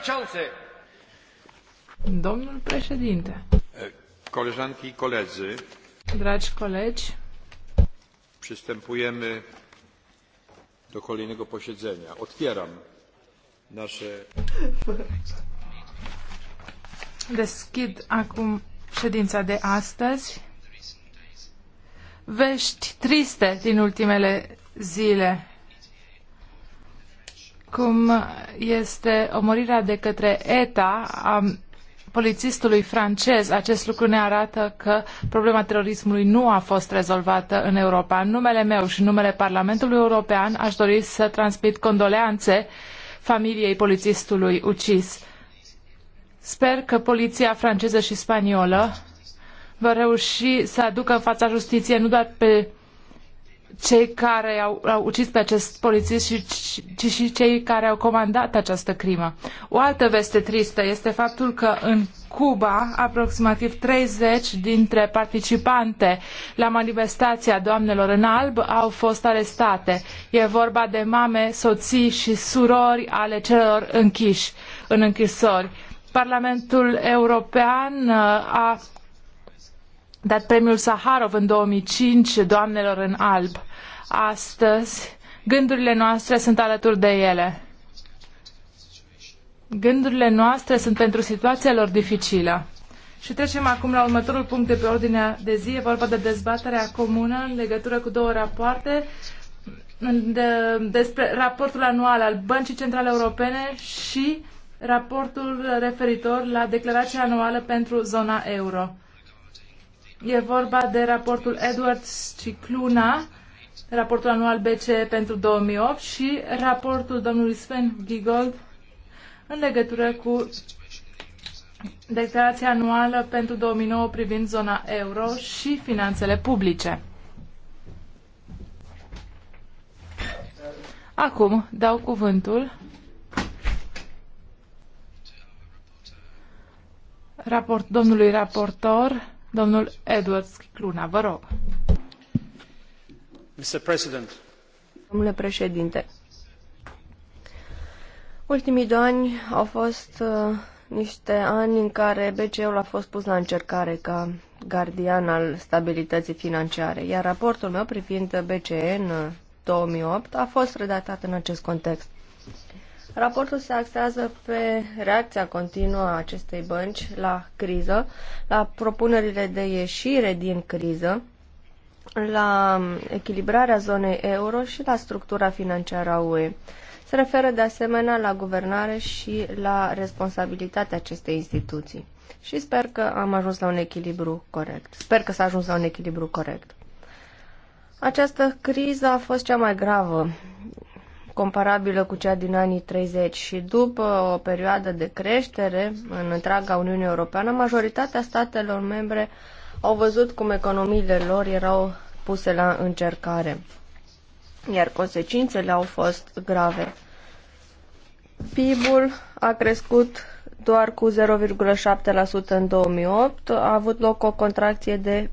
przewodniczący! Domnul președinte. Koleżanki i koledzy. Dragi colegi. Przystępujemy do kolejnego posiedzenia. Otwieram nasze... Deschid acum ședința de astăzi. Vești triste din ultimele zile cum este omorirea de către ETA a polițistului francez. Acest lucru ne arată că problema terorismului nu a fost rezolvată în Europa. În numele meu și în numele Parlamentului European aș dori să transmit condoleanțe familiei polițistului ucis. Sper că poliția franceză și spaniolă vor reuși să aducă în fața justiției nu doar pe cei care au, au ucis pe acest polițist, și, ci și cei care au comandat această crimă. O altă veste tristă este faptul că în Cuba, aproximativ 30 dintre participante la manifestația Doamnelor în Alb au fost arestate. E vorba de mame, soții și surori ale celor închiși în închisori. Parlamentul European uh, a dat premiul Saharov în 2005 doamnelor în alb. Astăzi, gândurile noastre sunt alături de ele. Gândurile noastre sunt pentru situația lor dificilă. Și trecem acum la următorul punct de pe ordinea de zi. E vorba de dezbaterea comună în legătură cu două rapoarte de, despre raportul anual al Băncii Centrale Europene și raportul referitor la declarația anuală pentru zona euro. E vorba de raportul Edwards Cicluna, raportul anual BCE pentru 2008 și raportul domnului Sven Giegold în legătură cu declarația anuală pentru 2009 privind zona euro și finanțele publice. Acum dau cuvântul raport, domnului raportor Domnul vă rog. Mr. President. Domnule președinte, ultimii doi ani au fost uh, niște ani în care BCE-ul a fost pus la încercare ca gardian al stabilității financiare, iar raportul meu privind BCE în 2008 uh, a fost redactat în acest context. Raportul se axează pe reacția continuă a acestei bănci la criză, la propunerile de ieșire din criză, la echilibrarea zonei euro și la structura financiară a UE. Se referă de asemenea la guvernare și la responsabilitatea acestei instituții. Și sper că am ajuns la un echilibru corect. Sper că s-a ajuns la un echilibru corect. Această criză a fost cea mai gravă comparabilă cu cea din anii 30 și după o perioadă de creștere în întreaga Uniune Europeană, majoritatea statelor membre au văzut cum economiile lor erau puse la încercare, iar consecințele au fost grave. PIB-ul a crescut doar cu 0,7% în 2008, a avut loc o contracție de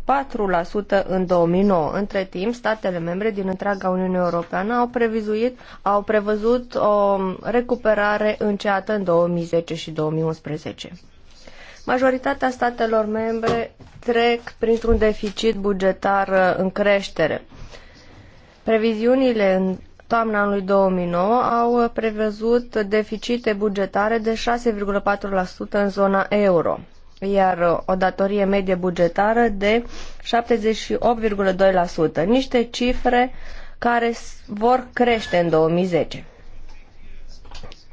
4% în 2009. Între timp, statele membre din întreaga Uniune Europeană au, previzuit, au prevăzut o recuperare înceată în 2010 și 2011. Majoritatea statelor membre trec printr-un deficit bugetar uh, în creștere. Previziunile în toamna anului 2009 au prevăzut deficite bugetare de 6,4% în zona euro, iar o datorie medie bugetară de 78,2%, niște cifre care vor crește în 2010.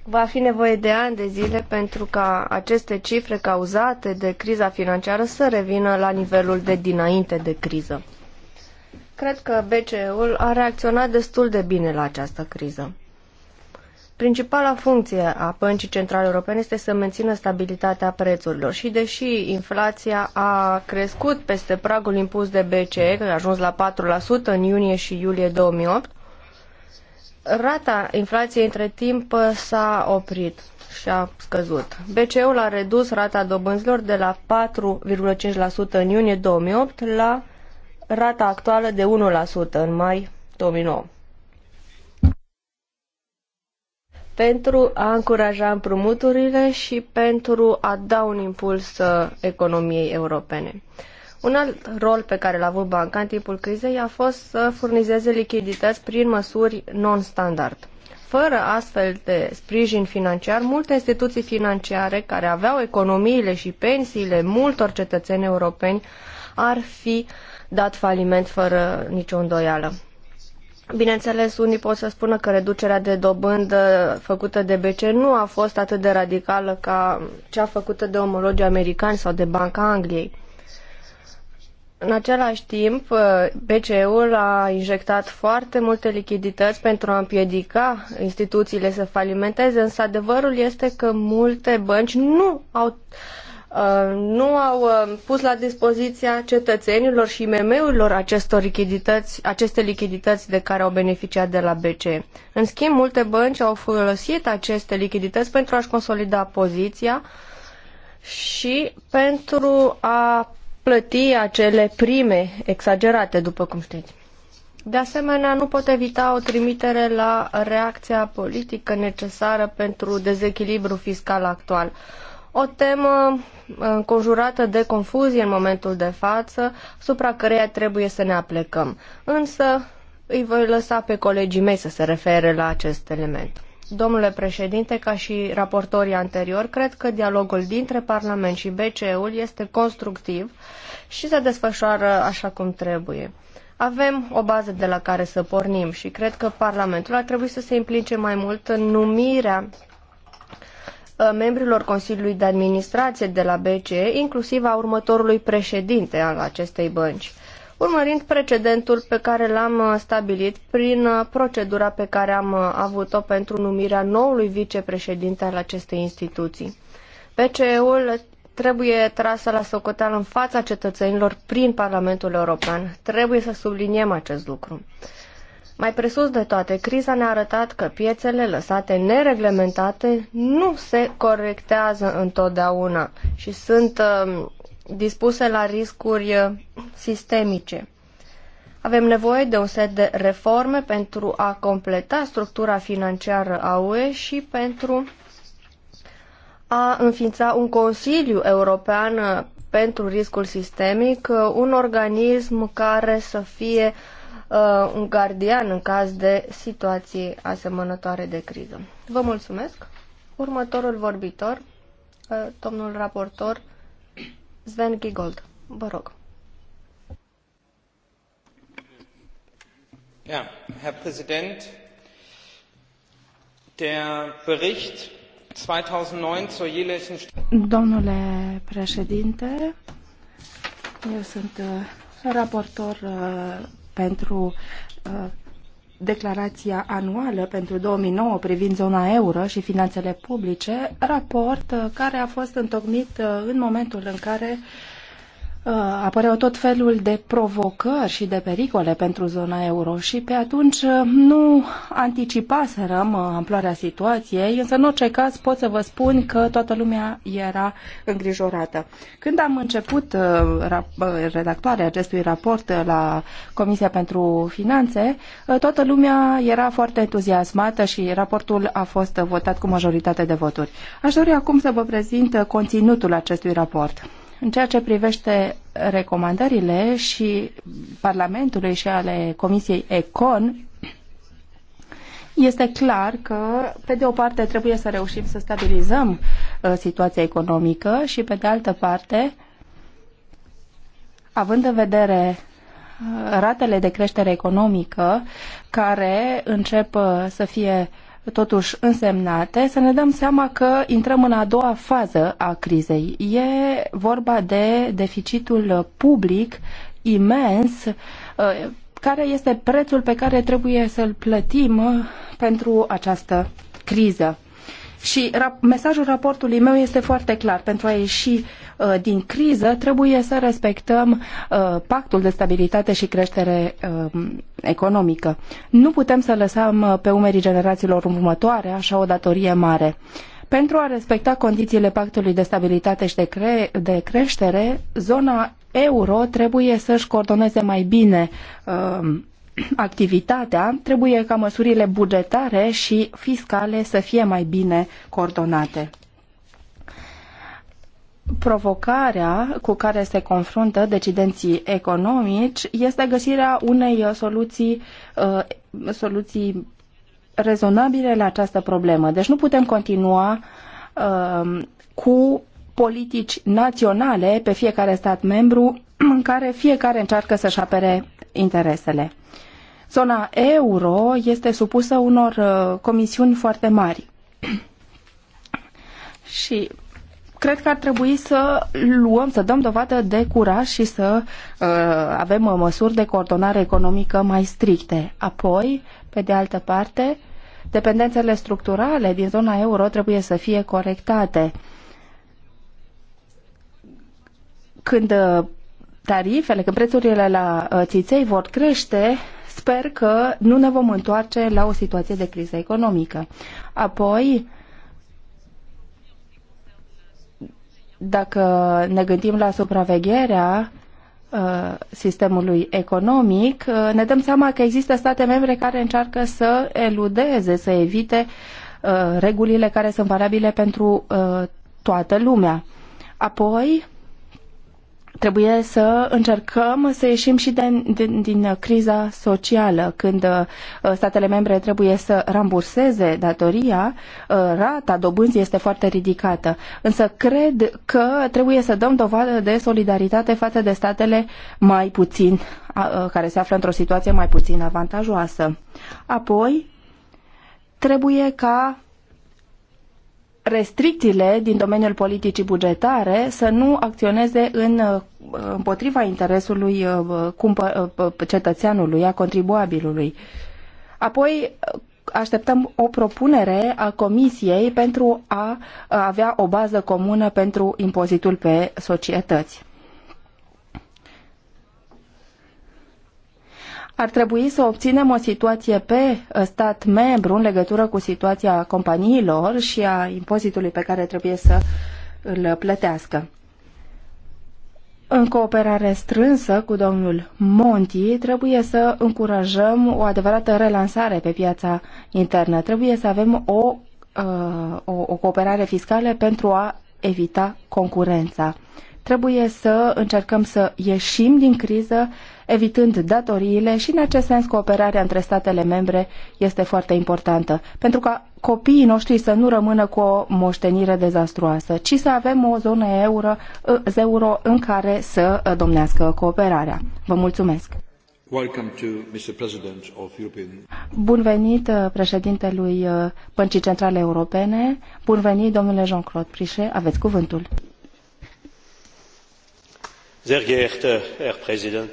Va fi nevoie de ani de zile pentru ca aceste cifre cauzate de criza financiară să revină la nivelul de dinainte de criză. Cred că BCE-ul a reacționat destul de bine la această criză. Principala funcție a Băncii Centrale Europene este să mențină stabilitatea prețurilor și deși inflația a crescut peste pragul impus de BCE, care a ajuns la 4% în iunie și iulie 2008, rata inflației între timp s-a oprit și a scăzut. BCE-ul a redus rata dobânzilor de la 4,5% în iunie 2008 la rata actuală de 1% în mai 2009. Pentru a încuraja împrumuturile și pentru a da un impuls uh, economiei europene. Un alt rol pe care l-a avut banca în timpul crizei a fost să furnizeze lichidități prin măsuri non-standard. Fără astfel de sprijin financiar, multe instituții financiare care aveau economiile și pensiile multor cetățeni europeni ar fi uh, dat faliment fără nicio îndoială. Bineînțeles, unii pot să spună că reducerea de dobândă făcută de BCE nu a fost atât de radicală ca cea făcută de omologii americani sau de Banca Angliei. În același timp, BCE-ul a injectat foarte multe lichidități pentru a împiedica instituțiile să falimenteze, însă adevărul este că multe bănci nu au Uh, nu au uh, pus la dispoziția cetățenilor și IMM-urilor acestor lichidități, aceste lichidități de care au beneficiat de la BCE. În schimb, multe bănci au folosit aceste lichidități pentru a-și consolida poziția și pentru a plăti acele prime exagerate, după cum știți. De asemenea, nu pot evita o trimitere la reacția politică necesară pentru dezechilibru fiscal actual o temă uh, conjurată de confuzie în momentul de față, supra căreia trebuie să ne aplecăm. Însă îi voi lăsa pe colegii mei să se refere la acest element. Domnule președinte, ca și raportorii anterior, cred că dialogul dintre Parlament și BCE-ul este constructiv și se desfășoară așa cum trebuie. Avem o bază de la care să pornim și cred că Parlamentul ar trebui să se implice mai mult în numirea Uh, membrilor Consiliului de Administrație de la BCE, inclusiv a următorului președinte al acestei bănci, urmărind precedentul pe care l-am uh, stabilit prin uh, procedura pe care am avut-o pentru numirea noului vicepreședinte al acestei instituții. BCE-ul trebuie trasă la socoteală în fața cetățenilor prin Parlamentul European. Trebuie să subliniem acest lucru. Mai presus de toate, criza ne-a arătat că piețele lăsate nereglementate nu se corectează întotdeauna și sunt um, dispuse la riscuri uh, sistemice. Avem nevoie de un set de reforme pentru a completa structura financiară a UE și pentru a înființa un Consiliu European uh, pentru riscul sistemic, uh, un organism care să fie uh, un gardian în caz de situații asemănătoare de criză. Vă mulțumesc. Următorul vorbitor, uh, domnul raportor Sven Gigold. Vă rog. Ja, Herr Präsident, der Bericht 2009 zur jährlichen Domnule președinte, eu sunt uh, raportor uh, pentru uh, declarația anuală pentru 2009 privind zona euro și finanțele publice, raport uh, care a fost întocmit uh, în momentul în care Uh, apăreau tot felul de provocări și de pericole pentru zona euro și pe atunci uh, nu anticipaserăm uh, amploarea situației, însă în orice caz pot să vă spun că toată lumea era îngrijorată. Când am început redactarea acestui raport la Comisia pentru Finanțe, toată lumea era foarte entuziasmată și raportul a fost votat cu majoritate de voturi. Aș dori acum să vă prezint conținutul acestui raport. În ceea ce privește recomandările și Parlamentului și ale Comisiei ECON, este clar că, pe de o parte, trebuie să reușim să stabilizăm uh, situația economică și, pe de altă parte, având în vedere uh, ratele de creștere economică care încep uh, să fie totuși însemnate, să ne dăm seama că intrăm în a doua fază a crizei. E vorba de deficitul public imens, uh, care este prețul pe care trebuie să-l plătim pentru această criză. Și rap- mesajul raportului meu este foarte clar. Pentru a ieși uh, din criză, trebuie să respectăm uh, pactul de stabilitate și creștere uh, economică. Nu putem să lăsăm uh, pe umerii generațiilor următoare așa o datorie mare. Pentru a respecta condițiile pactului de stabilitate și de, cre- de creștere, zona euro trebuie să-și coordoneze mai bine uh, activitatea, trebuie ca măsurile bugetare și fiscale să fie mai bine coordonate provocarea cu care se confruntă decidenții economici este găsirea unei soluții, uh, soluții rezonabile la această problemă. Deci nu putem continua uh, cu politici naționale pe fiecare stat membru în care fiecare încearcă să-și apere interesele. Zona euro este supusă unor uh, comisiuni foarte mari. și cred că ar trebui să luăm, să dăm dovadă de curaj și să uh, avem uh, măsuri de coordonare economică mai stricte. Apoi, pe de altă parte, dependențele structurale din zona euro trebuie să fie corectate. Când uh, tarifele, când prețurile la țiței vor crește, sper că nu ne vom întoarce la o situație de criză economică. Apoi, dacă ne gândim la supravegherea uh, sistemului economic, uh, ne dăm seama că există state membre care încearcă să eludeze, să evite uh, regulile care sunt valabile pentru toată lumea. Apoi, trebuie să încercăm să ieșim și din, din, din criza socială, când uh, statele membre trebuie să ramburseze datoria, uh, rata dobânzii este foarte ridicată. Însă cred că trebuie să dăm dovadă de solidaritate față de statele mai puțin, uh, care se află într-o situație mai puțin avantajoasă. Apoi, trebuie ca restricțiile din domeniul politicii bugetare să nu acționeze în, uh, împotriva interesului uh, cumpă, uh, cetățeanului, a contribuabilului. Apoi, așteptăm o propunere a Comisiei pentru a avea o bază comună pentru impozitul pe societăți. ar trebui să obținem o situație pe uh, stat membru în legătură cu situația companiilor și a impozitului pe care trebuie să îl plătească. În cooperare strânsă cu domnul Monti, trebuie să încurajăm o adevărată relansare pe piața internă. Trebuie să avem o, uh, o, o cooperare fiscală pentru a evita concurența. Trebuie să încercăm să ieșim din criză, evitând datoriile și, în acest sens, cooperarea între statele membre este foarte importantă, pentru ca copiii noștri să nu rămână cu o moștenire dezastruoasă, ci să avem o zonă euro, euro în care să uh, domnească cooperarea. Vă mulțumesc! Bun venit uh, președintelui uh, Băncii Centrale Europene, bun venit domnule Jean-Claude Prichet, aveți cuvântul. Sehr geehrter Herr Präsident,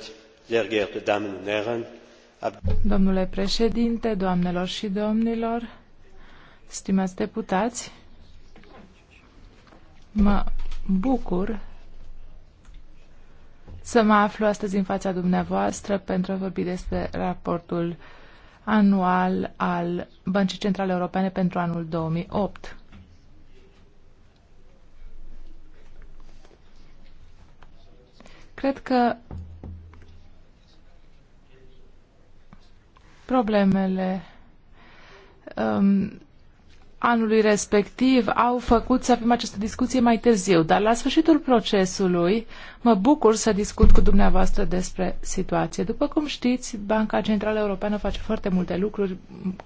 sehr geehrte Damen und Herren, Domnule președinte, doamnelor și domnilor, stimați deputați, mă bucur să mă aflu astăzi în fața dumneavoastră pentru a vorbi despre raportul anual al Băncii Centrale Europene pentru anul 2008. Cred că problemele um, anului respectiv au făcut să avem această discuție mai târziu, dar la sfârșitul procesului mă bucur să discut cu dumneavoastră despre situație. După cum știți, Banca Centrală Europeană face foarte multe lucruri,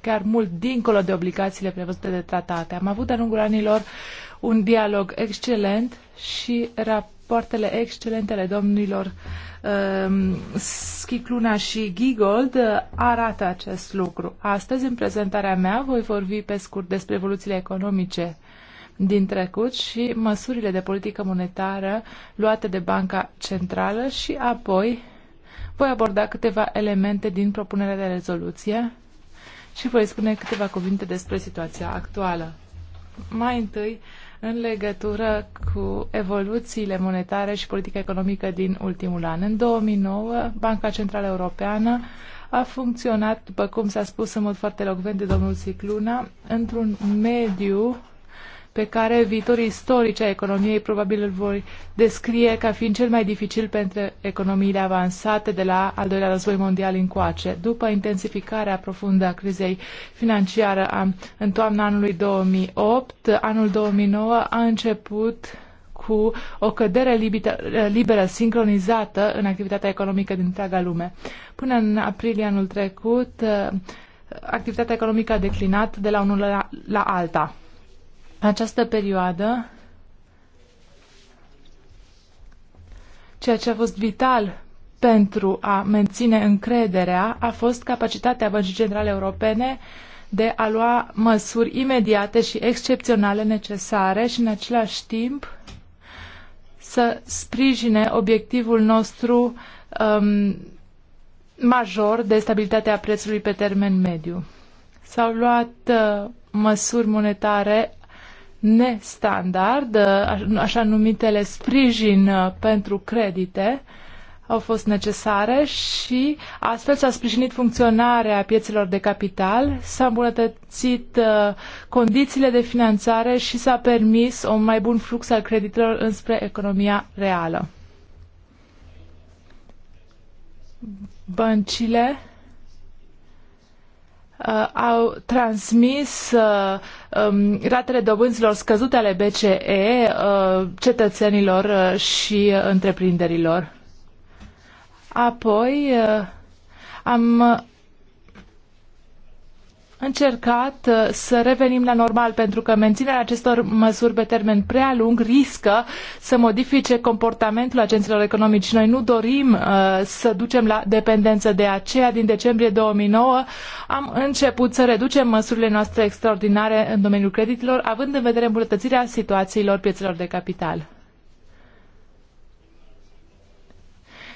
chiar mult dincolo de obligațiile prevăzute de tratate. Am avut de-a lungul anilor un dialog excelent și rapid rapoartele excelente ale domnilor um, Schicluna și Gigold uh, arată acest lucru. Astăzi, în prezentarea mea, voi vorbi pe scurt despre evoluțiile economice din trecut și măsurile de politică monetară luate de Banca Centrală și apoi voi aborda câteva elemente din propunerea de rezoluție și voi spune câteva cuvinte despre situația actuală. Mai întâi în legătură cu evoluțiile monetare și politica economică din ultimul an. În 2009, Banca Centrală Europeană a funcționat, după cum s-a spus în mod foarte locvent de domnul Cicluna, într-un mediu pe care viitorii istorici a economiei probabil îl vor descrie ca fiind cel mai dificil pentru economiile avansate de la al doilea război mondial încoace. După intensificarea profundă a crizei financiară a, în toamna anului 2008, anul 2009 a început cu o cădere liberă, liberă sincronizată în activitatea economică din întreaga lume. Până în aprilie anul trecut, activitatea economică a declinat de la unul la, la alta această perioadă, ceea ce a fost vital pentru a menține încrederea a fost capacitatea Băncii Centrale Europene de a lua măsuri imediate și excepționale necesare și în același timp să sprijine obiectivul nostru um, major de stabilitate a prețului pe termen mediu. S-au luat uh, măsuri monetare nestandard, uh, așa numitele sprijin uh, pentru credite, au fost necesare și astfel s-a sprijinit funcționarea piețelor de capital, s-a îmbunătățit uh, condițiile de finanțare și s-a permis un mai bun flux al creditelor înspre economia reală. Băncile Uh, au transmis uh, um, ratele dobânzilor scăzute ale BCE uh, cetățenilor uh, și întreprinderilor. Apoi am încercat uh, să revenim la normal, pentru că menținerea acestor măsuri pe termen prea lung riscă să modifice comportamentul agenților economici. Noi nu dorim uh, să ducem la dependență de aceea. Din decembrie 2009 am început să reducem măsurile noastre extraordinare în domeniul creditelor, având în vedere îmbunătățirea situațiilor piețelor de capital.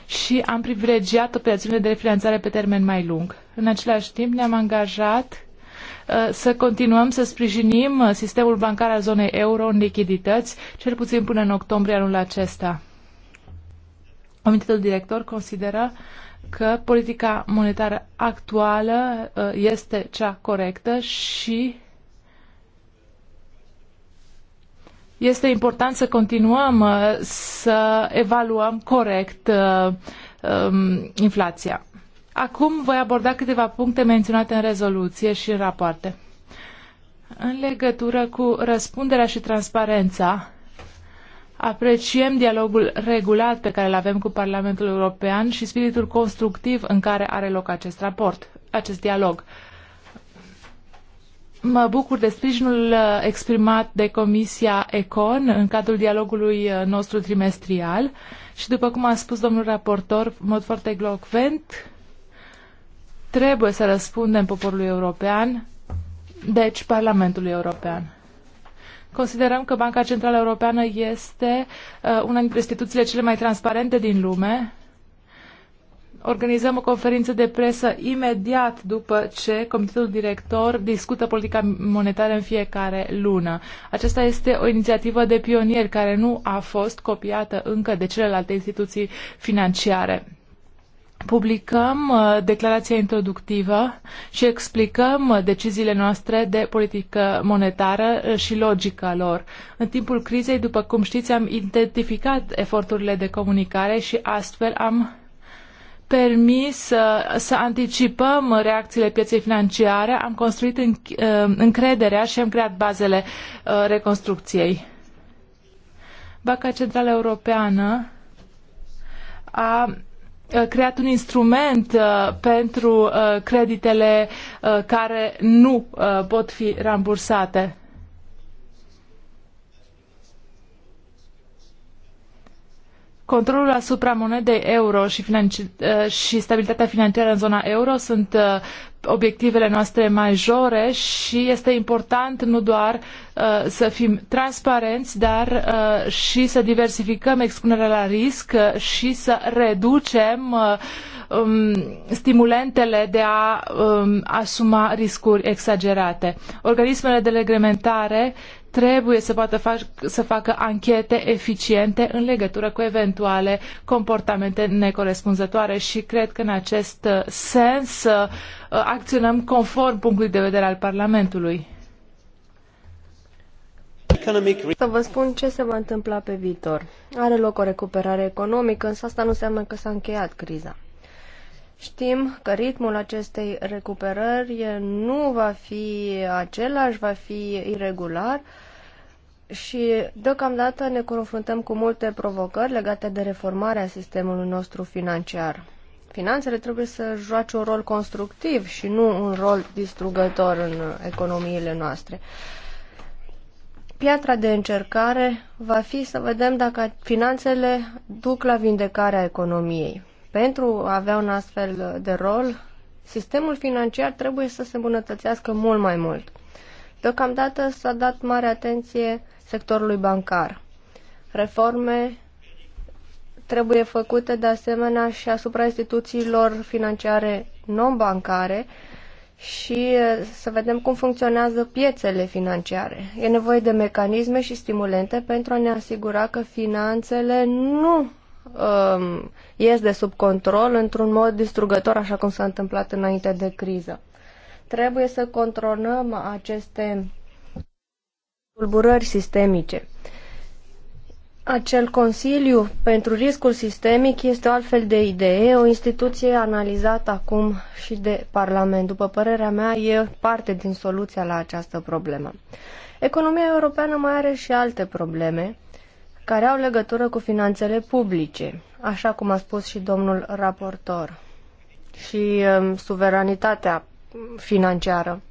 și am privilegiat operațiunile de refinanțare pe termen mai lung. În același timp ne-am angajat Uh, să continuăm să sprijinim uh, sistemul bancar al zonei euro în lichidități, cel puțin până în octombrie anul acesta. Comitetul director consideră că politica monetară actuală uh, este cea corectă și este important să continuăm să evaluăm corect um, inflația. Acum voi aborda câteva puncte menționate în rezoluție și în rapoarte. În legătură cu răspunderea și transparența, apreciem dialogul regulat pe care îl avem cu Parlamentul European și spiritul constructiv în care are loc acest raport, acest dialog. Mă bucur de sprijinul uh, exprimat de Comisia Econ în cadrul dialogului uh, nostru trimestrial și, după cum a spus domnul raportor, în mod foarte glocvent, Trebuie să răspundem poporului european, deci Parlamentului European. Considerăm că Banca Centrală Europeană este uh, una dintre instituțiile cele mai transparente din lume. Organizăm o conferință de presă imediat după ce comitetul director discută politica monetară în fiecare lună. Aceasta este o inițiativă de pionier care nu a fost copiată încă de celelalte instituții financiare publicăm uh, declarația introductivă și explicăm uh, deciziile noastre de politică monetară uh, și logica lor. În timpul crizei, după cum știți, am identificat eforturile de comunicare și astfel am permis să, să anticipăm reacțiile pieței financiare, am construit în, încrederea și am creat bazele reconstrucției. Banca Centrală Europeană a Uh, creat un instrument uh, pentru uh, creditele care nu pot fi rambursate. Controlul asupra monedei euro și, financi- eh, și stabilitatea financiară în zona euro sunt eh, obiectivele noastre majore și este important nu doar uh, să fim transparenți, dar uh, și să diversificăm expunerea la risc și să reducem uh, um, stimulentele de a um, asuma riscuri exagerate. Organismele de reglementare trebuie să poată fac, să facă anchete eficiente în legătură cu eventuale comportamente necorespunzătoare și cred că în acest uh, sens uh, uh, acționăm conform punctului de vedere al Parlamentului. Să vă spun ce se va întâmpla pe viitor. Are loc o recuperare economică, însă asta nu înseamnă că s-a încheiat criza. Știm că ritmul acestei recuperări nu va fi același, va fi irregular și deocamdată ne confruntăm cu multe provocări legate de reformarea sistemului nostru financiar. Finanțele trebuie să joace un rol constructiv și nu un rol distrugător în economiile noastre. Piatra de încercare va fi să vedem dacă finanțele duc la vindecarea economiei. Pentru a avea un astfel de rol, sistemul financiar trebuie să se îmbunătățească mult mai mult. Deocamdată s-a dat mare atenție sectorului bancar. Reforme trebuie făcute de asemenea și asupra instituțiilor financiare non-bancare și să vedem cum funcționează piețele financiare. E nevoie de mecanisme și stimulente pentru a ne asigura că finanțele nu um, ies de sub control într-un mod distrugător, așa cum s-a întâmplat înainte de criză. Trebuie să controlăm aceste tulburări sistemice. Acel Consiliu pentru Riscul Sistemic este o altfel de idee, o instituție analizată acum și de Parlament. După părerea mea, e parte din soluția la această problemă. Economia europeană mai are și alte probleme care au legătură cu finanțele publice, așa cum a spus și domnul raportor, și um, suveranitatea financiară.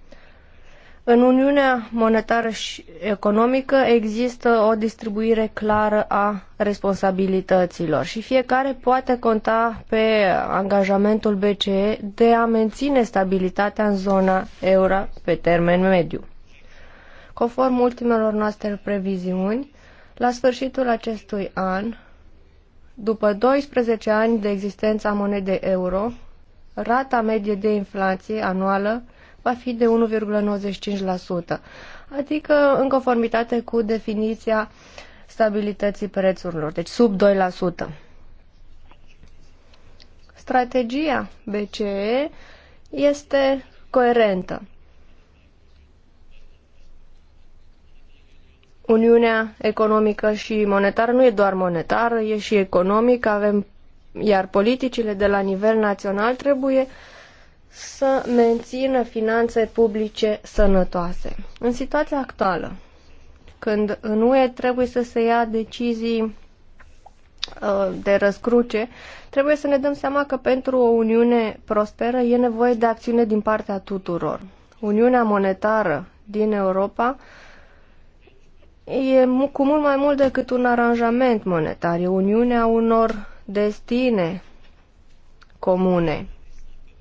În Uniunea Monetară și Economică există o distribuire clară a responsabilităților și fiecare poate conta pe angajamentul BCE de a menține stabilitatea în zona euro pe termen mediu. Conform ultimelor noastre previziuni, la sfârșitul acestui an, după 12 ani de a monedei euro, rata medie de inflație anuală va fi de 1,95%, adică în conformitate cu definiția stabilității prețurilor, deci sub 2%. Strategia BCE este coerentă. Uniunea economică și monetară nu e doar monetară, e și economică, avem iar politicile de la nivel național trebuie uh, să mențină finanțe publice sănătoase. În situația actuală, când în UE trebuie să se ia decizii uh, de răscruce, trebuie să ne dăm seama că pentru o Uniune prosperă e nevoie de acțiune din partea tuturor. Uniunea monetară din Europa e cu mult mai mult decât un aranjament monetar, e Uniunea unor destine comune.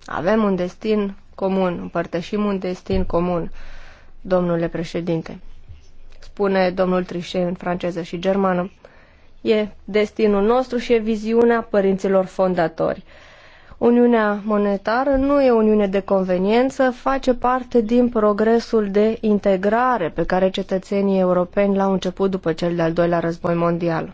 Avem un destin comun, împărtășim un destin comun, domnule președinte. Spune domnul Trichet în franceză și germană. E destinul nostru și e viziunea părinților fondatori. Uniunea monetară nu e uniune de conveniență, face parte din progresul de integrare pe care cetățenii europeni l-au început după cel de-al doilea război mondial.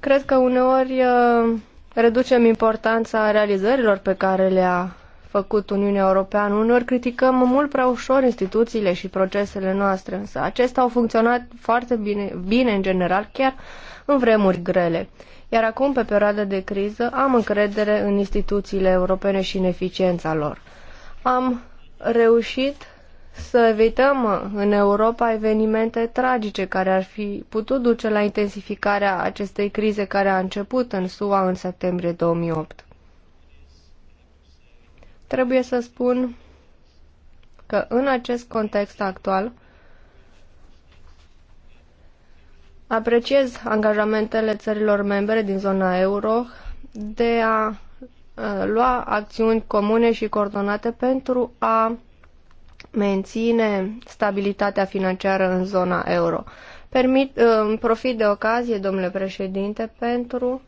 Cred că uneori uh, reducem importanța realizărilor pe care le-a făcut Uniunea Europeană. Uneori criticăm mult prea ușor instituțiile și procesele noastre, însă acestea au funcționat foarte bine, bine în general, chiar în vremuri grele. Iar acum, pe perioada de criză, am încredere în instituțiile europene și în eficiența lor. Am reușit să evităm în Europa evenimente tragice care ar fi putut duce la intensificarea acestei crize care a început în SUA în septembrie 2008. Trebuie să spun că în acest context actual apreciez angajamentele țărilor membre din zona euro de a uh, lua acțiuni comune și coordonate pentru a menține stabilitatea financiară în zona euro. Permit, uh, profit de ocazie, domnule președinte, pentru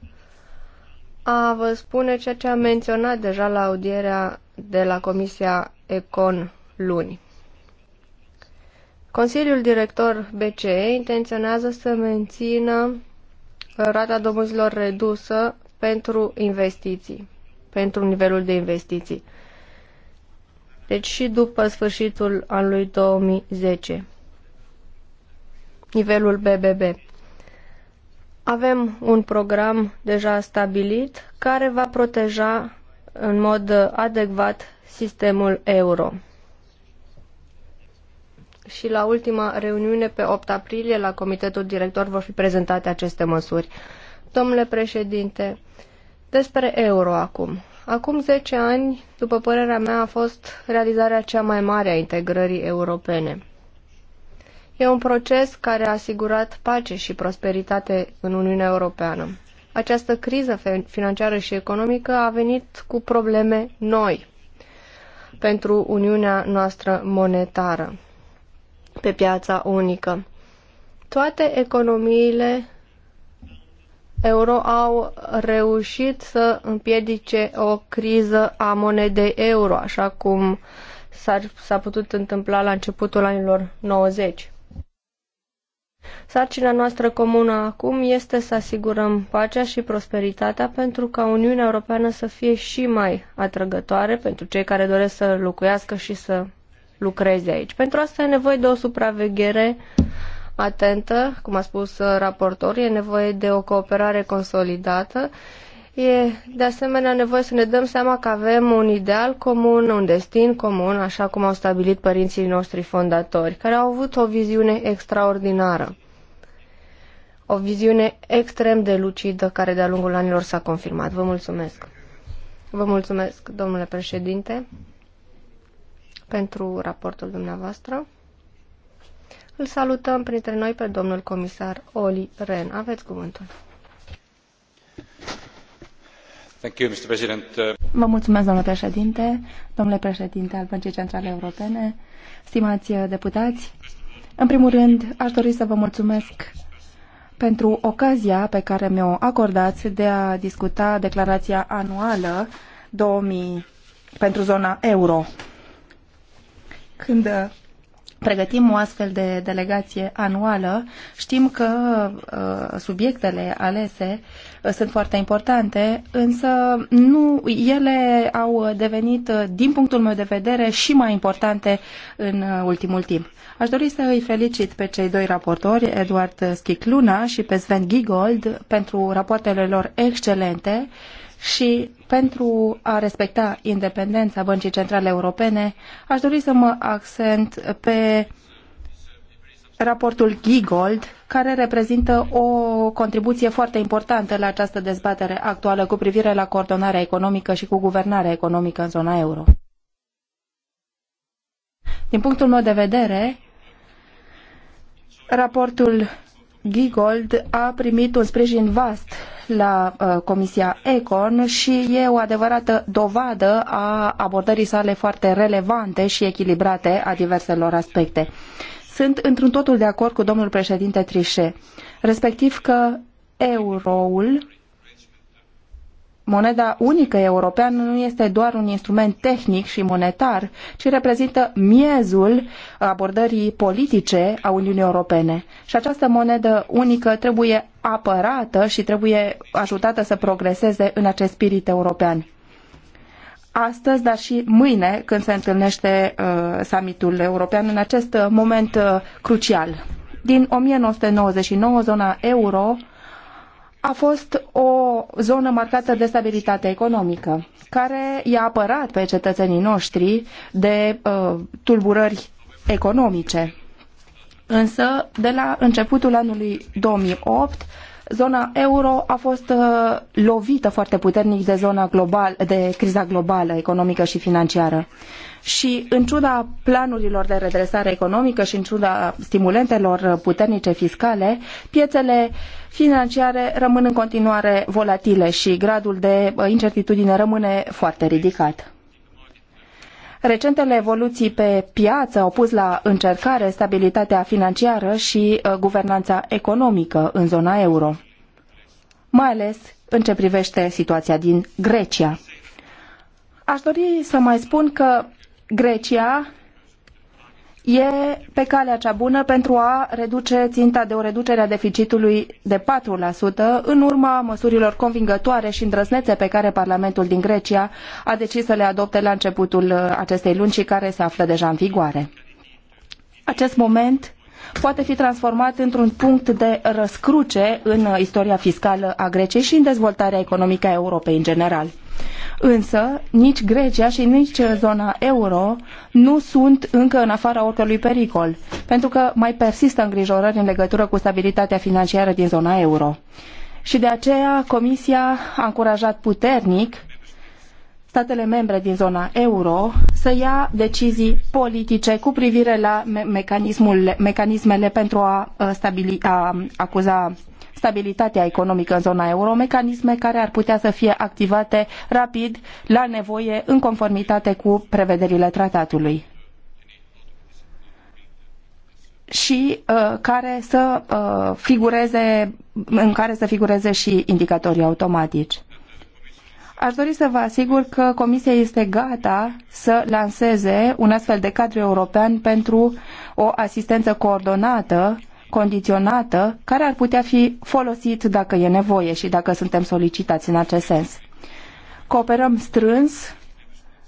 a vă spune ceea ce am menționat deja la audierea de la Comisia Econ luni. Consiliul director BCE intenționează să mențină rata dobânzilor redusă pentru investiții, pentru nivelul de investiții deci și după sfârșitul anului 2010, nivelul BBB. Avem un program deja stabilit care va proteja în mod adecvat sistemul euro. Și la ultima reuniune pe 8 aprilie la comitetul director vor fi prezentate aceste măsuri. Domnule președinte, despre euro acum. Acum 10 ani, după părerea mea, a fost realizarea cea mai mare a integrării europene. E un proces care a asigurat pace și prosperitate în Uniunea Europeană. Această criză financiară și economică a venit cu probleme noi pentru Uniunea noastră monetară pe piața unică. Toate economiile euro au reușit să împiedice o criză a monedei euro, așa cum s-a putut întâmpla la începutul anilor 90. Sarcina noastră comună acum este să asigurăm pacea și prosperitatea pentru ca Uniunea Europeană să fie și mai atrăgătoare pentru cei care doresc să locuiască și să lucreze aici. Pentru asta e nevoie de o supraveghere uh, atentă, cum a spus uh, raportorul, e nevoie de o cooperare consolidată. E de asemenea nevoie să ne dăm seama că avem un ideal comun, un destin comun, așa cum au stabilit părinții noștri fondatori, care au avut o viziune extraordinară. O viziune extrem de lucidă care de-a lungul anilor s-a confirmat. Vă mulțumesc. Vă mulțumesc, domnule președinte, pentru raportul dumneavoastră. Îl salutăm printre noi pe domnul comisar Oli Ren. Aveți cuvântul. Vă mulțumesc, domnule președinte, domnule președinte al Băncii Centrale Europene, stimați deputați. În primul rând, aș dori să vă mulțumesc pentru ocazia pe care mi-o acordați de a discuta declarația anuală 2000 pentru zona euro. Când pregătim o astfel de delegație anuală, știm că uh, subiectele alese uh, sunt foarte importante, însă nu ele au devenit, uh, din punctul meu de vedere, și mai importante în uh, ultimul timp. Aș dori să îi felicit pe cei doi raportori, Eduard Schicluna și pe Sven Gigold, pentru rapoartele lor excelente și pentru a respecta independența Băncii Centrale Europene, aș dori să mă accent pe raportul Gigold, care reprezintă o contribuție foarte importantă la această dezbatere actuală cu privire la coordonarea economică și cu guvernarea economică în zona euro. Din punctul meu de vedere, raportul Gigold a primit un sprijin vast la uh, Comisia Econ și e o adevărată dovadă a abordării sale foarte relevante și echilibrate a diverselor aspecte. Sunt într-un totul de acord cu domnul președinte Trichet, respectiv că euroul moneda unică europeană nu este doar un instrument tehnic și monetar, ci reprezintă miezul abordării politice a Uniunii Europene. Și această monedă unică trebuie apărată și trebuie ajutată să progreseze în acest spirit european. Astăzi, dar și mâine, când se întâlnește uh, summitul european, în acest moment uh, crucial. Din 1999, zona euro a fost o zonă marcată de stabilitate economică, care i-a apărat pe cetățenii noștri de uh, tulburări economice. Însă, de la începutul anului 2008, zona euro a fost uh, lovită foarte puternic de zona global, de criza globală economică și financiară. Uh, și în ciuda planurilor de redresare economică și în ciuda stimulentelor puternice fiscale, piețele financiare rămân în continuare volatile și gradul de uh, incertitudine rămâne foarte ridicat. Recentele evoluții pe piață au pus la încercare stabilitatea financiară și uh, guvernanța economică în zona euro, mai ales în ce privește situația din Grecia. Aș dori să mai spun că Grecia e pe calea cea bună pentru a reduce ținta de o reducere a deficitului de 4% în urma măsurilor convingătoare și îndrăznețe pe care Parlamentul din Grecia a decis să le adopte la începutul uh, acestei luni și care se află deja în vigoare. Acest moment poate fi transformat într-un punct de răscruce în uh, istoria fiscală a Greciei și în dezvoltarea economică a Europei în general. Însă, nici Grecia și nici uh, zona euro nu sunt încă în afara oricărui pericol, pentru că mai persistă îngrijorări în legătură cu stabilitatea financiară din zona euro. Și de aceea Comisia a încurajat puternic statele membre din zona euro să ia decizii politice cu privire la mecanismele pentru a, uh, stabili, a acuza stabilitatea economică în zona euro, mecanisme care ar putea să fie activate rapid, la nevoie, în conformitate cu prevederile tratatului și uh, care să uh, figureze, în care să figureze și indicatorii automatici. Aș dori să vă asigur că Comisia este gata să lanseze un astfel de cadru european pentru o asistență coordonată condiționată care ar putea fi folosit dacă e nevoie și dacă suntem solicitați în acest sens. Cooperăm strâns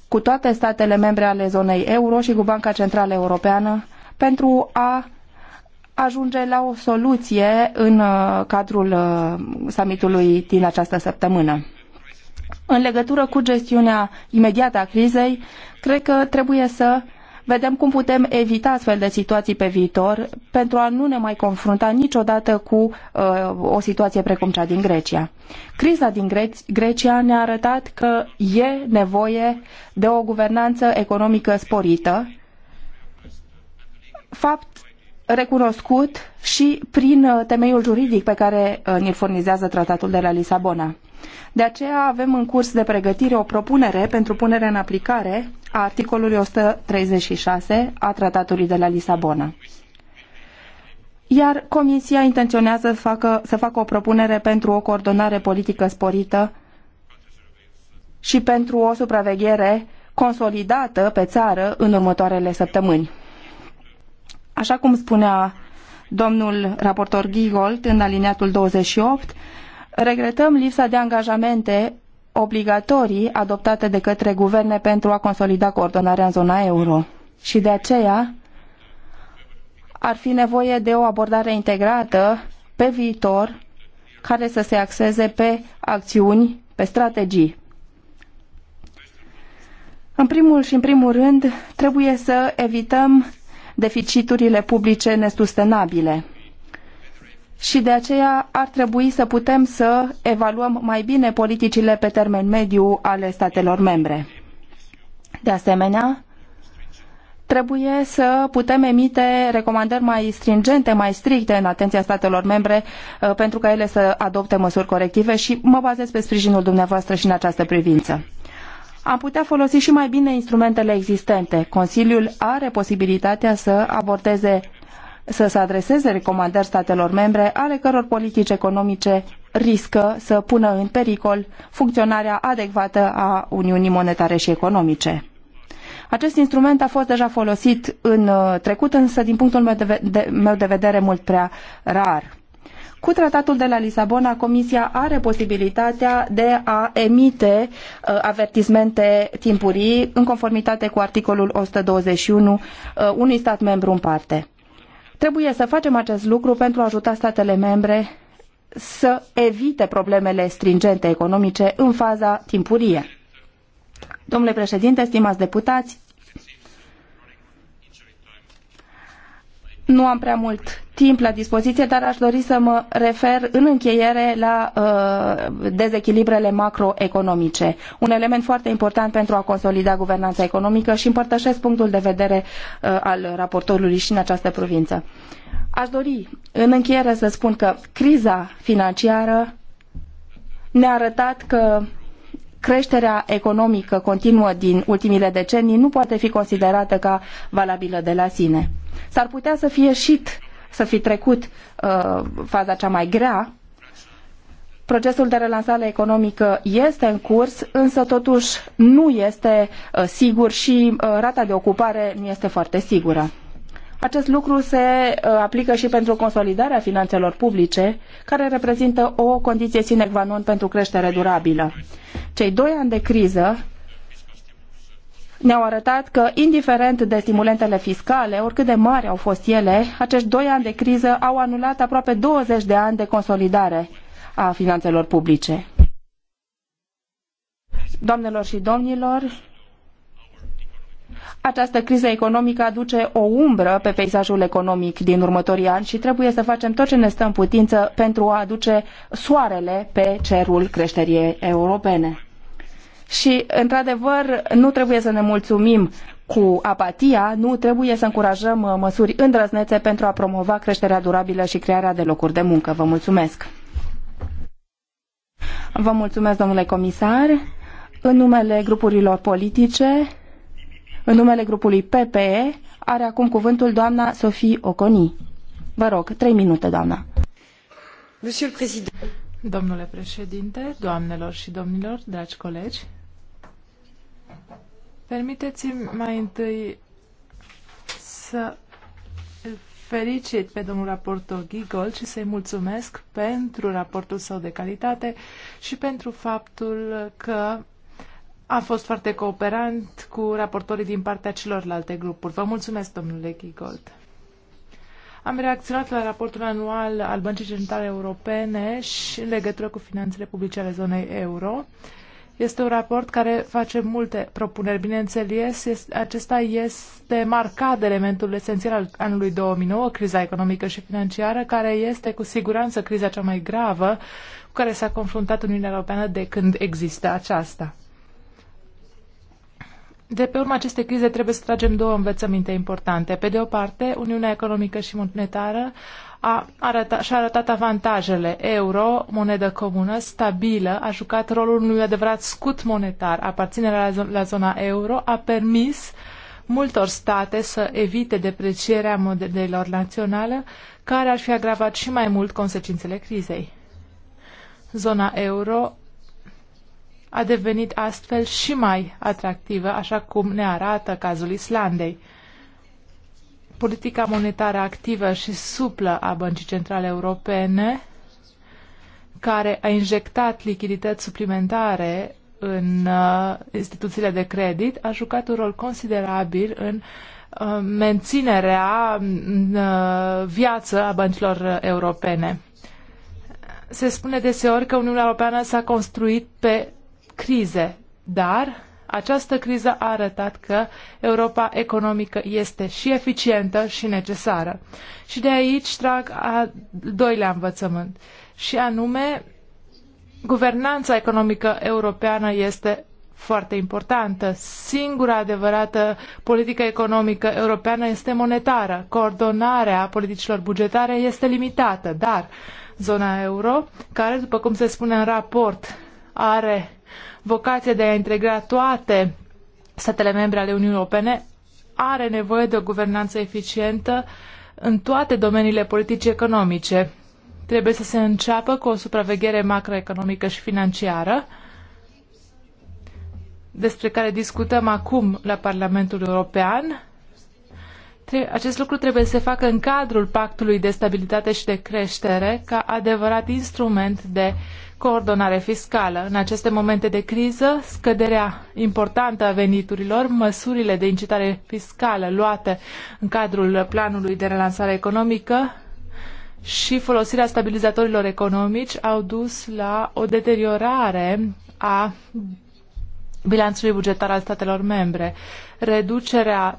cu toate statele membre ale zonei euro și cu Banca Centrală Europeană pentru a ajunge la o soluție în uh, cadrul uh, summitului din această săptămână. În legătură cu gestiunea imediată a crizei, cred că trebuie să vedem cum putem evita astfel de situații pe viitor pentru a nu ne mai confrunta niciodată cu uh, o situație precum cea din Grecia. Criza din Grecia ne-a arătat că e nevoie de o guvernanță economică sporită, fapt recunoscut și prin uh, temeiul juridic pe care uh, ne-l furnizează tratatul de la Lisabona. De aceea avem în curs de pregătire o propunere pentru punerea în aplicare a articolului 136 a Tratatului de la Lisabona. Iar Comisia intenționează să facă, să facă o propunere pentru o coordonare politică sporită și pentru o supraveghere consolidată pe țară în următoarele săptămâni. Așa cum spunea domnul raportor Gigold în aliniatul 28, Regretăm lipsa de angajamente obligatorii adoptate de către guverne pentru a consolida coordonarea în zona euro. Și de aceea ar fi nevoie de o abordare integrată pe viitor care să se axeze pe acțiuni, pe strategii. În primul și în primul rând, trebuie să evităm deficiturile publice nesustenabile și de aceea ar trebui să putem să evaluăm mai bine politicile pe termen mediu ale statelor membre. De asemenea, trebuie să putem emite recomandări mai stringente, mai stricte în atenția statelor membre uh, pentru ca ele să adopte măsuri corective și mă bazez pe sprijinul dumneavoastră și în această privință. Am putea folosi și mai bine instrumentele existente. Consiliul are posibilitatea să abordeze să se adreseze recomandări statelor membre ale căror politici economice riscă să pună în pericol funcționarea adecvată a Uniunii Monetare și Economice. Acest instrument a fost deja folosit în uh, trecut, însă din punctul meu de vedere mult prea rar. Cu tratatul de la Lisabona, Comisia are posibilitatea de a emite uh, avertismente timpurii în conformitate cu articolul 121 uh, unui stat membru în parte. Trebuie să facem acest lucru pentru a ajuta statele membre să evite problemele stringente economice în faza timpurie. Domnule președinte, stimați deputați, Nu am prea mult timp la dispoziție, dar aș dori să mă refer în încheiere la uh, dezechilibrele macroeconomice. Un element foarte important pentru a consolida guvernanța economică și împărtășesc punctul de vedere uh, al raportorului și în această provință. Aș dori în încheiere să spun că criza financiară ne-a arătat că creșterea economică continuă din ultimile decenii nu poate fi considerată ca valabilă de la sine S-ar putea să fie ieșit, să fi trecut uh, faza cea mai grea. Procesul de relansare economică este în curs, însă totuși nu este uh, sigur și uh, rata de ocupare nu este foarte sigură. Acest lucru se uh, aplică și pentru consolidarea finanțelor publice, care reprezintă o condiție sine qua non pentru creștere durabilă. Cei doi ani de criză ne-au arătat că, indiferent de stimulentele fiscale, oricât de mari au fost ele, acești doi ani de criză au anulat aproape 20 de ani de consolidare a finanțelor publice. Doamnelor și domnilor, această criză economică aduce o umbră pe peisajul economic din următorii ani și trebuie să facem tot ce ne stă în putință pentru a aduce soarele pe cerul creșterii europene și, într-adevăr, nu trebuie să ne mulțumim cu apatia, nu trebuie să încurajăm uh, măsuri îndrăznețe pentru a promova creșterea durabilă și crearea de locuri de muncă. Vă mulțumesc! Vă mulțumesc, domnule comisar. În numele grupurilor politice, în numele grupului PPE, are acum cuvântul doamna Sofie Oconi. Vă rog, trei minute, doamna. Domnule președinte, doamnelor și domnilor, dragi colegi, Permiteți-mi mai întâi să îl felicit pe domnul raportor Gigol și să-i mulțumesc pentru raportul său de calitate și pentru faptul că a fost foarte cooperant cu raportorii din partea celorlalte grupuri. Vă mulțumesc, domnule Gigold. Am reacționat la raportul anual al Băncii Centrale Europene și în legătură cu finanțele publice ale zonei euro. Uh, este un raport care face multe propuneri. Bineînțeles, este, acesta este marcat de elementul esențial al anului 2009, criza economică și financiară, care este cu siguranță criza cea mai gravă cu care s-a confruntat Uniunea Europeană de când există aceasta. De pe urma acestei crize trebuie să tragem două învățăminte importante. Pe de o parte, Uniunea Economică și Monetară a arăta, și-a arătat avantajele. Euro, monedă comună, stabilă, a jucat rolul unui adevărat scut monetar. Aparținerea la, la zona euro a permis multor state să evite deprecierea modelelor naționale, care ar fi agravat și mai mult consecințele crizei. Zona euro a devenit astfel și mai atractivă, așa cum ne arată cazul Islandei. Politica monetară activă și suplă a Băncii Centrale Europene, care a injectat lichidități suplimentare în uh, instituțiile de credit, a jucat un rol considerabil în uh, menținerea în mm, uh, viață a băncilor europene. Se spune deseori că Uniunea Europeană s-a construit pe crize, dar această criză a arătat că Europa economică este și eficientă și necesară. Și de aici trag a doilea învățământ, și anume, guvernanța economică europeană este foarte importantă. Singura adevărată politică economică europeană este monetară. Coordonarea politicilor bugetare este limitată, dar zona euro, care, după cum se spune în raport, are vocația de a integra toate statele membre ale Uniunii Europene, are nevoie de o guvernanță eficientă în toate domeniile politice economice. Trebuie să se înceapă cu o supraveghere macroeconomică și financiară, despre care discutăm acum la Parlamentul European. Acest lucru trebuie să se facă în cadrul Pactului de Stabilitate și de Creștere ca adevărat instrument de uh, coordonare fiscală. În aceste momente de criză, scăderea importantă a veniturilor, măsurile de incitare fiscală luate în cadrul planului de relansare economică și folosirea stabilizatorilor economici au dus la o deteriorare a bilanțului bugetar al statelor membre. Reducerea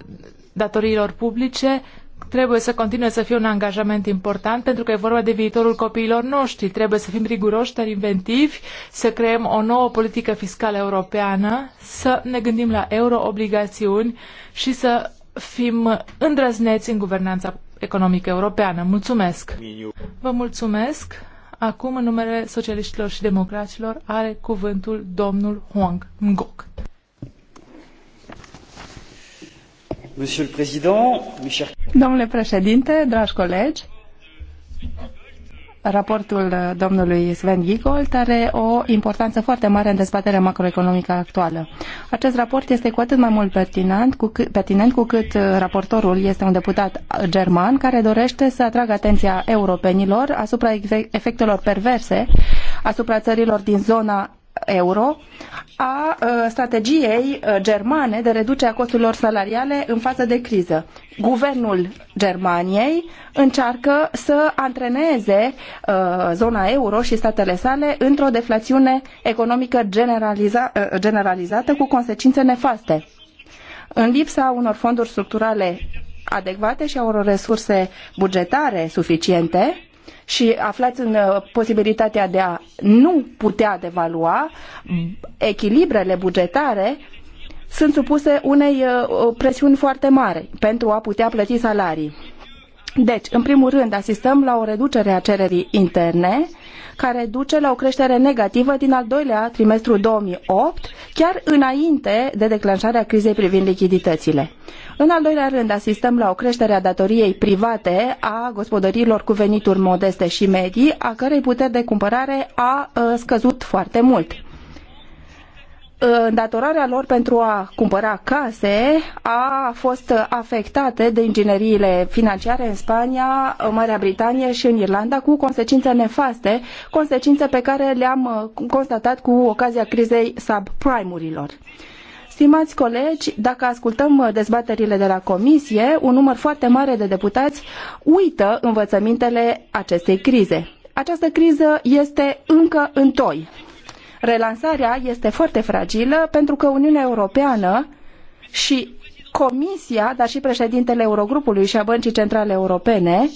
datoriilor publice trebuie să continue să fie un angajament important pentru că e vorba de viitorul copiilor noștri. Trebuie să fim riguroși, dar inventivi, să creăm o nouă politică fiscală europeană, să ne gândim la euroobligațiuni și să fim îndrăzneți în guvernanța economică europeană. Mulțumesc! Vă mulțumesc! Acum, în numele socialiștilor și democraților, are cuvântul domnul Huang Ngoc. Domnule președinte, dragi colegi, raportul domnului Sven Giegold are o importanță foarte mare în dezbaterea macroeconomică actuală. Acest raport este cu atât mai mult pertinent cu, cât, pertinent cu cât uh, raportorul este un deputat german care dorește să atragă atenția europenilor asupra efectelor perverse asupra țărilor din zona euro a uh, strategiei uh, germane de reducere a costurilor salariale în fază de criză. Guvernul Germaniei încearcă să antreneze uh, zona euro și statele sale într-o deflațiune economică generaliza generalizată cu consecințe nefaste. În lipsa unor fonduri structurale adecvate și a unor resurse bugetare suficiente, și aflați în uh, posibilitatea de a nu putea devalua, echilibrele bugetare sunt supuse unei uh, uh, presiuni foarte mari pentru a putea plăti salarii. Deci, în primul rând, asistăm la o reducere a cererii interne, care duce la o creștere negativă din al doilea trimestru 2008, chiar înainte de declanșarea crizei privind lichiditățile. În al doilea rând, asistăm la o creștere a datoriei private a gospodăriilor cu venituri modeste și medii, a cărei puteri de cumpărare a uh, scăzut foarte mult îndatorarea lor pentru a cumpăra case a fost afectată de ingineriile financiare în Spania, Marea Britanie și în Irlanda cu consecințe nefaste, consecințe pe care le-am uh, constatat cu ocazia crizei subprime-urilor. Stimați colegi, dacă ascultăm uh, dezbaterile de la comisie, un număr foarte mare de deputați uită învățămintele acestei crize. Această criză este încă în toi Relansarea este foarte fragilă pentru că Uniunea Europeană și Comisia, dar și președintele Eurogrupului și a Băncii Centrale Europene,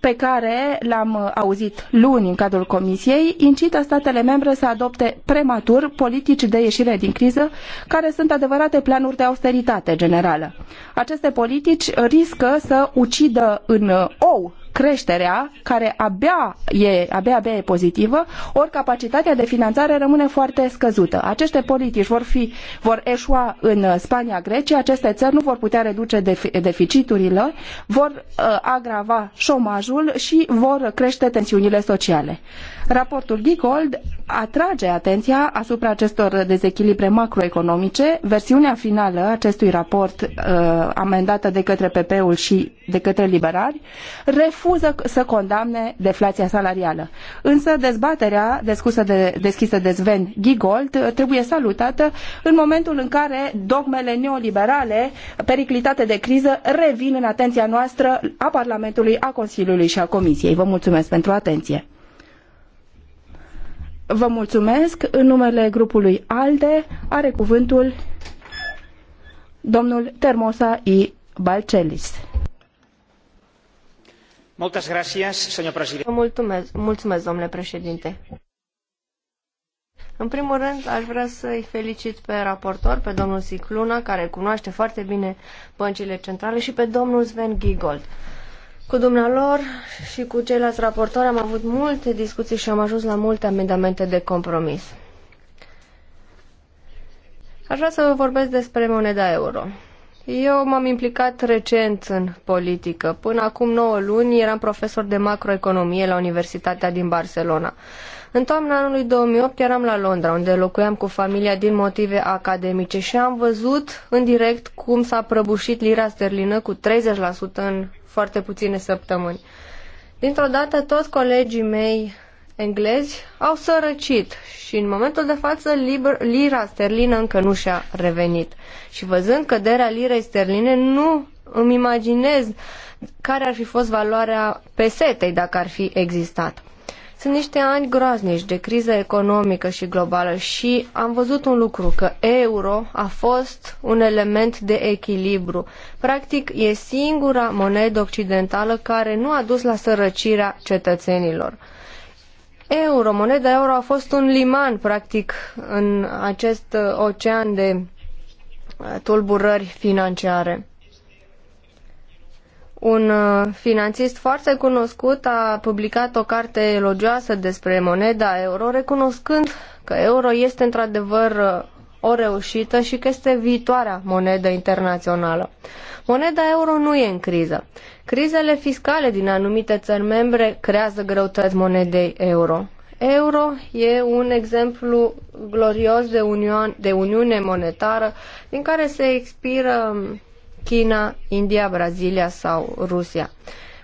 pe care l-am auzit luni în cadrul Comisiei, incită statele membre să adopte prematur politici de ieșire din criză, care sunt adevărate planuri de austeritate generală. Aceste politici riscă să ucidă în ou creșterea, care abia e, abia, abia e pozitivă, ori capacitatea de finanțare rămâne foarte scăzută. Aceste politici vor, fi, vor eșua în Spania, Grecia, aceste țări nu vor putea reduce deficiturile, vor uh, agrava șomajul și vor crește tensiunile sociale. Raportul Gigold atrage atenția asupra acestor dezechilibre macroeconomice. Versiunea finală acestui raport, uh, amendată de către PP-ul și de către liberali, refuză refuză să condamne deflația salarială. Însă dezbaterea deschisă de, deschisă de Sven Gigold trebuie salutată în momentul în care dogmele neoliberale periclitate de criză revin în atenția noastră a Parlamentului, a Consiliului și a Comisiei. Vă mulțumesc pentru atenție. Vă mulțumesc. În numele grupului ALDE are cuvântul domnul Termosa I. Balcelis mulțumesc, domnule președinte. În primul rând, aș vrea să-i felicit pe raportor, pe domnul Sicluna, care cunoaște foarte bine băncile centrale, și pe domnul Sven Giegold. Cu dumnealor și cu ceilali raportori am avut multe discuții și am ajuns la multe amendamente de compromis. Aș vrea să vă vorbesc despre moneda euro. Eu m-am implicat recent în politică. Până acum 9 luni eram profesor de macroeconomie la Universitatea din Barcelona. În toamna anului 2008 eram la Londra, unde locuiam cu familia din motive academice și am văzut în direct cum s-a prăbușit lira sterlină cu 30% în foarte puține săptămâni. Dintr-o dată toți colegii mei englezi au sărăcit și în momentul de față liber, lira sterlină încă nu și-a revenit. Și văzând căderea lirei sterline, nu îmi imaginez care ar fi fost valoarea pesetei dacă ar fi existat. Sunt niște ani groaznici de criză economică și globală și am văzut un lucru, că euro a fost un element de echilibru. Practic, e singura monedă occidentală care nu a dus la sărăcirea cetățenilor euro. Moneda euro a fost un liman, practic, în acest uh, ocean de uh, tulburări financiare. Un uh, finanțist foarte cunoscut a publicat o carte elogioasă despre moneda euro, recunoscând că euro este într-adevăr o reușită și că este viitoarea monedă internațională. Moneda euro nu e în criză. Crizele fiscale din anumite țări membre creează greutăți monedei euro. Euro e un exemplu glorios de, union, de uniune monetară din care se expiră China, India, Brazilia sau Rusia.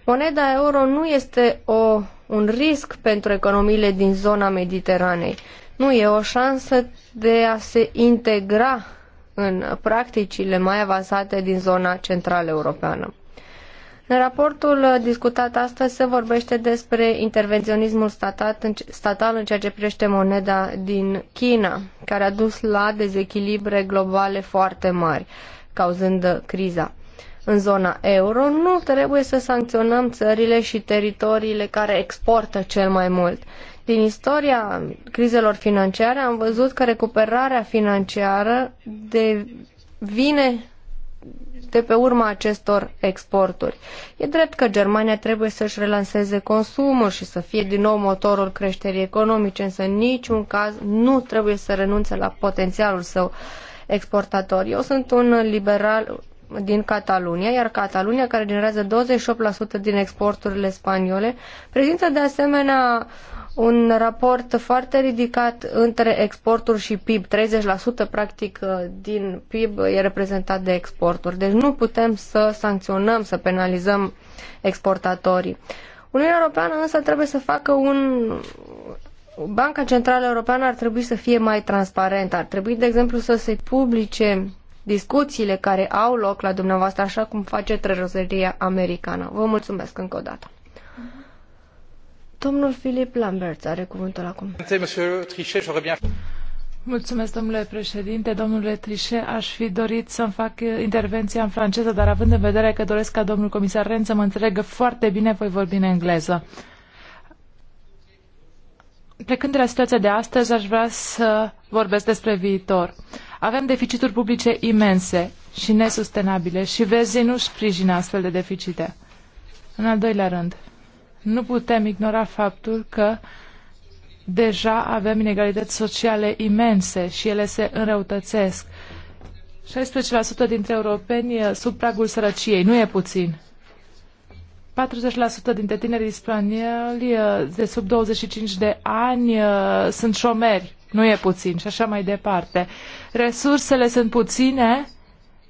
Moneda euro nu este o, un risc pentru economiile din zona Mediteranei. Nu e o șansă de a se integra în practicile mai avansate din zona centrală europeană. În raportul discutat astăzi se vorbește despre intervenționismul statal în ceea ce privește moneda din China, care a dus la dezechilibre globale foarte mari, cauzând criza. În zona euro nu trebuie să sancționăm țările și teritoriile care exportă cel mai mult. Din istoria crizelor financiare am văzut că recuperarea financiară devine de pe urma acestor exporturi. E drept că Germania trebuie să-și relanseze consumul și să fie din nou motorul creșterii economice, însă în niciun caz nu trebuie să renunțe la potențialul său exportator. Eu sunt un liberal din Catalunia, iar Catalunia, care generează 28% din exporturile spaniole, prezintă de asemenea un raport foarte ridicat între exporturi și PIB. 30% practic uh, din PIB e reprezentat de exporturi. Deci nu putem să sancționăm, să penalizăm exportatorii. Uniunea Europeană însă trebuie să facă un... Banca Centrală Europeană ar trebui să fie mai transparentă. Ar trebui, de exemplu, să se publice discuțiile care au loc la dumneavoastră, așa cum face trezoreria americană. Vă mulțumesc încă o dată. Domnul Filip Lambert are cuvântul acum. Mulțumesc, domnule președinte. Domnule Trichet, aș fi dorit să-mi fac intervenția în franceză, dar având în vedere că doresc ca domnul comisar Ren să mă înțeleagă foarte bine, voi vorbi în engleză. Plecând de la situația de astăzi, aș vrea să vorbesc despre viitor. Avem deficituri publice imense și nesustenabile și vezi nu sprijină astfel de deficite. În al doilea rând, nu putem ignora faptul că deja avem inegalități sociale imense și ele se înrăutățesc. 16% dintre europeni eh, sub pragul sărăciei, nu e puțin. 40% dintre tinerii spanioli eh, de sub 25 de ani eh, sunt șomeri, nu e puțin și așa mai departe. Resursele sunt puține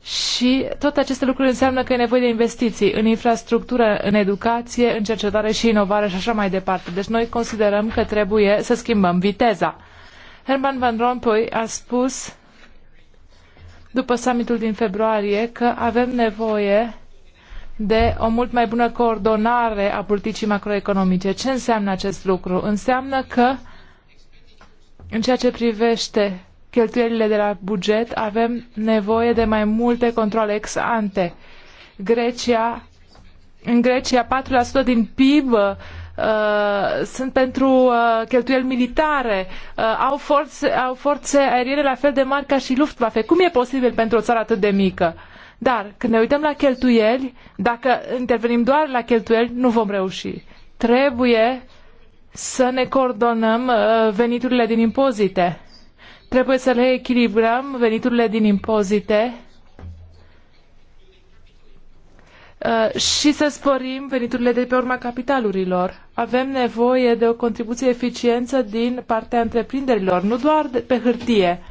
și toate aceste lucruri înseamnă că e nevoie de investiții în infrastructură, în educație, în cercetare și inovare și așa mai departe. Deci noi considerăm că trebuie să schimbăm viteza. Herman Van Rompuy a spus după summitul din februarie că avem nevoie de o mult mai bună coordonare a politicii macroeconomice. Ce înseamnă acest lucru? Înseamnă că în ceea ce privește cheltuielile de la buget, avem nevoie de mai multe controle ex ante. Grecia, în Grecia 4% din PIB uh, sunt pentru uh, cheltuieli militare, uh, au, forțe, au forțe aeriene la fel de mari ca și Luftwaffe. Cum e posibil pentru o țară atât de mică? Dar când ne uităm la cheltuieli, dacă intervenim doar la cheltuieli, nu vom reuși. Trebuie să ne coordonăm uh, veniturile din impozite Trebuie să le echilibrăm veniturile din impozite uh, și să sporim veniturile de pe urma capitalurilor. Avem nevoie de o contribuție eficiență din partea întreprinderilor, nu doar pe hârtie.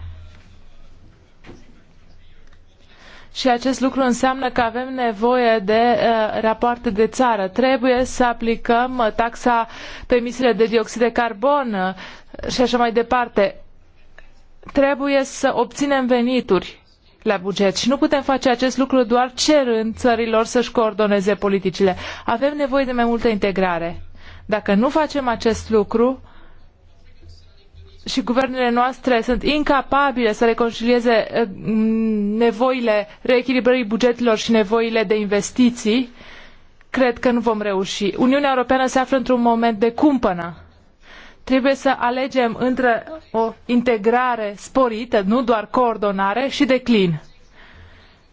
și acest lucru înseamnă că avem nevoie de uh, rapoarte de țară. Trebuie să aplicăm uh, taxa pe emisiile de dioxid de carbon uh, și așa mai departe trebuie să obținem venituri la buget și nu putem face acest lucru doar cerând țărilor să-și coordoneze politicile. Avem nevoie de mai multă integrare. Dacă nu facem acest lucru și guvernele noastre sunt incapabile să reconcilieze eh, nevoile reechilibrării bugetelor și nevoile de investiții, cred că nu vom reuși. Uniunea Europeană se află într-un moment de cumpănă Trebuie să alegem între o integrare sporită, nu doar coordonare, și declin.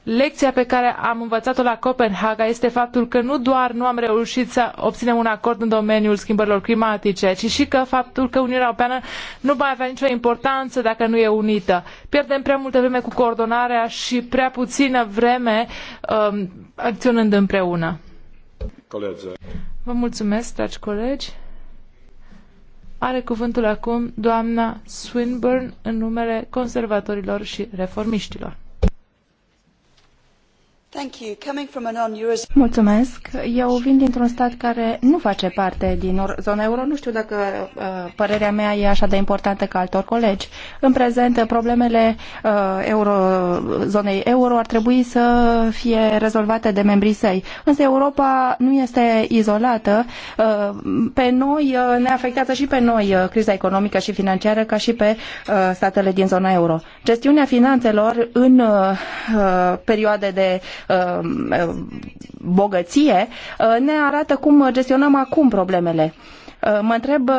Lecția pe care am învățat-o la Copenhaga este faptul că nu doar nu am reușit să obținem un acord în domeniul schimbărilor climatice, ci și că faptul că Uniunea Europeană nu mai avea nicio importanță dacă nu e unită. Pierdem prea multă vreme cu coordonarea și prea puțină vreme um, acționând împreună. Colegi. Vă mulțumesc, dragi colegi. Are cuvântul acum doamna Swinburne în numele conservatorilor și reformiștilor. Mulțumesc. Eu vin dintr-un stat care nu face parte din zona euro. Nu știu dacă uh, părerea mea e așa de importantă ca altor colegi. În prezent, problemele uh, euro, zonei euro ar trebui să fie rezolvate de membrii săi. Însă Europa nu este izolată. Uh, pe noi uh, ne afectează și pe noi uh, criza economică și financiară, ca și pe uh, statele din zona euro. Gestiunea finanțelor în uh, uh perioade de uh, Uh, bogăție, uh, ne arată cum gestionăm acum problemele. Uh, mă întreb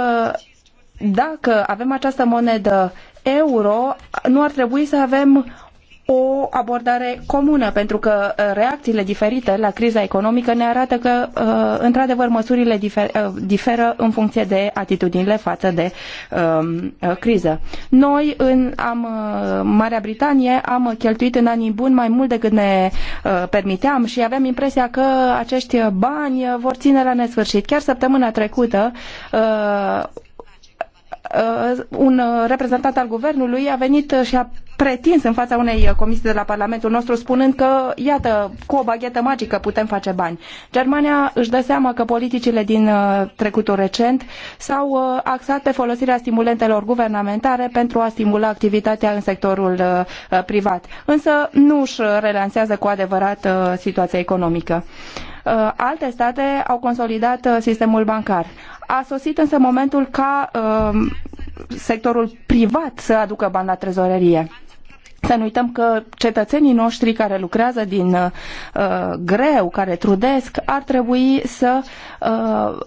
dacă avem această monedă euro, nu ar trebui să avem o abordare comună, pentru că uh, reacțiile diferite la criza economică ne arată că, uh, într-adevăr, măsurile uh, diferă în funcție de atitudinile față de um, criză. Noi, în am, Marea Britanie, am cheltuit în anii buni mai mult decât ne permiteam și aveam impresia că acești bani vor ține la nesfârșit. Chiar săptămâna trecută, uh, Uh, un uh, reprezentant al guvernului a venit și a pretins în fața unei comisii de la Parlamentul nostru spunând că, iată, cu o baghetă magică putem face bani. Germania își dă seama că politicile din uh, trecutul recent s-au axat pe folosirea stimulentelor guvernamentare pentru a stimula activitatea în sectorul privat, însă nu își relansează cu adevărat situația economică. Uh, alte state au consolidat uh, sistemul bancar. A sosit însă momentul ca uh, sectorul privat să aducă bani la trezorerie. Să nu uităm că cetățenii noștri care lucrează din uh, greu, care trudesc, ar trebui să uh,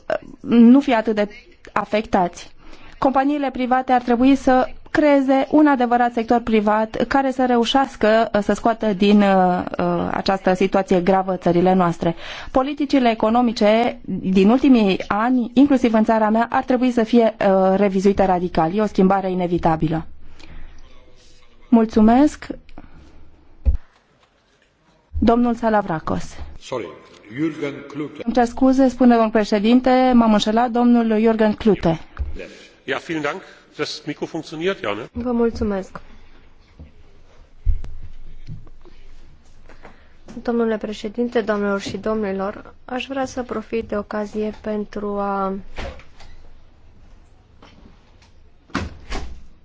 nu fie atât de afectați. Companiile private ar trebui să creeze un adevărat sector privat care să reușească uh, să scoată din uh, uh, această situație gravă țările noastre. Politicile economice din ultimii ani, inclusiv în țara mea, ar trebui să fie revizuite radical. E o schimbare inevitabilă. Mulțumesc. Domnul Salavracos. Sorry. Jürgen Klute. Îmi cer scuze, spune domnul președinte, m-am înșelat, domnul Jürgen Klute. Ja, vielen Dank a Vă mulțumesc. Domnule președinte, domnilor și domnilor, aș vrea să profit de ocazie pentru a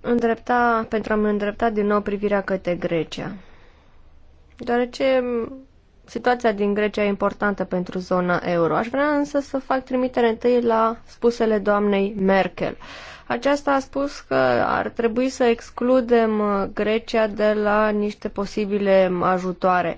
îndrepta, pentru a-mi îndrepta din nou privirea către Grecia. Deoarece situația din Grecia e importantă pentru zona euro. Aș vrea însă să fac trimitere întâi la spusele doamnei Merkel. Aceasta a spus că ar trebui să excludem uh, Grecia de la niște posibile ajutoare.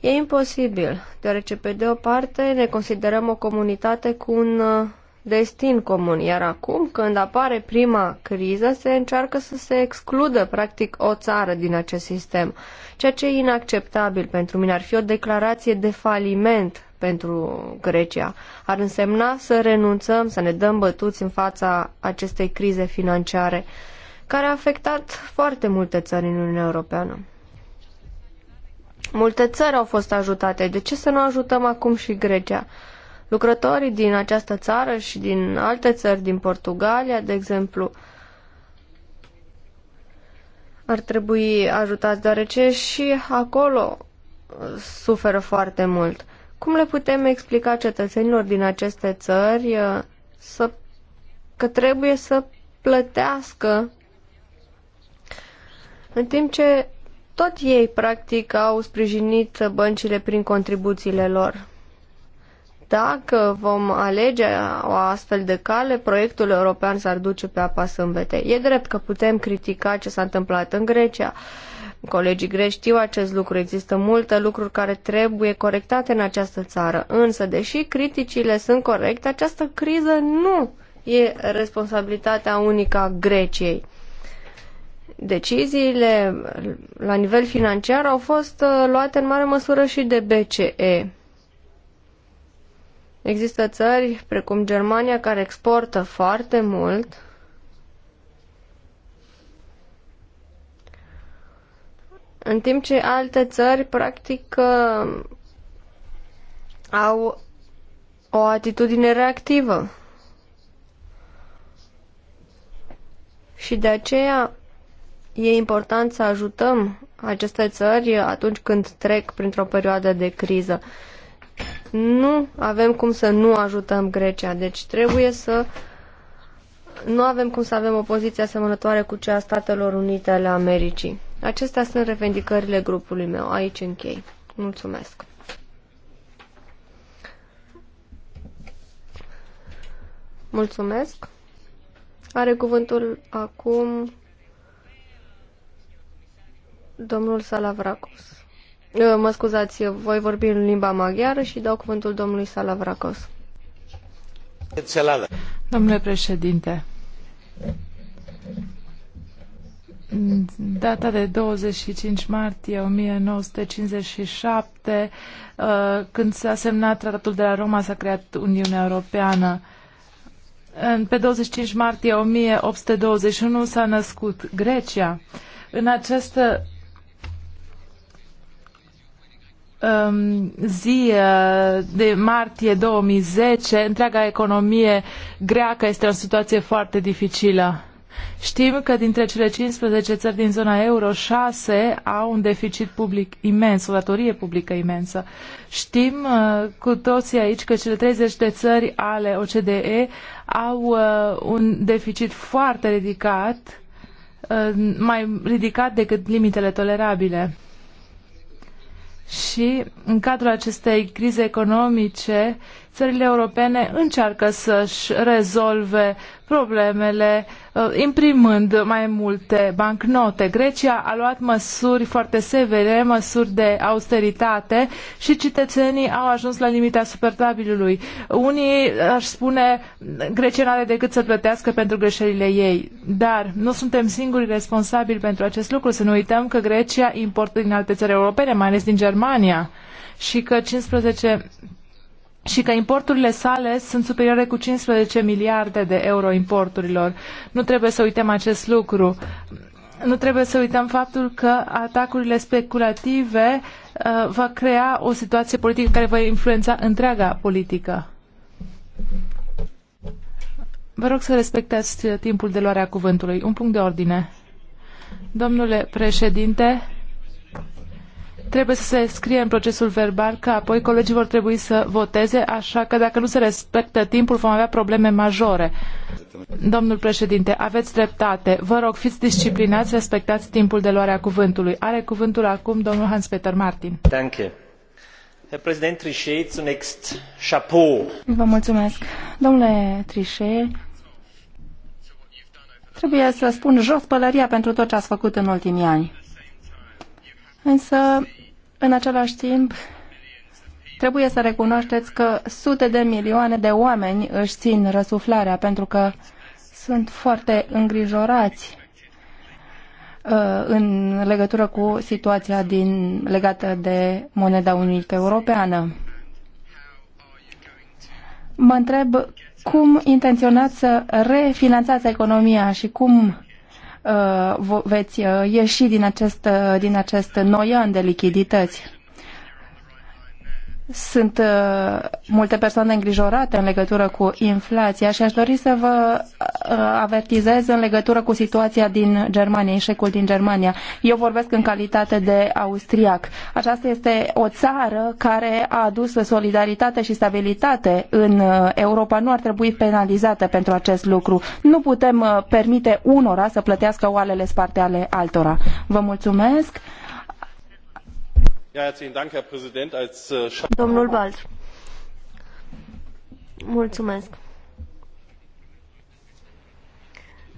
E imposibil, deoarece pe de o parte ne considerăm o comunitate cu un uh, destin comun, iar acum, când apare prima criză, se încearcă să se excludă practic o țară din acest sistem, ceea ce e inacceptabil pentru mine. Ar fi o declarație de faliment pentru Grecia. Ar însemna să renunțăm, să ne dăm bătuți în fața acestei crize financiare care a afectat foarte multe țări în Uniunea Europeană. Multe țări au fost ajutate. De ce să nu ajutăm acum și Grecia? Lucrătorii din această țară și din alte țări, din Portugalia, de exemplu, ar trebui ajutați deoarece și acolo suferă foarte mult. Cum le putem explica cetățenilor din aceste țări uh, să, că trebuie să plătească în timp ce tot ei, practic, au sprijinit băncile prin contribuțiile lor? Dacă vom alege o astfel de cale, proiectul european s-ar duce pe apa sâmbete. E drept că putem critica ce s-a întâmplat în Grecia, Colegii greci știu acest lucru, există multe lucruri care trebuie corectate în această țară, însă, deși criticile sunt corecte, această criză nu e responsabilitatea unică a Greciei. Deciziile la nivel financiar au fost uh, luate în mare măsură și de BCE. Există țări, precum Germania, care exportă foarte mult În timp ce alte țări, practic, uh, au o atitudine reactivă. Și de aceea e important să ajutăm aceste țări atunci când trec printr-o perioadă de criză. Nu avem cum să nu ajutăm Grecia, deci trebuie să nu avem cum să avem o poziție asemănătoare cu cea a Statelor Unite ale Americii. Acestea sunt revendicările grupului meu. Aici închei. Mulțumesc. Mulțumesc. Are cuvântul acum domnul Salavracos. Mă scuzați, voi vorbi în limba maghiară și dau cuvântul domnului Salavracos. Domnule președinte, data de 25 martie 1957, uh, când s-a semnat tratatul de la Roma, s-a creat Uniunea Europeană. Pe 25 martie 1821 s-a născut Grecia. În această um, zi uh, de martie 2010, întreaga economie greacă este o situație foarte dificilă. Știm că dintre cele 15 țări din zona euro, 6 au un deficit public imens, o datorie publică imensă. Știm uh, cu toții aici că cele 30 de țări ale OCDE au uh, un deficit foarte ridicat, uh, mai ridicat decât limitele tolerabile. Și în cadrul acestei crize economice țările europene încearcă să-și rezolve problemele uh, imprimând mai multe bancnote. Grecia a luat măsuri foarte severe, măsuri de austeritate și cetățenii au ajuns la limita supertabilului. Unii aș spune Grecia nu are decât să plătească pentru greșelile ei, dar nu suntem singuri responsabili pentru acest lucru. Să nu uităm că Grecia importă din alte țări europene, mai ales din Germania și că 15 și că importurile sale sunt superioare cu 15 miliarde de euro importurilor. Nu trebuie să uităm acest lucru. Nu trebuie să uităm faptul că atacurile speculative uh, va crea o situație politică care va influența întreaga politică. Vă rog să respectați timpul de luare a cuvântului. Un punct de ordine. Domnule președinte, trebuie să se scrie în procesul verbal că apoi colegii vor trebui să voteze, așa că dacă nu se respectă timpul vom avea probleme majore. Domnul președinte, aveți dreptate. Vă rog, fiți disciplinați, respectați timpul de luare a cuvântului. Are cuvântul acum domnul Hans-Peter Martin. Danke. Herr Trichet, zunächst Chapeau. Vă mulțumesc. Domnule Trichet, trebuie să spun jos pălăria pentru tot ce ați făcut în ultimii ani. Însă în același timp, trebuie să recunoașteți că sute de milioane de oameni își țin răsuflarea pentru că sunt foarte îngrijorați uh, în legătură cu situația din, legată de moneda unică europeană. Mă întreb cum intenționați să refinanțați economia și cum Uh, veți uh, ieși din acest, uh, din acest noian de lichidități. Sunt uh, multe persoane îngrijorate în legătură cu inflația și aș dori să vă uh, avertizez în legătură cu situația din Germania, eșecul din Germania. Eu vorbesc în calitate de austriac. Aceasta este o țară care a adus solidaritate și stabilitate în uh, Europa. Nu ar trebui penalizată pentru acest lucru. Nu putem permite unora să plătească oalele sparte ale altora. Vă mulțumesc. Äh, domnul Balz. Mulțumesc.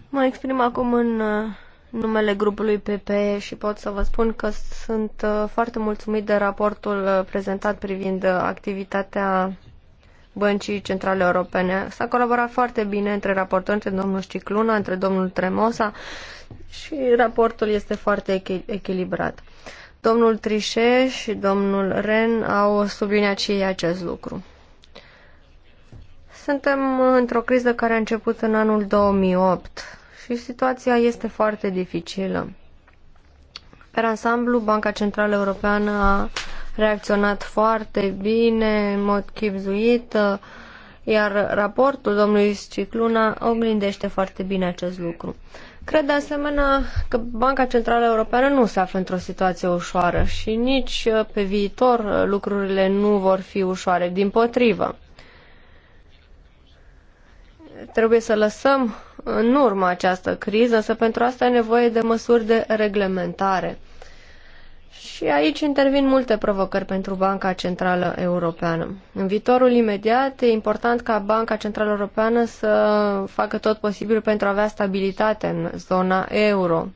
Mă exprim acum în uh, numele grupului PPE și pot să vă spun că sunt uh, foarte mulțumit de raportul uh, prezentat privind activitatea Băncii Centrale Europene. S-a colaborat foarte bine între raportori, între domnul Cicluna, între domnul Tremosa și raportul este foarte echilibrat. Domnul Trichet și domnul Ren au subliniat și ei acest lucru. Suntem într-o criză care a început în anul 2008 și situația este foarte dificilă. Pe ansamblu, Banca Centrală Europeană a reacționat foarte bine, în mod chipzuit, iar raportul domnului Cicluna oglindește foarte bine acest lucru. Cred de asemenea că Banca Centrală Europeană nu se află într-o situație ușoară și nici uh, pe viitor uh, lucrurile nu vor fi ușoare, din potrivă. Trebuie să lăsăm în urmă această criză, însă pentru asta e nevoie de măsuri de reglementare. Și aici intervin multe provocări pentru Banca Centrală Europeană. În viitorul imediat e important ca Banca Centrală Europeană să facă tot posibilul pentru a avea stabilitate în zona euro,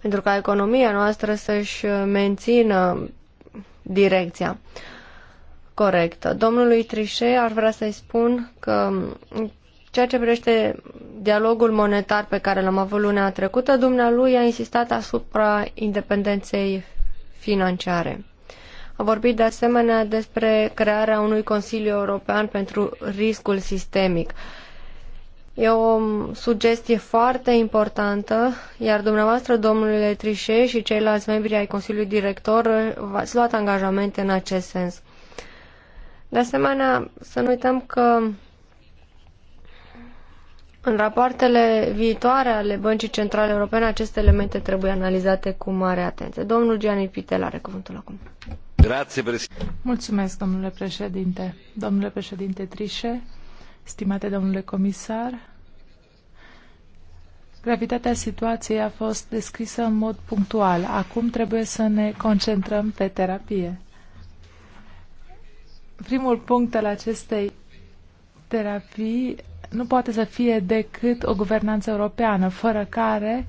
pentru ca economia noastră să-și mențină direcția corectă. Domnului Trișe ar vrea să-i spun că Ceea ce privește dialogul monetar pe care l-am avut luna trecută, dumnealui a insistat asupra independenței financiare. A vorbit de asemenea despre crearea unui Consiliu European pentru riscul sistemic. E o sugestie foarte importantă, iar dumneavoastră, domnule Trișe și ceilalți membri ai Consiliului Director, v-ați luat angajamente în acest sens. De asemenea, să nu uităm că în rapoartele viitoare ale Băncii Centrale Europene, aceste elemente trebuie analizate cu mare atenție. Domnul Gianni Pitel are cuvântul acum. Grazie, Mulțumesc, domnule președinte. Domnule președinte Trișe, stimate domnule comisar, Gravitatea situației a fost descrisă în mod punctual. Acum trebuie să ne concentrăm pe terapie. Primul punct al acestei terapii nu poate să fie decât o guvernanță europeană, fără care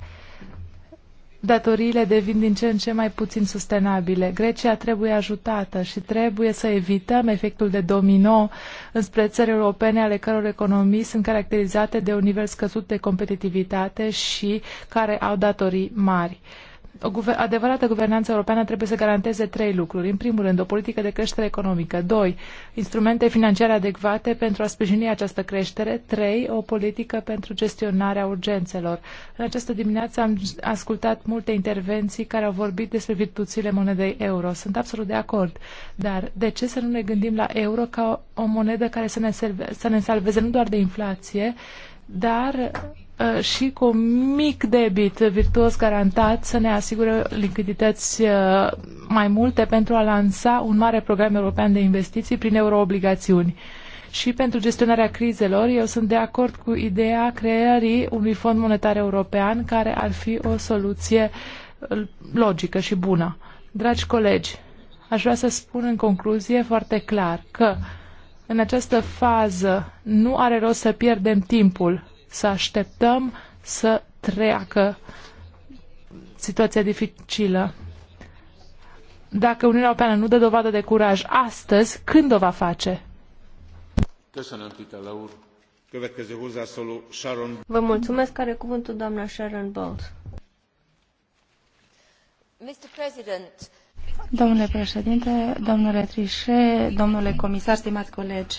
datoriile devin din ce în ce mai puțin sustenabile. Grecia trebuie ajutată și trebuie să evităm efectul de domino înspre țări europene ale căror economii sunt caracterizate de un nivel scăzut de competitivitate și care au datorii mari o guver adevărată guvernanță europeană trebuie să garanteze trei lucruri. În primul rând, o politică de creștere economică. Doi, instrumente financiare adecvate pentru a sprijini această creștere. Trei, o politică pentru gestionarea urgențelor. În această dimineață am ascultat multe intervenții care au vorbit despre virtuțile monedei euro. Sunt absolut de acord. Dar de ce să nu ne gândim la euro ca o monedă care să ne, serve- să ne salveze nu doar de inflație, dar Uh, și cu un mic debit virtuos garantat să ne asigure lichidități uh, mai multe pentru a lansa un mare program european de investiții prin euroobligațiuni. Și pentru gestionarea crizelor, eu sunt de acord cu ideea creării unui fond monetar european care ar fi o soluție uh, logică și bună. Dragi colegi, aș vrea să spun în concluzie foarte clar că în această fază nu are rost să pierdem timpul să așteptăm să treacă situația dificilă. Dacă Uniunea Europeană nu dă dovadă de curaj astăzi, când o va face? Vă mulțumesc. Are cuvântul doamna Sharon Bowles. Domnule președinte, domnule Trichet, domnule comisar, stimați colegi,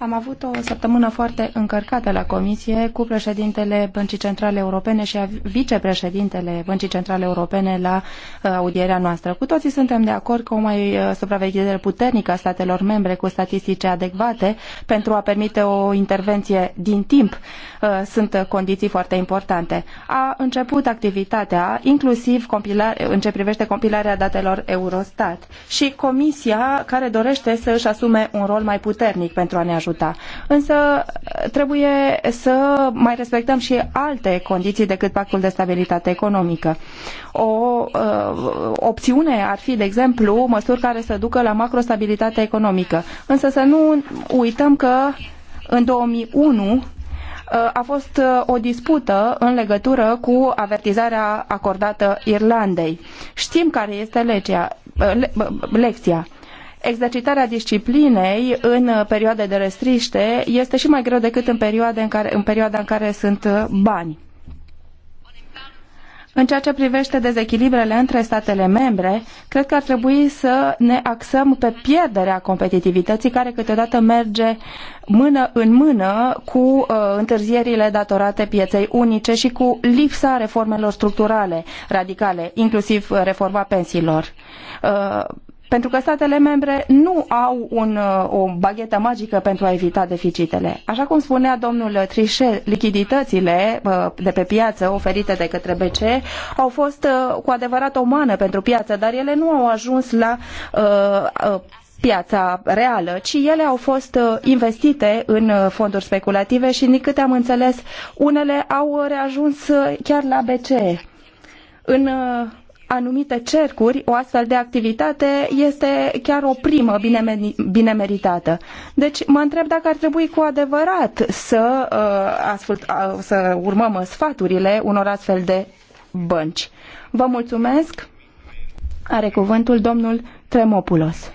am avut o săptămână foarte încărcată la comisie cu președintele Băncii Centrale Europene și vicepreședintele Băncii Centrale Europene la uh, audierea noastră. Cu toții suntem de acord că o mai uh, supraveghere puternică a statelor membre cu statistice adecvate pentru a permite o intervenție din timp uh, sunt condiții foarte importante. A început activitatea, inclusiv în ce privește compilarea datelor Eurostat și comisia care dorește să își asume un rol mai puternic pentru a ne ajuta ajuta. Însă trebuie să mai respectăm și alte condiții decât pactul de stabilitate economică. O uh, opțiune ar fi, de exemplu, măsuri care să ducă la macrostabilitate economică. Însă să nu uităm că în 2001 uh, a fost uh, o dispută în legătură cu avertizarea acordată Irlandei. Știm care este legea, uh, le, lecția exercitarea disciplinei în uh, perioade de restriște este și mai greu decât în, perioade în, care, în perioada în care sunt uh, bani. În ceea ce privește dezechilibrele între statele membre, cred că ar trebui să ne axăm pe pierderea competitivității, care câteodată merge mână în mână cu uh, întârzierile datorate pieței unice și cu lipsa reformelor structurale radicale, inclusiv uh, reforma pensiilor. Uh, pentru că statele membre nu au un, uh, o baghetă magică pentru a evita deficitele. Așa cum spunea domnul Trichet, lichiditățile uh, de pe piață oferite de către BCE au fost uh, cu adevărat o mană pentru piață, dar ele nu au ajuns la uh, piața reală, ci ele au fost investite în fonduri speculative și, din câte am înțeles, unele au reajuns chiar la BCE. În uh, anumite cercuri, o astfel de activitate este chiar o primă bine meritată. Deci mă întreb dacă ar trebui cu adevărat să, uh, ascult, uh, să urmăm sfaturile unor astfel de bănci. Vă mulțumesc. Are cuvântul domnul Tremopulos.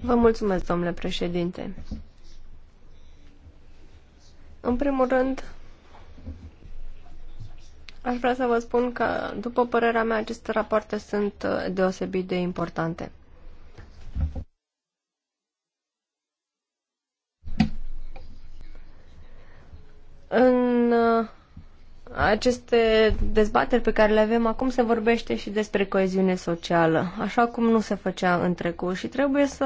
Vă mulțumesc, domnule președinte. În primul rând, Aș vrea să vă spun că, după părerea mea, aceste rapoarte sunt uh, deosebit de importante. În uh, aceste dezbateri pe care le avem acum se vorbește și despre coeziune socială, așa cum nu se făcea în trecut și trebuie să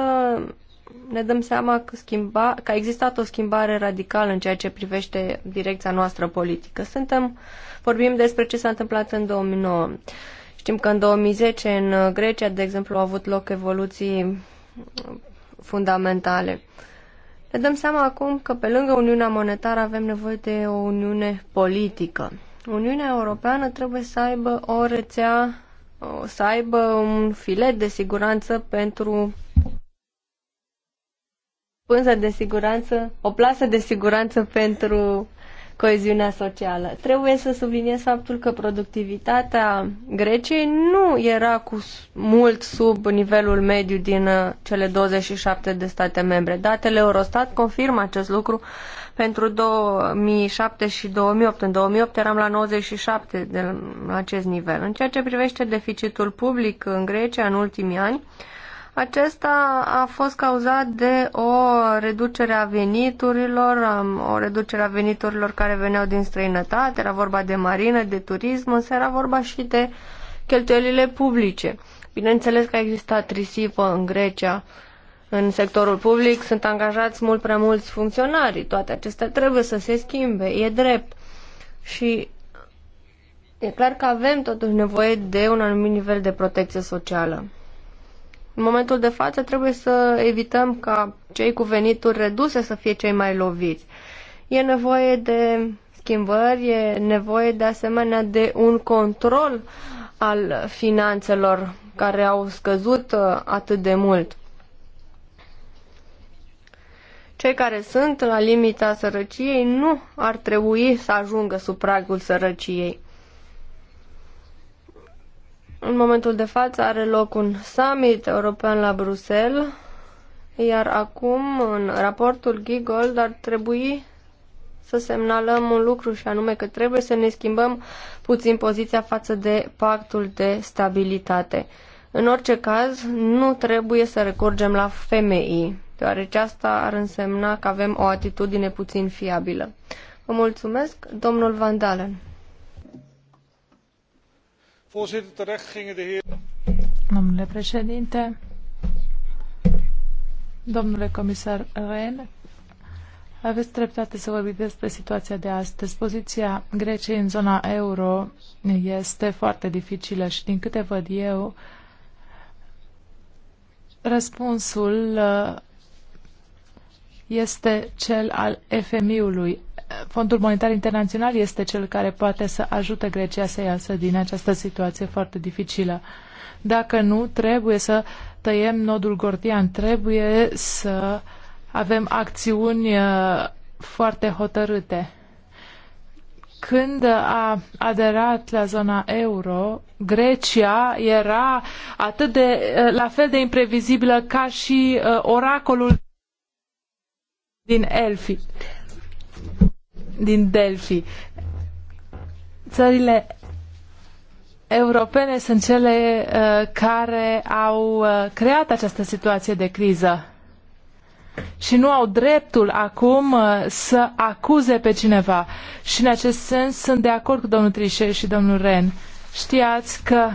ne dăm seama că, schimba, că a existat o schimbare radicală în ceea ce privește direcția noastră politică. Suntem, vorbim despre ce s-a întâmplat în 2009. Știm că în 2010 în Grecia, de exemplu, au avut loc evoluții fundamentale. Ne dăm seama acum că pe lângă Uniunea Monetară avem nevoie de o Uniune politică. Uniunea Europeană trebuie să aibă o rețea, să aibă un filet de siguranță pentru pânză de siguranță, o plasă de siguranță pentru coeziunea socială. Trebuie să subliniez faptul că productivitatea Greciei nu era cu mult sub nivelul mediu din uh, cele 27 de state membre. Datele Eurostat confirmă acest lucru pentru 2007 și 2008. În 2008 eram la 97 de la acest nivel. În ceea ce privește deficitul public în Grecia în ultimii ani, acesta a fost cauzat de o reducere a veniturilor, o reducere a veniturilor care veneau din străinătate, era vorba de marină, de turism, însă era vorba și de cheltuielile publice. Bineînțeles că a existat risipă în Grecia, în sectorul public sunt angajați mult prea mulți funcționari, toate acestea trebuie să se schimbe, e drept. Și e clar că avem totuși nevoie de un anumit nivel de protecție socială. În momentul de față trebuie să evităm ca cei cu venituri reduse să fie cei mai loviți. E nevoie de schimbări, e nevoie de asemenea de un control al finanțelor care au scăzut uh, atât de mult. Cei care sunt la limita sărăciei nu ar trebui să ajungă sub pragul sărăciei. În momentul de față are loc un summit european la Bruxelles, iar acum, în raportul Gigold, ar trebui să semnalăm un lucru și anume că trebuie să ne schimbăm puțin poziția față de pactul de stabilitate. În orice caz, nu trebuie să recurgem la femei, deoarece asta ar însemna că avem o atitudine puțin fiabilă. Vă mulțumesc, domnul Van Dalen. Voorzitter, terecht gingen de heer... Domnule președinte, domnule comisar Rehn, aveți dreptate să vorbiți despre situația de astăzi. Poziția Greciei în zona euro este foarte dificilă și, din câte văd eu, răspunsul uh, este cel al FMI-ului Fondul Monetar Internațional este cel care poate să ajute Grecia să iasă din această situație foarte dificilă. Dacă nu, trebuie să tăiem nodul gordian, trebuie să avem acțiuni uh, foarte hotărâte. Când a aderat la zona euro, Grecia era atât de uh, la fel de imprevizibilă ca și uh, oracolul din Elfi din Delphi. Țările europene sunt cele uh, care au uh, creat această situație de criză și nu au dreptul acum uh, să acuze pe cineva. Și în acest sens sunt de acord cu domnul Trichet și domnul Ren. Știați că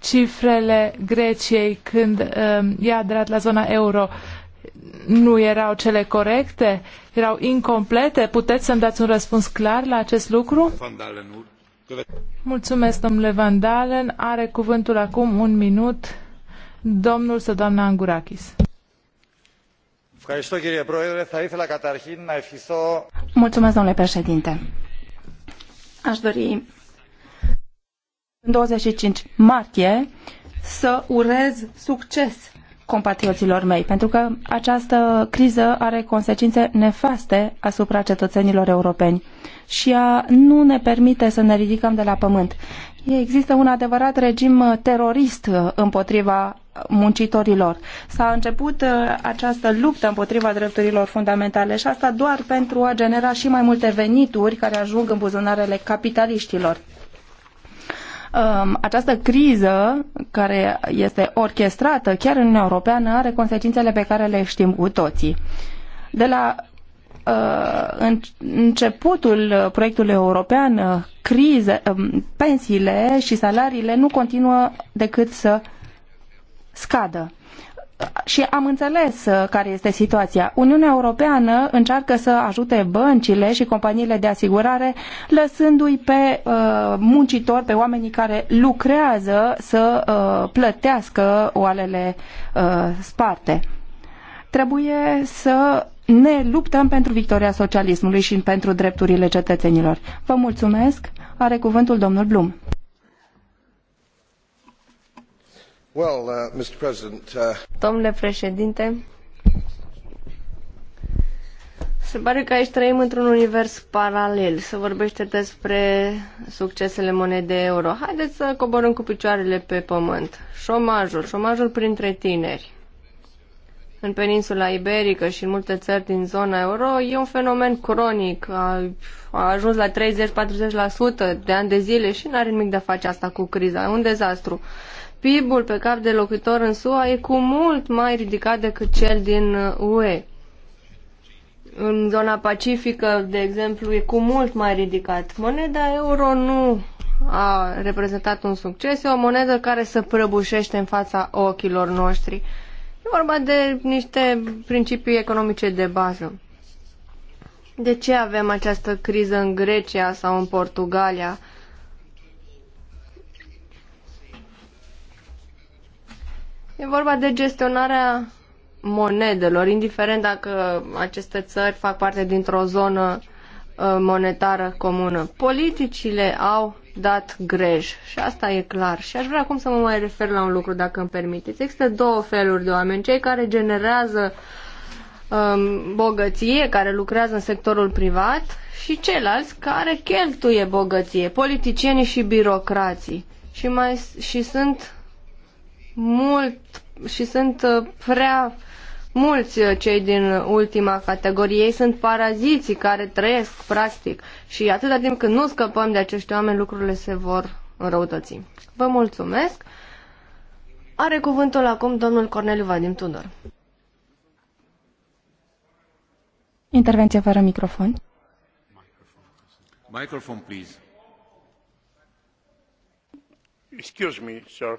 cifrele Greciei când uh, i-a aderat la zona euro nu erau cele corecte, erau incomplete. Puteți să-mi dați un răspuns clar la acest lucru? Mulțumesc, domnule Van Dalen. Are cuvântul acum un minut domnul sau doamna Angurakis. Mulțumesc, domnule președinte. Aș dori în 25 martie să urez succes compatrioților mei, pentru că această criză are consecințe nefaste asupra cetățenilor europeni și ea nu ne permite să ne ridicăm de la pământ. Există un adevărat regim uh, terorist uh, împotriva muncitorilor. S-a început uh, această luptă împotriva drepturilor fundamentale și asta doar pentru a genera și mai multe venituri care ajung în buzunarele capitaliștilor. Um, această criză care este orchestrată chiar în Uniunea Europeană are consecințele pe care le știm cu toții. De la uh, începutul proiectului european, uh, crize, um, pensiile și salariile nu continuă decât să scadă și am înțeles uh, care este situația. Uniunea Europeană încearcă să ajute băncile și companiile de asigurare, lăsându-i pe uh, muncitori, pe oamenii care lucrează să uh, plătească oalele uh, sparte. Trebuie să ne luptăm pentru victoria socialismului și pentru drepturile cetățenilor. Vă mulțumesc. Are cuvântul domnul Blum. Uh, uh, Domnule președinte, se pare că aici trăim într-un univers paralel. Se vorbește despre succesele monedei euro. Haideți să coborâm cu picioarele pe pământ. Șomajul, șomajul printre tineri. În peninsula iberică și în multe țări din zona euro e un fenomen cronic. A, a ajuns la 30-40% de ani de zile și n-are nimic de a face asta cu criza. E un dezastru. PIB-ul pe cap de locuitor în SUA e cu mult mai ridicat decât cel din UE. Uh, în zona pacifică, de exemplu, e cu mult mai ridicat. Moneda euro nu a reprezentat un succes, e o monedă care se prăbușește în fața ochilor noștri. E vorba de niște principii economice de bază. De ce avem această criză în Grecia sau în Portugalia? E vorba de gestionarea monedelor, indiferent dacă aceste țări fac parte dintr-o zonă uh, monetară comună. Politicile au dat greș și asta e clar. Și aș vrea acum să mă mai refer la un lucru, dacă îmi permiteți. Există două feluri de oameni. Cei care generează um, bogăție, care lucrează în sectorul privat și ceilalți care cheltuie bogăție, politicienii și birocrații. Și, mai, și sunt mult și sunt uh, prea mulți uh, cei din ultima categorie. Ei sunt paraziții care trăiesc, practic. Și atâta timp când nu scăpăm de acești oameni, lucrurile se vor înrăutăți. Vă mulțumesc. Are cuvântul acum domnul Corneliu Vadim Tudor. Intervenție fără microfon. Microfon, please. Excuse me, sir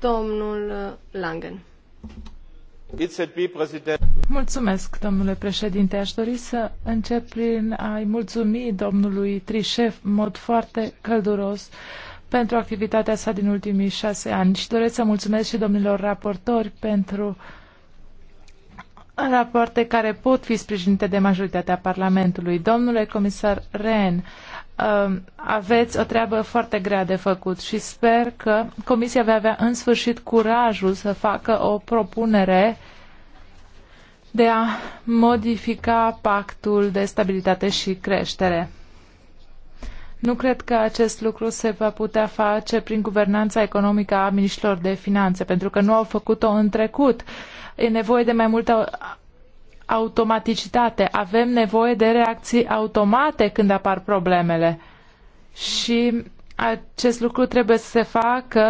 Domnul Langen. Mulțumesc, domnule președinte. Aș dori să încep prin a-i mulțumi domnului Trișef în mod foarte călduros pentru activitatea sa din ultimii șase ani și doresc să mulțumesc și domnilor raportori pentru rapoarte care pot fi sprijinite de majoritatea Parlamentului. Domnule comisar Ren, um, aveți o treabă foarte grea de făcut și sper că Comisia va avea în sfârșit curajul să facă o propunere de a modifica pactul de stabilitate și creștere. Nu cred că acest lucru se va putea face prin guvernanța economică a miniștilor de finanțe, pentru că nu au făcut-o în trecut. E nevoie de mai multă automaticitate. Avem nevoie de reacții automate când apar problemele. Și acest lucru trebuie să se facă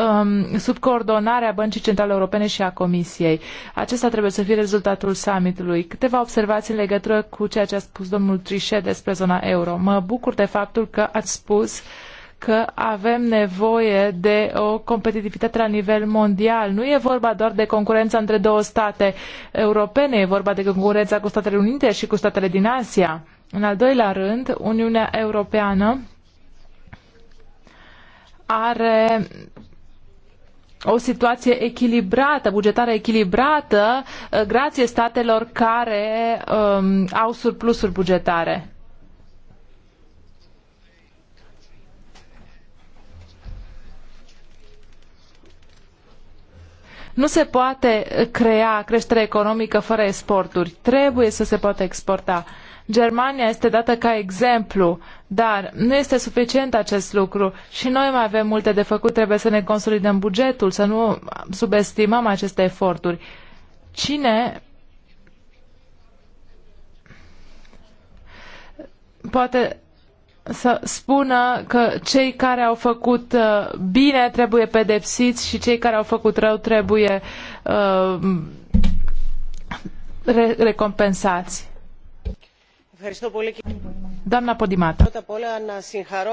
um, sub coordonarea Băncii Centrale Europene și a Comisiei. Acesta trebuie să fie rezultatul summitului. Câteva observații în legătură cu ceea ce a spus domnul Trichet despre zona euro. Mă bucur de faptul că ați spus că avem nevoie de o competitivitate la nivel mondial. Nu e vorba doar de concurența între două state europene, e vorba de concurența cu Statele Unite și cu statele din Asia. În al doilea rând, Uniunea Europeană are o situație echilibrată, bugetară echilibrată, eh, grație statelor care um, au surplusuri bugetare. Nu se poate crea creștere economică fără exporturi. Trebuie să se poată exporta. Germania este dată ca exemplu, dar nu este suficient acest lucru și noi mai avem multe de făcut, trebuie să ne consolidăm bugetul, să nu subestimăm aceste eforturi. Cine poate să spună că cei care au făcut uh, bine trebuie pedepsiți și cei care au făcut rău trebuie uh, re- recompensați. Podimata.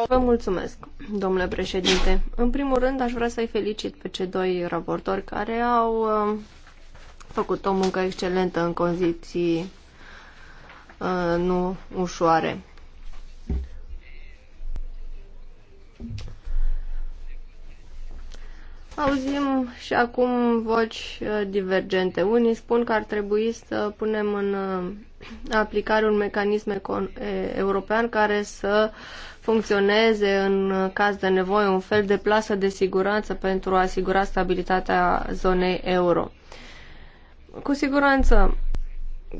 Vă mulțumesc, domnule președinte. În primul rând, aș vrea să-i felicit pe cei doi raportori care au uh, făcut o muncă excelentă în condiții uh, nu ușoare. Auzim și acum voci uh, divergente. Unii spun că ar trebui să punem în aplicare un mecanism european care să funcționeze în caz de nevoie un fel de plasă de siguranță pentru a asigura stabilitatea zonei euro. Cu siguranță,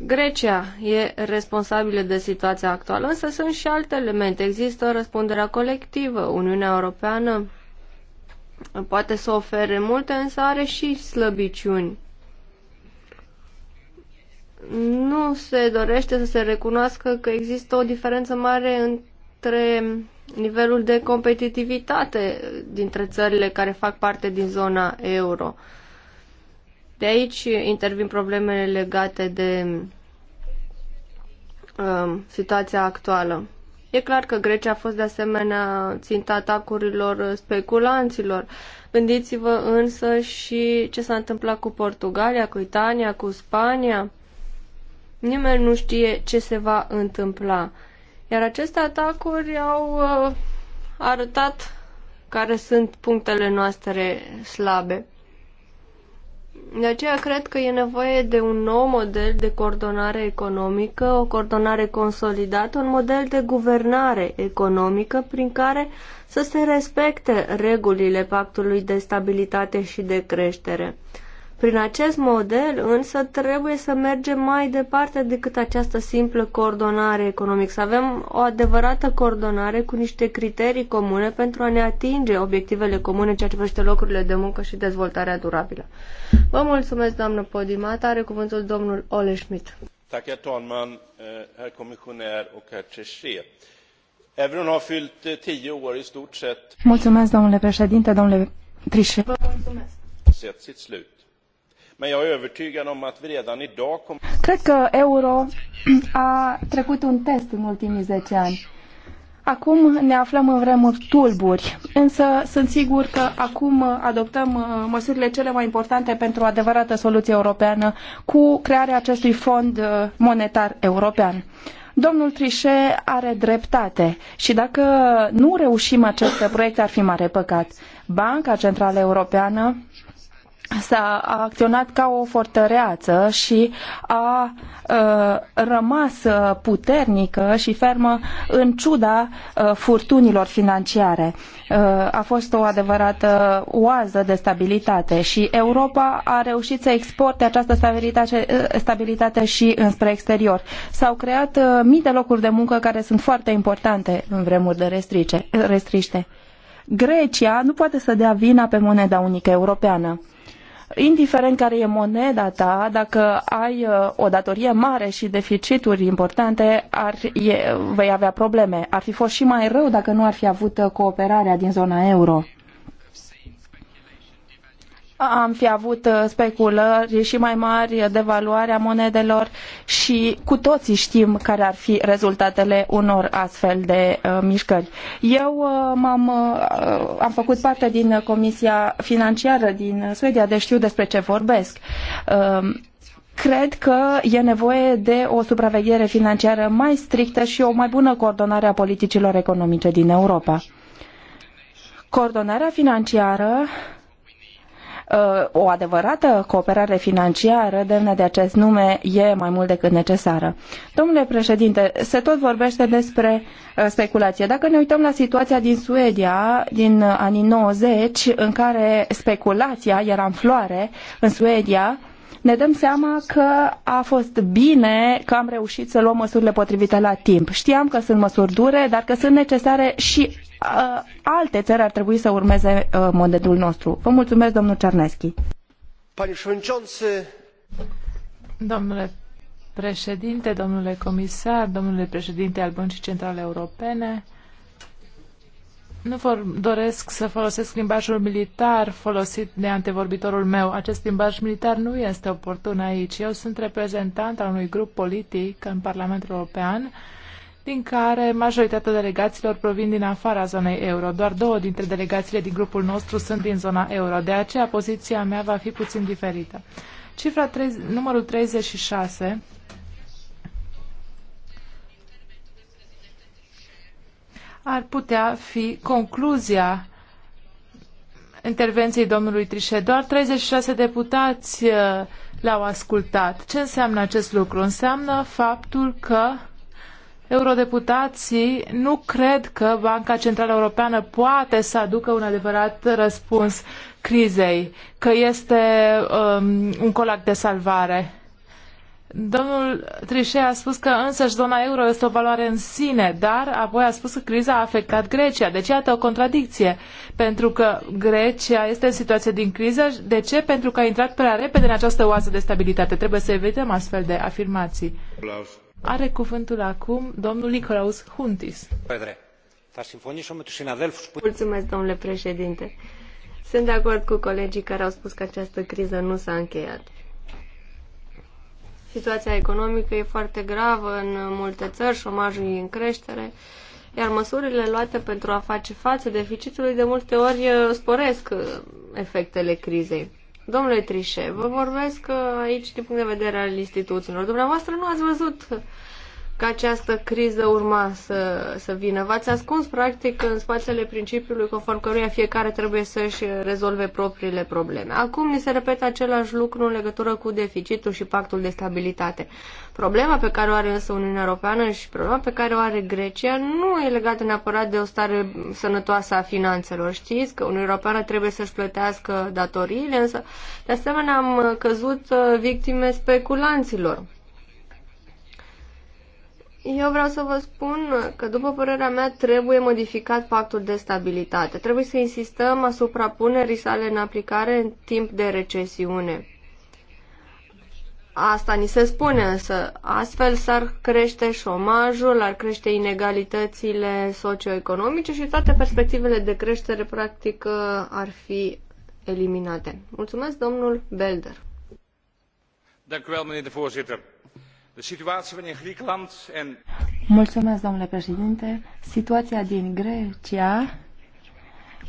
Grecia e responsabilă de situația actuală, însă sunt și alte elemente. Există răspunderea colectivă. Uniunea Europeană poate să ofere multe, însă are și slăbiciuni nu se dorește să se recunoască că există o diferență mare între nivelul de competitivitate dintre țările care fac parte din zona euro. De aici intervin problemele legate de uh, situația actuală. E clar că Grecia a fost de asemenea ținta atacurilor speculanților. Gândiți-vă însă și ce s-a întâmplat cu Portugalia, cu Italia, cu Spania Nimeni nu știe ce se va întâmpla. Iar aceste atacuri au uh, arătat care sunt punctele noastre slabe. De aceea cred că e nevoie de un nou model de coordonare economică, o coordonare consolidată, un model de guvernare economică prin care să se respecte regulile pactului de stabilitate și de creștere. Prin acest model, însă, trebuie să mergem mai departe decât această simplă coordonare economică, să avem o adevărată coordonare cu niște criterii comune pentru a ne atinge obiectivele comune ceea ce privește locurile de muncă și dezvoltarea durabilă. Vă mulțumesc, doamnă Podimata. Are cuvântul domnul Ole Schmidt. Tack, herr talman, eh, herr kommissionär och herr Trichet. Euron har fyllt 10 eh, år i stort sett. Mulțumesc, domnule președinte, domnule Trichet. Vă mulțumesc. Sett sitt slut Cred că euro a trecut un test în ultimii 10 ani. Acum ne aflăm în vremuri tulburi, însă sunt sigur că acum adoptăm uh, măsurile cele mai importante pentru o adevărată soluție europeană cu crearea acestui fond uh, monetar european. Domnul Trichet are dreptate și dacă nu reușim acest proiect ar fi mare păcat. Banca Centrală Europeană s-a acționat ca o fortăreață și a, a uh, rămas uh, puternică și fermă în ciuda a, uh, furtunilor financiare. A, a fost o adevărată oază de stabilitate și Europa a reușit să exporte această stabilitate, stabilitate și înspre exterior. S-au creat mii de locuri de muncă care sunt foarte importante în vremuri de restrice, restriște. Grecia nu poate să dea vina pe moneda unică europeană indiferent care e moneda ta, dacă ai uh, o datorie mare și deficituri importante, ar, e, vei avea probleme. Ar fi fost și mai rău dacă nu ar fi avut uh, cooperarea din zona euro am fi avut uh, speculări și mai mari, devaluarea monedelor și cu toții știm care ar fi rezultatele unor astfel de uh, mișcări. Eu uh, am uh, uh, am făcut parte din Comisia Financiară din Suedia, deci știu despre ce vorbesc. Uh, cred că e nevoie de o supraveghere financiară mai strictă și o mai bună coordonare a politicilor economice din Europa. Coordonarea financiară o adevărată cooperare financiară demnă de acest nume e mai mult decât necesară. Domnule președinte, se tot vorbește despre uh, speculație. Dacă ne uităm la situația din Suedia din uh, anii 90, în care speculația era în floare în Suedia, ne dăm seama că a fost bine că am reușit să luăm măsurile potrivite la timp. Știam că sunt măsuri dure, dar că sunt necesare și uh, alte țări ar trebui să urmeze uh, modelul nostru. Vă mulțumesc, domnul Cerneschi. Domnule președinte, domnule comisar, domnule președinte al Băncii Centrale Europene, nu vor, doresc să folosesc limbajul militar folosit de antevorbitorul meu. Acest limbaj militar nu este oportun aici. Eu sunt reprezentant al unui grup politic în Parlamentul European, din care majoritatea delegațiilor provin din afara zonei euro. Doar două dintre delegațiile din grupul nostru sunt din zona euro, de aceea poziția mea va fi puțin diferită. Cifra 3, numărul 36 ar putea fi concluzia intervenției domnului Trișe. Doar 36 deputați uh, l-au ascultat. Ce înseamnă acest lucru? Înseamnă faptul că eurodeputații nu cred că Banca Centrală Europeană poate să aducă un adevărat răspuns crizei, că este um, un colac de salvare. Domnul Trichet a spus că însăși zona euro este o valoare în sine, dar apoi a spus că criza a afectat Grecia. Deci iată o contradicție, pentru că Grecia este în situație din criză. De ce? Pentru că a intrat prea repede în această oază de stabilitate. Trebuie să evităm astfel de afirmații. Are cuvântul acum domnul Nicolaus Huntis. Mulțumesc, domnule președinte. Sunt de acord cu colegii care au spus că această criză nu s-a încheiat. Situația economică e foarte gravă în multe țări, șomajul e în creștere, iar măsurile luate pentru a face față deficitului de multe ori eh, sporesc eh, efectele crizei. Domnule Trișe, vă vorbesc eh, aici din punct de vedere al instituțiilor. Dumneavoastră nu ați văzut că această criză urma să, să vină. V-ați ascuns, practic, în spațiile principiului conform căruia fiecare trebuie să-și rezolve propriile probleme. Acum ni se repetă același lucru în legătură cu deficitul și pactul de stabilitate. Problema pe care o are însă Uniunea Europeană și problema pe care o are Grecia nu e legată neapărat de o stare sănătoasă a finanțelor. Știți că Uniunea Europeană trebuie să-și plătească datoriile, însă de asemenea am căzut uh, victime speculanților eu vreau să vă spun că, după părerea mea, trebuie modificat pactul de stabilitate. Trebuie să insistăm asupra punerii sale în aplicare în timp de recesiune. Asta ni se spune, însă astfel s-ar crește șomajul, ar crește inegalitățile socioeconomice și toate perspectivele de creștere, practic, ar fi eliminate. Mulțumesc, domnul Belder. Dank u wel, meneer de voorzitter Mulțumesc, domnule președinte. Situația din Grecia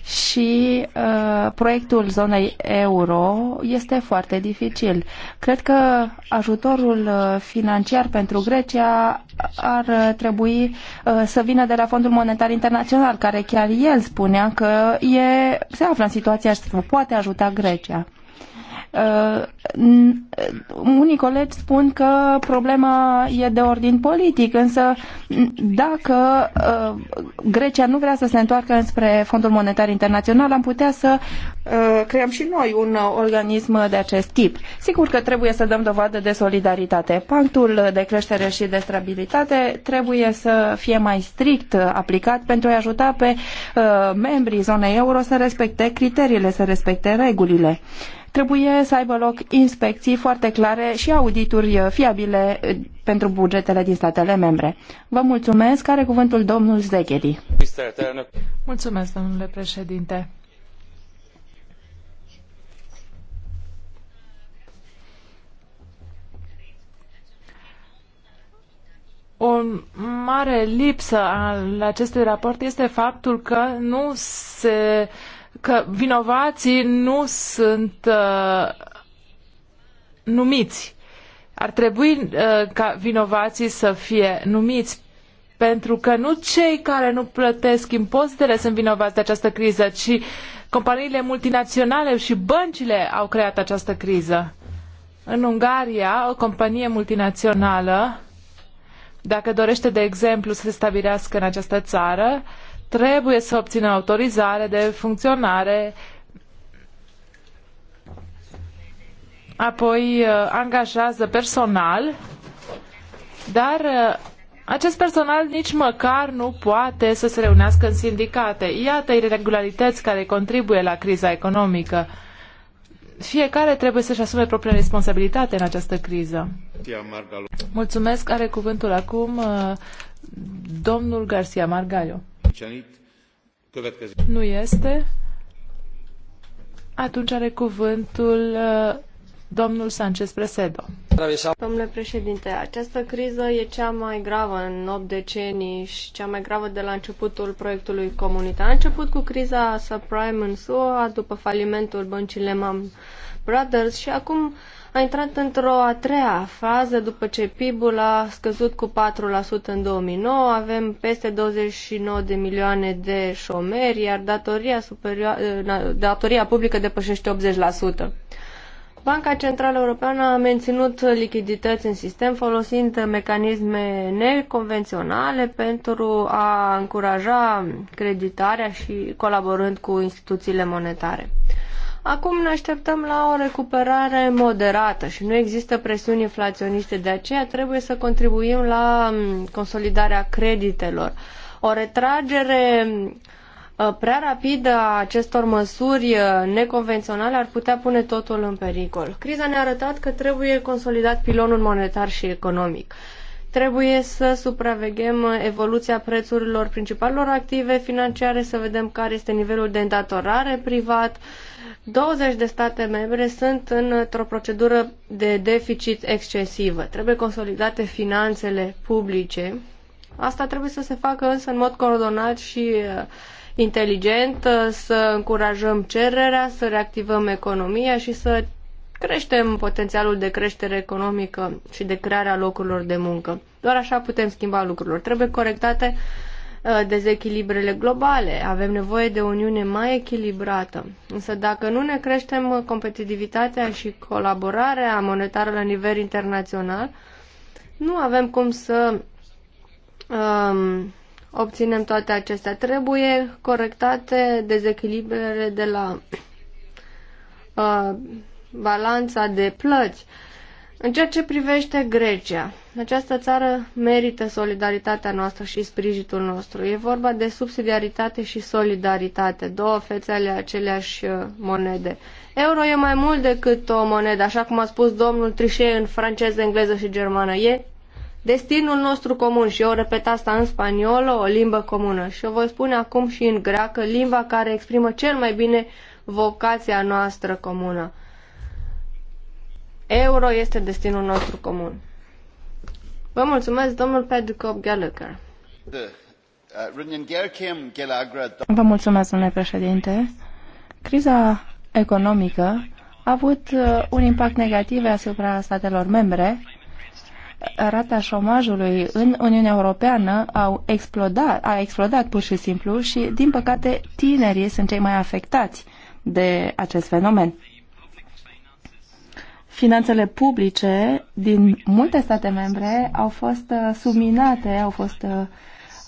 și uh, proiectul zonei euro este foarte dificil. Cred că ajutorul uh, financiar pentru Grecia ar uh, trebui uh, să vină de la Fondul Monetar Internațional, care chiar el spunea că e, se află în situația și poate ajuta Grecia. Uh, unii colegi spun că problema e de ordin politic, însă dacă uh, Grecia nu vrea să se întoarcă înspre Fondul Monetar Internațional, am putea să uh, creăm și noi un organism de acest tip. Sigur că trebuie să dăm dovadă de solidaritate. Pactul de creștere și de stabilitate trebuie să fie mai strict aplicat pentru a ajuta pe membrii zonei euro să respecte criteriile, să respecte regulile. Trebuie să aibă loc inspecții foarte clare și audituri uh, fiabile uh, pentru bugetele din statele membre. Vă mulțumesc. Are cuvântul domnul Zeghedi. Mulțumesc, domnule președinte. o mare lipsă al acestui raport este faptul că nu se că vinovații nu sunt uh, numiți. Ar trebui uh, ca vinovații să fie numiți pentru că nu cei care nu plătesc impozitele sunt vinovați de această criză, ci companiile multinaționale și băncile au creat această criză. În Ungaria, o companie multinațională, dacă dorește, de exemplu, să se stabilească în această țară, uh, trebuie să obțină autorizare de funcționare, apoi uh, angajează personal, dar uh, acest personal nici măcar nu poate să se reunească în sindicate. Iată irregularități care contribuie la criza economică. Fiecare trebuie să-și asume propria responsabilitate în această criză. Mulțumesc. Are cuvântul acum uh, domnul Garcia Margallo. Nu este. Atunci are cuvântul uh, domnul Sanchez Presedo. Domnule președinte, această criză e cea mai gravă în 8 decenii și cea mai gravă de la începutul proiectului comunitar. A început cu criza subprime în SUA, după falimentul băncii Lehman Brothers și acum uh, a intrat într-o a treia fază după ce PIB-ul a scăzut cu 4% în 2009, avem peste 29 de milioane de șomeri, iar datoria, superio- eh, datoria publică depășește 80%. Banca Centrală Europeană a menținut lichidități în sistem folosind mecanisme neconvenționale pentru a încuraja creditarea și colaborând cu instituțiile monetare. Acum ne așteptăm la o recuperare moderată și nu există presiuni inflaționiste, de aceea trebuie să contribuim la mm, consolidarea creditelor. O retragere mm, ă, prea rapidă a acestor măsuri ă, neconvenționale ar putea pune totul în pericol. Criza ne-a arătat că trebuie consolidat pilonul monetar și economic. Trebuie să supraveghem uh, evoluția prețurilor principalelor active financiare, să vedem care este nivelul de îndatorare privat. 20 de state membre sunt într-o procedură de deficit excesivă. Trebuie consolidate finanțele publice. Asta trebuie să se facă însă în mod coordonat și uh, inteligent, uh, să încurajăm cererea, să reactivăm economia și să creștem potențialul de creștere economică și de crearea locurilor de muncă. Doar așa putem schimba lucrurile. Trebuie corectate uh, dezechilibrele globale. Avem nevoie de o Uniune mai echilibrată. Însă dacă nu ne creștem competitivitatea și colaborarea monetară la nivel internațional, nu avem cum să um, obținem toate acestea. Trebuie corectate dezechilibrele de la uh, balanța de plăți. În ceea ce privește Grecia, această țară merită solidaritatea noastră și sprijinul nostru. E vorba de subsidiaritate și solidaritate, două fețe ale aceleași uh, monede. Euro e mai mult decât o monedă, așa cum a spus domnul Trichet în franceză, engleză și germană. E destinul nostru comun și eu repet asta în spaniolă, o limbă comună. Și o voi spune acum și în greacă, limba care exprimă cel mai bine vocația noastră comună. Euro este destinul nostru comun. Vă mulțumesc, domnul Pedicop Gallagher. Vă mulțumesc, domnule președinte. Criza economică a avut uh, un impact negativ asupra statelor membre. Rata șomajului în Uniunea Europeană au explodat, a explodat pur și simplu și, din păcate, tinerii sunt cei mai afectați de acest fenomen finanțele publice din multe state membre au fost uh, subminate, au fost uh,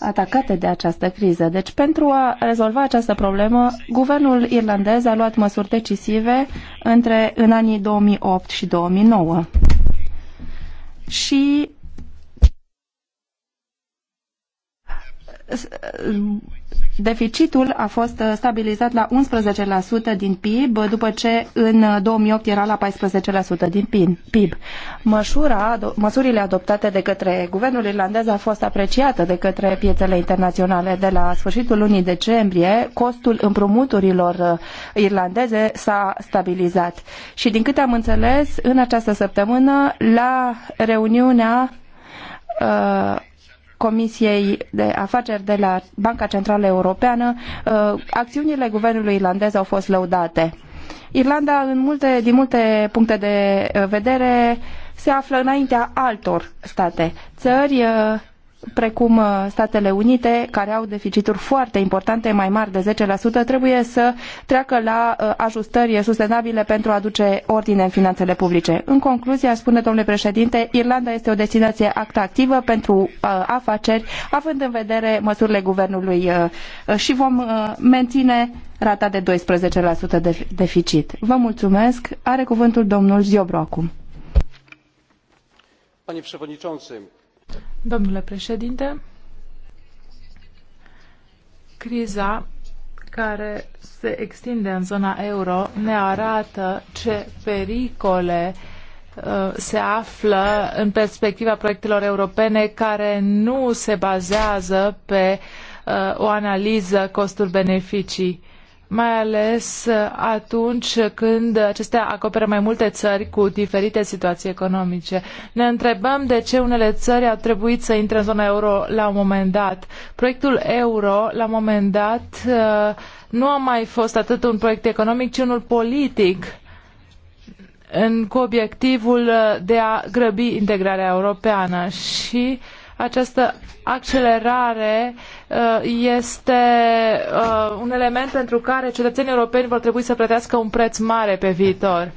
atacate de această criză. Deci, pentru a rezolva această problemă, guvernul irlandez a luat măsuri decisive între în anii 2008 și 2009. Și Deficitul a fost stabilizat la 11% din PIB, după ce în 2008 era la 14% din PIB. Măsura, măsurile adoptate de către guvernul irlandez au fost apreciate de către piețele internaționale. De la sfârșitul lunii decembrie, costul împrumuturilor uh, irlandeze s-a stabilizat. Și din câte am înțeles, în această săptămână, la reuniunea uh, Comisiei de Afaceri de la Banca Centrală Europeană, uh, acțiunile guvernului irlandez au fost lăudate. Irlanda, în multe, din multe puncte de uh, vedere, se află înaintea altor state, țări uh, precum uh, Statele Unite, care au deficituri foarte importante, mai mari de 10%, trebuie să treacă la uh, ajustări sustenabile pentru a aduce ordine în finanțele publice. În concluzie, a spune, domnule președinte, Irlanda este o destinație activă pentru uh, afaceri, având în vedere măsurile guvernului și vom menține rata de 12% de deficit. Vă mulțumesc. Are cuvântul domnul Ziobro acum. Panie Przewodniczący, Domnule președinte, criza care se extinde în zona euro ne arată ce pericole uh, se află în perspectiva proiectelor europene care nu se bazează pe uh, o analiză costuri-beneficii mai ales atunci când acestea acoperă mai multe țări cu diferite situații economice. Ne întrebăm de ce unele țări au trebuit să intre în zona euro la un moment dat. Proiectul euro, la un moment dat, uh, nu a mai fost atât un proiect economic, ci unul politic în, cu obiectivul de a grăbi integrarea europeană și uh, această accelerare uh, este uh, un element pentru care cetățenii europeni vor trebui să plătească un preț mare pe viitor.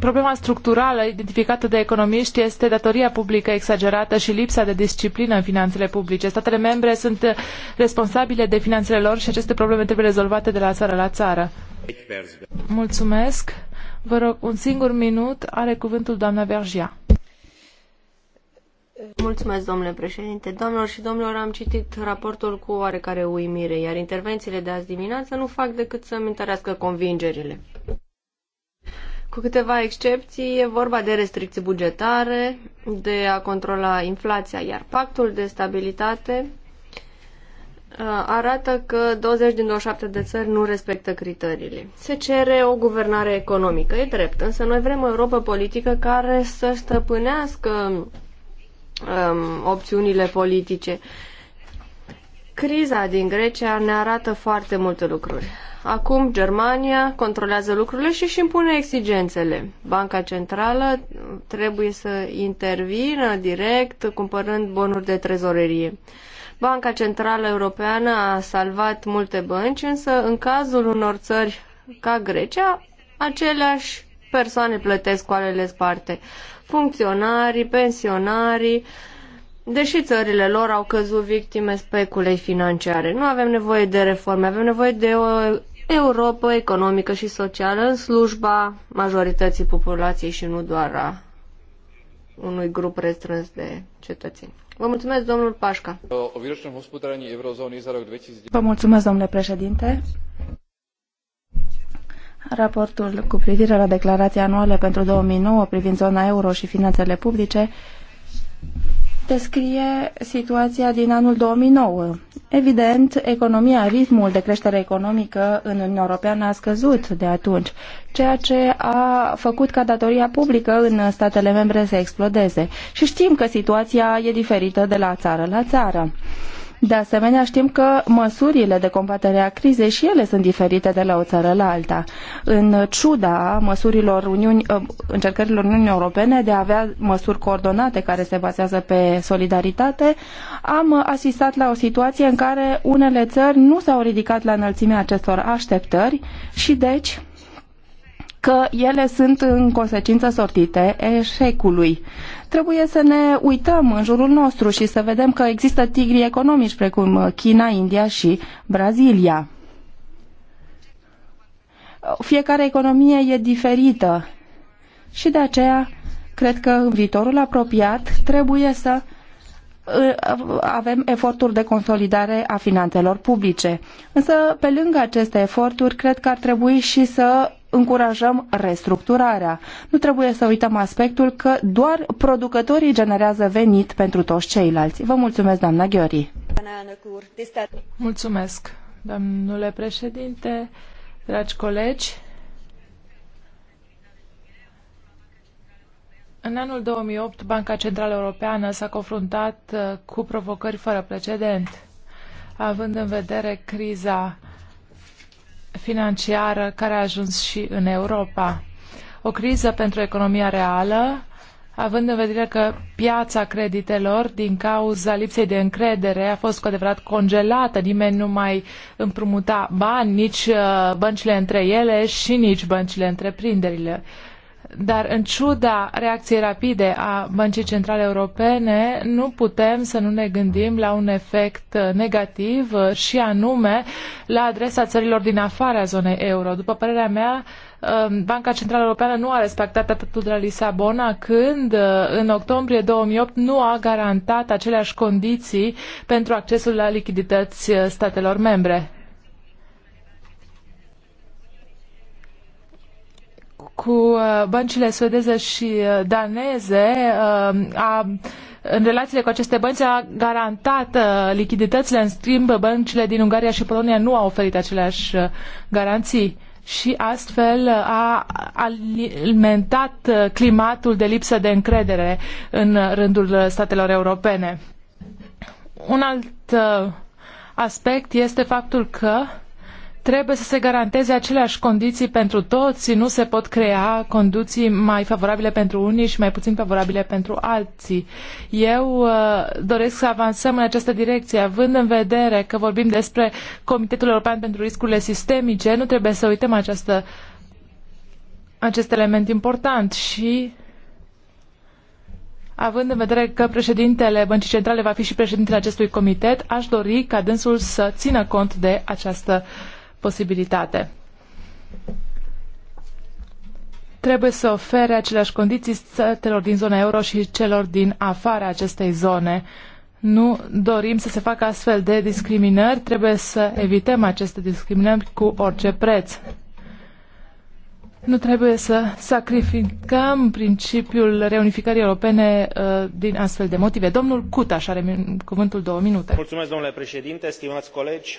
Problema structurală identificată de economiști este datoria publică exagerată și lipsa de disciplină în finanțele publice. Statele membre sunt responsabile de finanțele lor și aceste probleme trebuie rezolvate de la țară la țară. Mulțumesc. Vă rog, un singur minut are cuvântul doamna Vergia. Mulțumesc, domnule președinte. Doamnelor și domnilor, am citit raportul cu oarecare uimire, iar intervențiile de azi dimineață nu fac decât să-mi întărească convingerile. Cu câteva excepții, e vorba de restricții bugetare, de a controla inflația, iar pactul de stabilitate uh, arată că 20 din 27 de țări nu respectă criteriile. Se cere o guvernare economică, e drept, însă noi vrem o Europa politică care să stăpânească um, opțiunile politice. Criza din Grecia ne arată foarte multe lucruri. Acum Germania controlează lucrurile și își impune exigențele. Banca Centrală trebuie să intervină direct cumpărând bonuri de trezorerie. Banca Centrală Europeană a salvat multe bănci, însă în cazul unor țări ca Grecia, aceleași persoane plătesc coalele sparte funcționarii, pensionarii, deși țările lor au căzut victime speculei financiare. Nu avem nevoie de reforme, avem nevoie de o Europa economică și socială în slujba majorității populației și nu doar a unui grup restrâns de cetățeni. Vă mulțumesc, domnul Pașca. Vă mulțumesc, domnule președinte. Raportul cu privire la declarația anuală pentru 2009 privind zona euro și finanțele publice descrie situația din anul 2009. Evident, economia, ritmul de creștere economică în Uniunea Europeană a scăzut de atunci, ceea ce a făcut ca datoria publică în statele membre să explodeze. Și știm că situația e diferită de la țară la țară. De asemenea, știm că măsurile de combatere a crizei și ele sunt diferite de la o țară la alta. În ciuda măsurilor Uniuni, ă, încercărilor Uniunii Europene de a avea măsuri coordonate care se bazează pe solidaritate, am asistat la o situație în care unele țări nu s-au ridicat la înălțimea acestor așteptări și deci că ele sunt în consecință sortite eșecului. Trebuie să ne uităm în jurul nostru și să vedem că există tigri economici precum China, India și Brazilia. Fiecare economie e diferită și de aceea cred că în viitorul apropiat trebuie să ă, avem eforturi de consolidare a finanțelor publice. Însă, pe lângă aceste eforturi, cred că ar trebui și să încurajăm restructurarea. Nu trebuie să uităm aspectul că doar producătorii generează venit pentru toți ceilalți. Vă mulțumesc, doamna Ghiori. Mulțumesc, domnule președinte, dragi colegi. În anul 2008, Banca Centrală Europeană s-a confruntat uh, cu provocări fără precedent, având în vedere criza financiară care a ajuns și în Europa. O criză pentru economia reală, având în vedere că piața creditelor, din cauza lipsei de încredere, a fost cu adevărat congelată. Nimeni nu mai împrumuta bani, nici uh, băncile între ele și nici băncile întreprinderile. Dar în ciuda reacției rapide a Băncii Centrale Europene, nu putem să nu ne gândim la un efect negativ și anume la adresa țărilor din afara zonei euro. După părerea mea, um, Banca Centrală Europeană nu a respectat tratatul de la Lisabona când uh, în octombrie 2008 nu a garantat aceleași condiții pentru accesul la lichidități uh, statelor membre. cu uh, băncile suedeze și uh, daneze uh, a în relațiile cu aceste bănci a garantat uh, lichiditățile, în schimb băncile din Ungaria și Polonia nu au oferit aceleași garanții și astfel a alimentat climatul de lipsă de încredere în rândul statelor europene. Un alt aspect este faptul că trebuie să se garanteze aceleași condiții pentru toți, nu se pot crea condiții mai favorabile pentru unii și mai puțin favorabile pentru alții. Eu uh, doresc să avansăm în această direcție, având în vedere că vorbim despre Comitetul European pentru Riscurile Sistemice, nu trebuie să uităm această, acest element important și Având în vedere că președintele Băncii Centrale va fi și președintele acestui comitet, aș dori ca dânsul să țină cont de această uh, posibilitate. Trebuie să ofere aceleași condiții statelor din zona euro și celor din afara acestei zone. Nu dorim să se facă astfel de discriminări, trebuie să evităm aceste discriminări cu orice preț. Nu trebuie să sacrificăm principiul reunificării europene uh, din astfel de motive. Domnul Cutaș are cuvântul două minute. Mulțumesc, domnule președinte, stimați colegi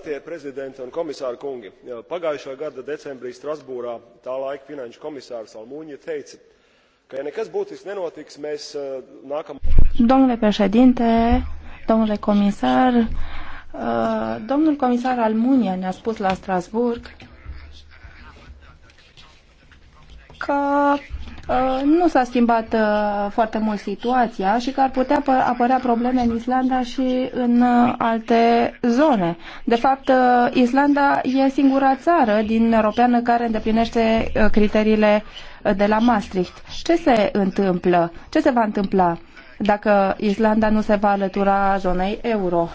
Tie prezidenti un komisāri kungi, pagājušā gada decembrī Strasbūrā tā laika finanšu komisārs Almūņa teica, ka ja nekas būtisks nenotiks, mēs nākam. Domnule președinte, domnule comisar, domnul comisar Almunia ne-a spus la Strasburg că Uh, nu s-a schimbat uh, foarte mult situația și că ar putea apărea probleme în Islanda și în uh, alte zone. De fapt, Islanda e singura țară din Europeană care îndeplinește criteriile de la Maastricht. Ce se întâmplă? Ce se va întâmpla dacă Islanda nu se va alătura zonei euro?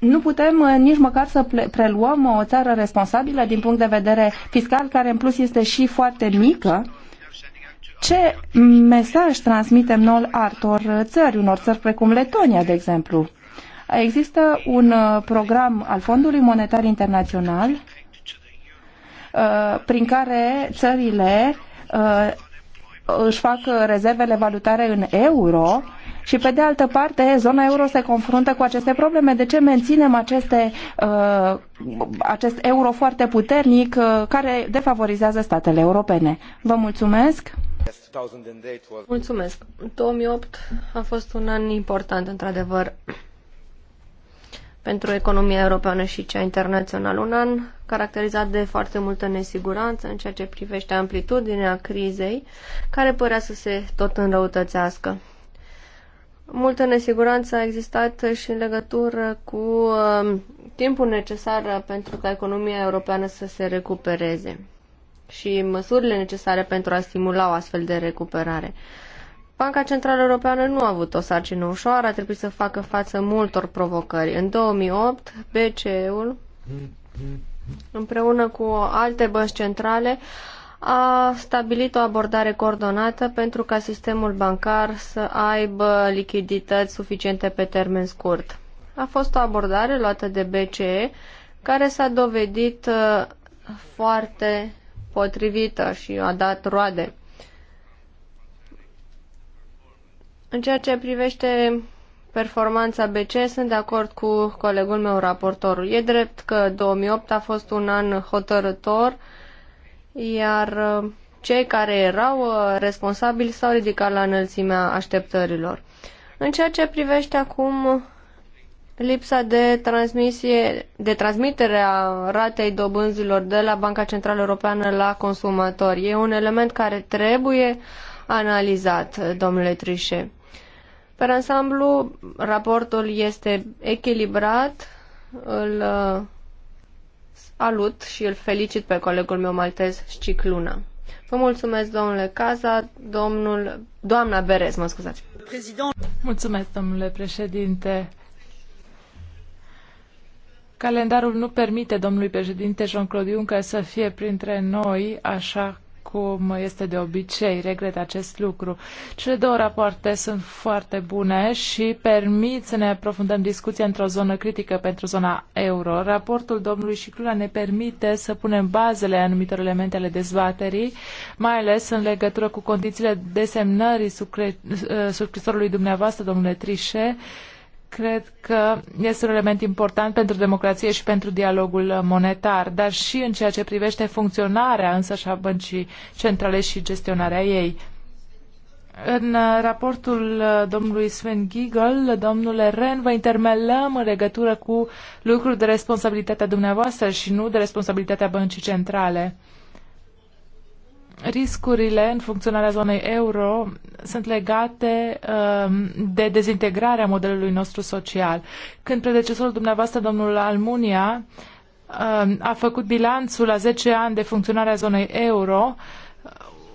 nu putem nici măcar să preluăm o țară responsabilă din punct de vedere fiscal, care în plus este și foarte mică ce mesaj transmitem noi altor țări, unor țări precum Letonia, de exemplu? Există un uh, program al Fondului Monetar Internațional uh, prin care țările uh, își fac rezervele valutare în euro și pe de altă parte zona euro se confruntă cu aceste probleme. De ce menținem aceste, acest euro foarte puternic care defavorizează statele europene? Vă mulțumesc! mii 2008 a fost un an important, într-adevăr, pentru economia europeană și cea internațională. Un an caracterizat de foarte multă nesiguranță în ceea ce privește amplitudinea crizei, care părea să se tot înrăutățească. Multă nesiguranță a existat și în legătură cu uh, timpul necesar pentru ca economia europeană să se recupereze și măsurile necesare pentru a stimula o astfel de recuperare. Banca Centrală Europeană nu a avut o sarcină ușoară, a trebuit să facă față multor provocări. În 2008, BCE-ul, împreună cu alte bănci centrale, a stabilit o abordare coordonată pentru ca sistemul bancar să aibă lichidități suficiente pe termen scurt. A fost o abordare luată de BCE care s-a dovedit uh, foarte potrivită și a dat roade. În ceea ce privește performanța BC, sunt de acord cu colegul meu, raportorul. E drept că 2008 a fost un an hotărător, iar uh, cei care erau uh, responsabili s-au ridicat la înălțimea așteptărilor. În ceea ce privește acum lipsa de transmisie, de transmitere a ratei dobânzilor de la Banca Centrală Europeană la consumatori. E un element care trebuie analizat, domnule Trișe. Pe ansamblu, raportul este echilibrat, îl uh, salut și îl felicit pe colegul meu maltez, Cicluna. Vă mulțumesc, domnule Caza, domnul, doamna Berez, mă scuzați. Mulțumesc, domnule președinte. Calendarul nu permite domnului președinte Jean-Claude Juncker să fie printre noi, așa cum este de obicei. Regret acest lucru. Cele două rapoarte sunt foarte bune și permit să ne aprofundăm discuția într-o zonă critică pentru zona euro. Raportul domnului Șiclula ne permite să punem bazele anumitor elemente ale dezbaterii, mai ales în legătură cu condițiile desemnării subscrisorului ă, dumneavoastră, domnule Trișe, cred că este un element important pentru democrație și pentru dialogul monetar, dar și în ceea ce privește funcționarea însă și a băncii centrale și gestionarea ei. În raportul domnului Sven Giegel, domnule Ren, vă intermelăm în legătură cu lucruri de responsabilitatea dumneavoastră și nu de responsabilitatea băncii centrale riscurile în funcționarea zonei euro sunt legate um, de dezintegrarea modelului nostru social. Când predecesorul dumneavoastră, domnul Almunia, um, a făcut bilanțul la 10 ani de funcționarea zonei euro,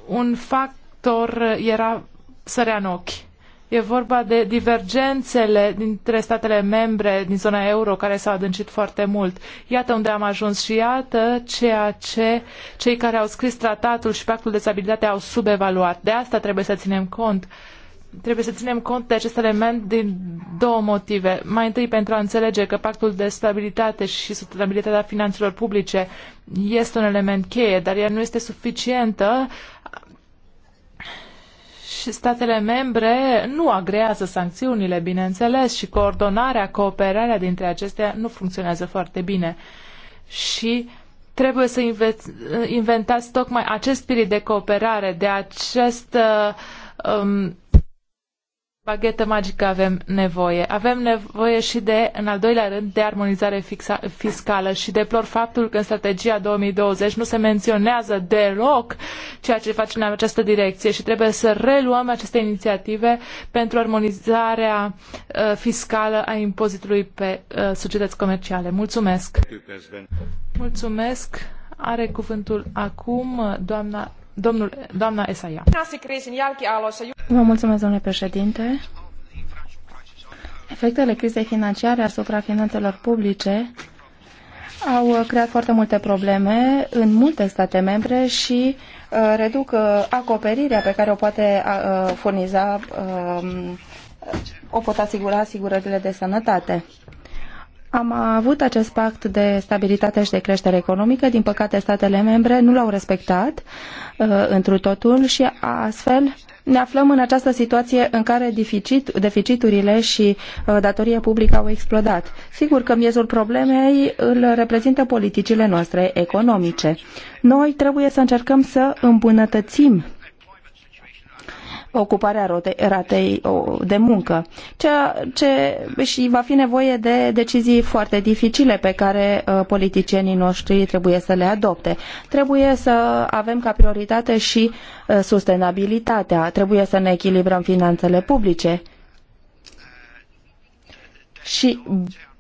un factor era sărea în ochi E vorba de divergențele dintre statele membre din zona euro care s-au adâncit foarte mult. Iată unde am ajuns și iată ceea ce cei care au scris tratatul și pactul de stabilitate au subevaluat. De asta trebuie să ținem cont. Trebuie să ținem cont de acest element din două motive. Mai întâi pentru a înțelege că pactul de stabilitate și sustenabilitatea finanțelor publice este un element cheie, dar ea nu este suficientă statele membre nu agrează sancțiunile, bineînțeles, și coordonarea, cooperarea dintre acestea nu funcționează foarte bine. Și trebuie să inventați tocmai acest spirit de cooperare, de acest um, baghetă magică avem nevoie. Avem nevoie și de, în al doilea rând, de armonizare fixa, fiscală și deplor faptul că în strategia 2020 nu se menționează deloc ceea ce facem în această direcție și trebuie să reluăm aceste inițiative pentru armonizarea uh, fiscală a impozitului pe uh, societăți comerciale. Mulțumesc! Mulțumesc! Are cuvântul acum uh, doamna Domnul, Vă mulțumesc, domnule președinte. Efectele crizei financiare asupra finanțelor publice au creat foarte multe probleme în multe state membre și uh, reduc uh, acoperirea pe care o poate uh, furniza, um, o pot asigura asigurările de sănătate. Am avut acest pact de stabilitate și de creștere economică, din păcate statele membre nu l-au respectat uh, întru totul și astfel ne aflăm în această situație în care deficit, deficiturile și uh, datoria publică au explodat. Sigur că miezul problemei îl reprezintă politicile noastre economice. Noi trebuie să încercăm să îmbunătățim ocuparea ratei de muncă. Ceea ce și va fi nevoie de decizii foarte dificile pe care uh, politicienii noștri trebuie să le adopte. Trebuie să avem ca prioritate și uh, sustenabilitatea, trebuie să ne echilibrăm finanțele publice. Și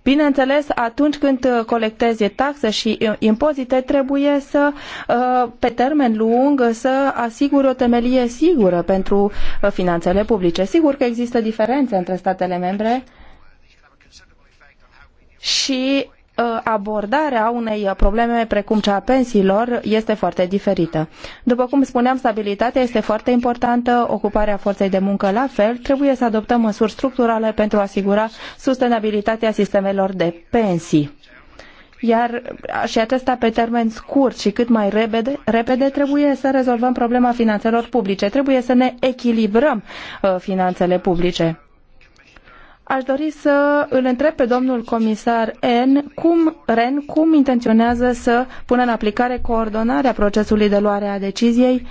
Bineînțeles, atunci când uh, colectezi taxe și uh, impozite, trebuie să, uh, pe termen lung, să asiguri o temelie sigură pentru finanțele publice. Sigur că există diferențe între statele membre și Uh, abordarea unei probleme precum cea a pensiilor este foarte diferită. După cum spuneam, stabilitatea este foarte importantă, ocuparea forței de muncă la fel, trebuie să adoptăm măsuri structurale pentru a asigura sustenabilitatea sistemelor de pensii iar uh, și acesta pe termen scurt și cât mai repede, repede trebuie să rezolvăm problema finanțelor publice. Trebuie să ne echilibrăm uh, finanțele publice aș dori să îl întreb pe domnul comisar N cum, Ren cum intenționează să pună în aplicare coordonarea procesului de luare a deciziei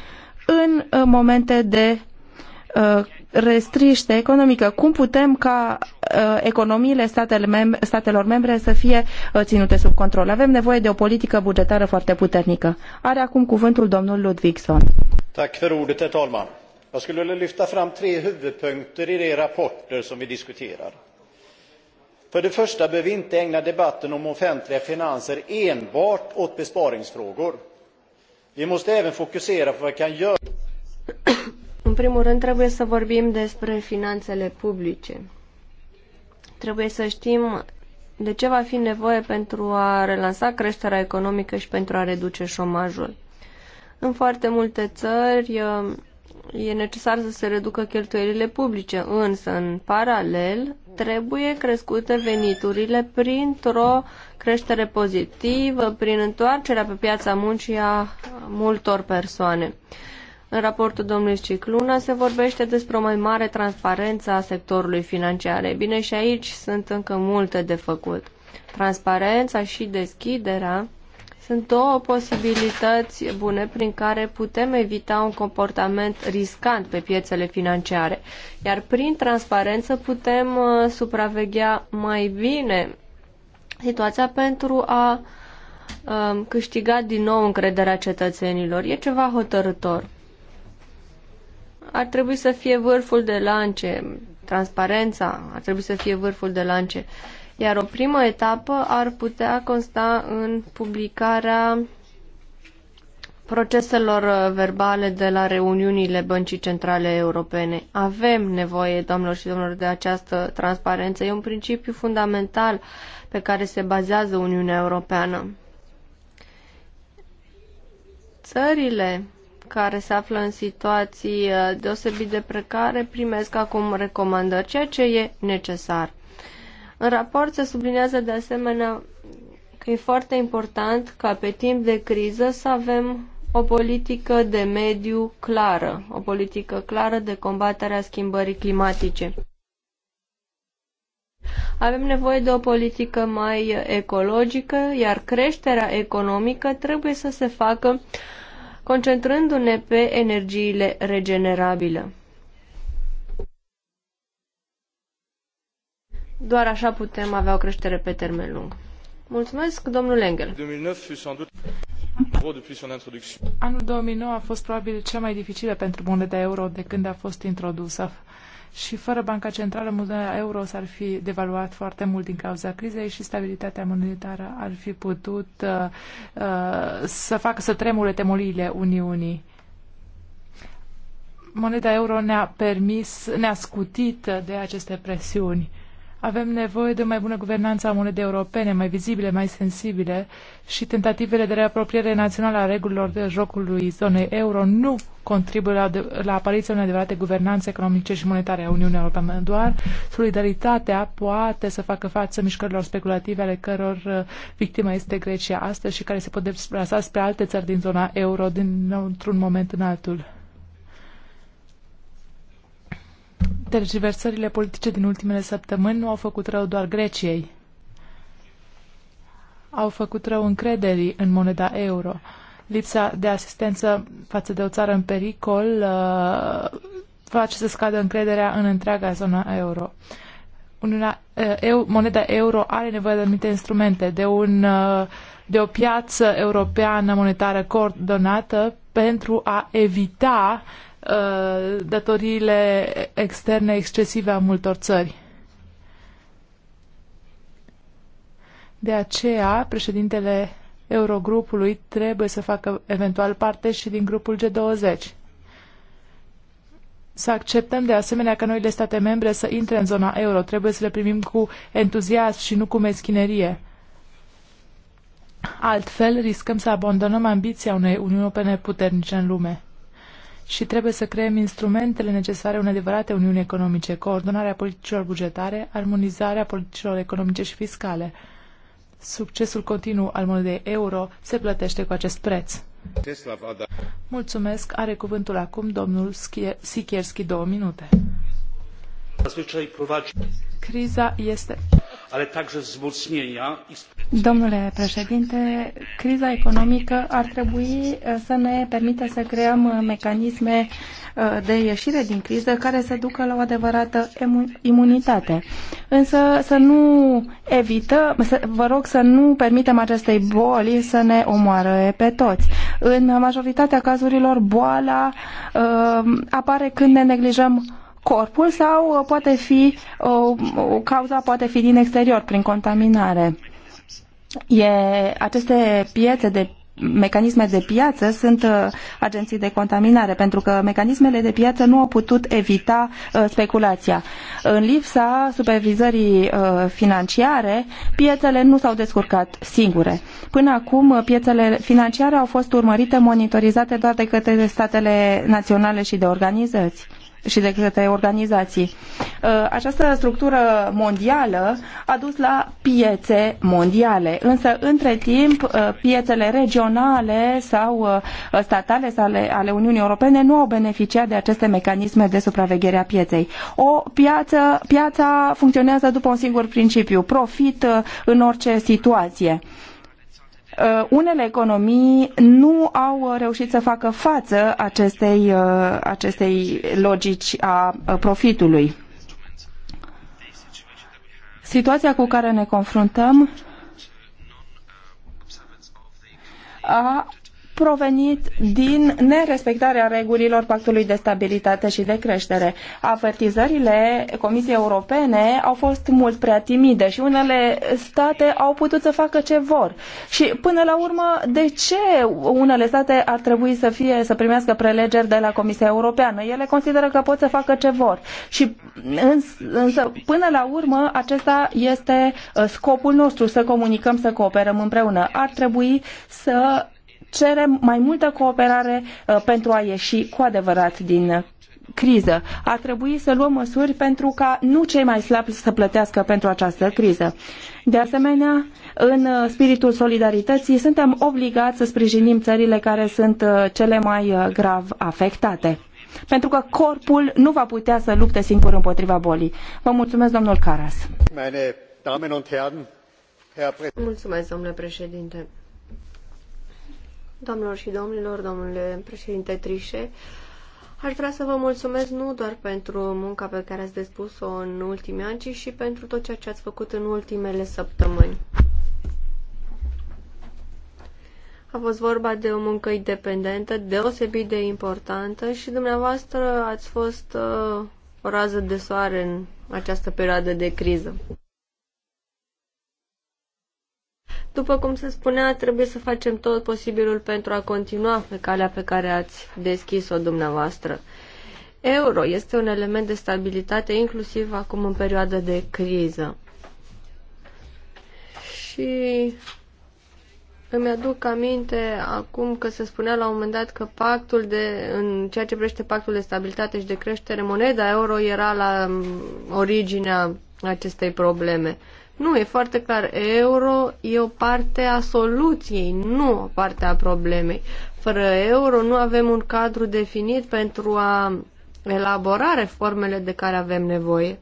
în momente de uh, restriște economică. Cum putem ca uh, economiile statelor membre să fie uh, ținute sub control? Avem nevoie de o politică bugetară foarte puternică. Are acum cuvântul domnul Ludvigson. Tak, ordet, talman. Jag skulle vilja lyfta fram tre huvudpunkter i de rapporter som vi diskuterar. För det första behöver vi inte ägna debatten om offentliga finanser enbart åt besparingsfrågor. Vi måste även fokusera på vad vi kan göra. În primul rând trebuie să vorbim despre finanțele publice. Trebuie să știm de ce va fi nevoie pentru a relansa creșterea economică și pentru a reduce șomajul. În foarte multe țări e necesar să se reducă cheltuielile publice, însă în paralel trebuie crescute veniturile printr-o creștere pozitivă, prin întoarcerea pe piața muncii a multor persoane. În raportul domnului Cicluna se vorbește despre o mai mare transparență a sectorului financiar. E bine, și aici sunt încă multe de făcut. Transparența și deschiderea sunt două posibilități bune prin care putem evita un comportament riscant pe piețele financiare, iar prin transparență putem uh, supraveghea mai bine situația pentru a um, câștiga din nou încrederea cetățenilor. E ceva hotărător. Ar trebui să fie vârful de lance, transparența ar trebui să fie vârful de lance. Iar o primă etapă ar putea consta în publicarea proceselor uh, verbale de la reuniunile Băncii Centrale Europene. Avem nevoie, doamnelor și domnilor, de această transparență. E un principiu fundamental pe care se bazează Uniunea Europeană. Țările care se află în situații uh, deosebit de precare primesc acum recomandări, ceea ce e necesar. În raport se subliniază de asemenea că e foarte important ca pe timp de criză să avem o politică de mediu clară, o politică clară de combatere a schimbării climatice. Avem nevoie de o politică mai ecologică, iar creșterea economică trebuie să se facă concentrându-ne pe energiile regenerabile. Doar așa putem avea o creștere pe termen lung. Mulțumesc, domnul Engel. Anul 2009 a fost probabil cea mai dificilă pentru moneda euro de când a fost introdusă. Și fără Banca Centrală, moneda euro s-ar fi devaluat foarte mult din cauza crizei și stabilitatea monetară ar fi putut uh, uh, să facă să tremure temoliile Uniunii moneda euro ne-a permis, ne-a scutit de aceste presiuni. Avem nevoie de o mai bună guvernanță a monedei europene, mai vizibile, mai sensibile și tentativele de reapropiere națională a regulilor jocului zonei euro nu contribuie la, la apariția unei adevărate guvernanțe economice și monetare a Uniunii Europene. Doar solidaritatea poate să facă față mișcărilor speculative ale căror uh, victima este Grecia astăzi și care se pot deplasa spre alte țări din zona euro dintr-un moment în altul. Tergiversările politice din ultimele săptămâni nu au făcut rău doar Greciei. Au făcut rău încrederii în moneda euro. Lipsa de asistență față de o țară în pericol uh, face să scadă încrederea în întreaga zona euro. Uniunea, uh, eu, moneda euro are nevoie de anumite instrumente, de, un, uh, de o piață europeană monetară coordonată pentru a evita Uh, datoriile externe excesive a multor țări. De aceea, președintele Eurogrupului trebuie să facă eventual parte și din grupul G20. Să acceptăm de asemenea că noile state membre să intre în zona euro. Trebuie să le primim cu entuziasm și nu cu meschinerie. Altfel, riscăm să abandonăm ambiția unei Uniuni Europene puternice în lume și trebuie să creăm instrumentele necesare unei adevărate uniuni economice, coordonarea politicilor bugetare, armonizarea politicilor economice și fiscale. Succesul continuu al monedei euro se plătește cu acest preț. Mulțumesc. Are cuvântul acum domnul Sikierski două minute. Criza este ale także wzmocnienia Domnule președinte, criza economică ar trebui eh, să ne permită să creăm eh, mecanisme eh, de ieșire din criză care să ducă la o adevărată imunitate. Însă să nu evităm, să, vă rog să nu permitem acestei boli să ne omoare pe toți. În majoritatea cazurilor, boala uh, apare când ne neglijăm corpul sau uh, poate fi, uh, o cauza poate fi din exterior, prin contaminare. E, aceste piețe de mecanisme de piață sunt uh, agenții de contaminare, pentru că mecanismele de piață nu au putut evita uh, speculația. În lipsa supervizării uh, financiare, piețele nu s-au descurcat singure. Până acum, uh, piețele financiare au fost urmărite, monitorizate doar de către statele naționale și de organizații și de către organizații. Uh, această structură mondială a dus la piețe mondiale, însă între timp uh, piețele regionale sau uh, statale ale, ale Uniunii Europene nu au beneficiat de aceste mecanisme de supraveghere a pieței. O piață, piața funcționează după un singur principiu, profit în orice situație. Uh, unele economii nu au uh, reușit să facă față acestei, uh, acestei logici a profitului. Situația cu care ne confruntăm a provenit din nerespectarea regulilor Pactului de Stabilitate și de Creștere. Avertizările Comisiei Europene au fost mult prea timide și unele state au putut să facă ce vor. Și până la urmă, de ce unele state ar trebui să fie să primească prelegeri de la Comisia Europeană? Ele consideră că pot să facă ce vor. Și însă, până la urmă, acesta este uh, scopul nostru, să comunicăm, să cooperăm împreună. Ar trebui să cerem mai multă cooperare uh, pentru a ieși cu adevărat din criză. Ar trebui să luăm măsuri pentru ca nu cei mai slabi să plătească pentru această criză. De asemenea, în uh, spiritul solidarității, suntem obligați să sprijinim țările care sunt uh, cele mai grav afectate. Pentru că corpul nu va putea să lupte singur împotriva bolii. Vă mulțumesc, domnul Caras. Mulțumesc, domnule președinte. Doamnelor și domnilor, domnule președinte Trișe, aș vrea să vă mulțumesc nu doar pentru munca pe care ați despus-o în ultimii ani, ci și pentru tot ceea ce ați făcut în ultimele săptămâni. A fost vorba de o muncă independentă, deosebit de importantă și dumneavoastră ați fost uh, o rază de soare în această perioadă de criză. După cum se spunea, trebuie să facem tot posibilul pentru a continua pe calea pe care ați deschis-o dumneavoastră. Euro este un element de stabilitate inclusiv acum în perioada de criză. Și îmi aduc aminte acum că se spunea la un moment dat că pactul de, în ceea ce privește pactul de stabilitate și de creștere, moneda euro era la mm, originea acestei probleme. Nu, e foarte clar. Euro e o parte a soluției, nu o parte a problemei. Fără euro nu avem un cadru definit pentru a elabora reformele de care avem nevoie.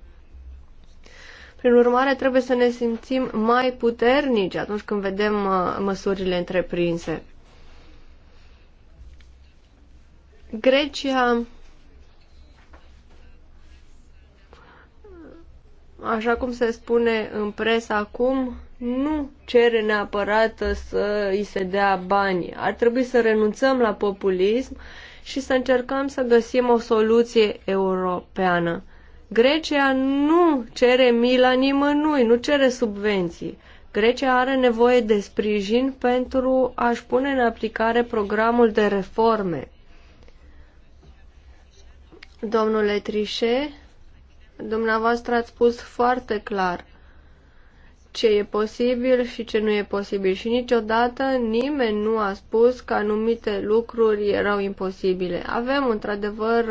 Prin urmare, trebuie să ne simțim mai puternici atunci când vedem uh, măsurile întreprinse. Grecia așa cum se spune în presă acum, nu cere neapărat să îi se dea bani. Ar trebui să renunțăm la populism și să încercăm să găsim o soluție europeană. Grecia nu cere mila nimănui, nu cere subvenții. Grecia are nevoie de sprijin pentru a-și pune în aplicare programul de reforme. Domnule Trișe, Dumneavoastră ați spus foarte clar ce e posibil și ce nu e posibil și niciodată nimeni nu a spus că anumite lucruri erau imposibile. Avem într-adevăr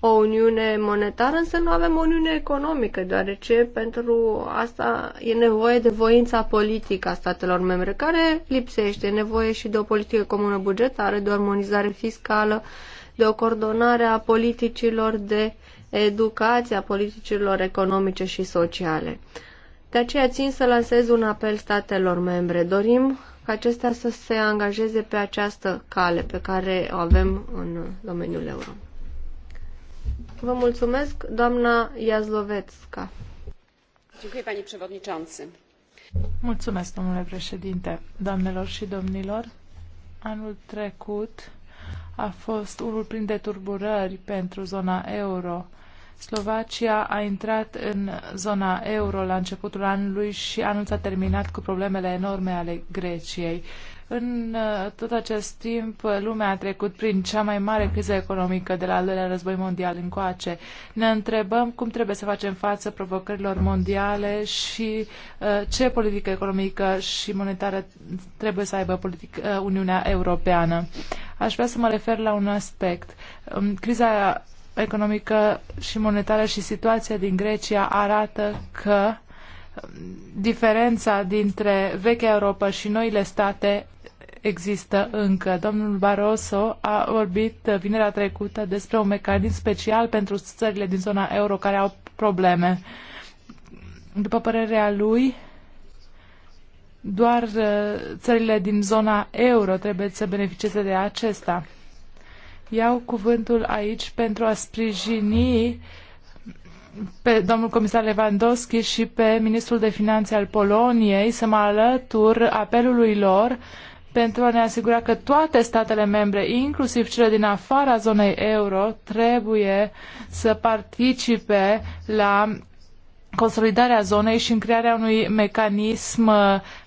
o uniune monetară, însă nu avem o uniune economică, deoarece pentru asta e nevoie de voința politică a statelor membre, care lipsește. E nevoie și de o politică comună bugetară, de o armonizare fiscală, de o coordonare a politicilor de uh, educația politicilor economice și sociale. De aceea țin să lansez un apel statelor membre. Dorim ca acestea să se angajeze pe această cale pe care o avem în domeniul euro. Vă mulțumesc, doamna Iazlovetska. Mulțumesc, domnule președinte, doamnelor și domnilor. Anul trecut a fost unul plin de turburări pentru zona euro Slovacia a intrat în zona euro la începutul anului și anul s-a terminat cu problemele enorme ale Greciei. În uh, tot acest timp, lumea a trecut prin cea mai mare criză economică de la al doilea război mondial încoace. Ne întrebăm cum trebuie să facem față provocărilor mondiale și uh, ce politică economică și monetară trebuie să aibă politic, uh, Uniunea Europeană. Aș vrea să mă refer la un aspect. Um, criza economică și monetară și situația din Grecia arată că um, diferența dintre vechea Europa și noile state există încă. Domnul Barroso a vorbit vinerea trecută despre un mecanism special pentru țările din zona euro care au probleme. După părerea lui, doar uh, țările din zona euro trebuie să beneficieze de acesta. Iau cuvântul aici pentru a sprijini pe domnul comisar Lewandowski și pe ministrul de finanțe al Poloniei să mă alătur apelului lor pentru a ne asigura că toate statele membre, inclusiv cele din afara zonei euro, trebuie să participe la consolidarea zonei și în crearea unui mecanism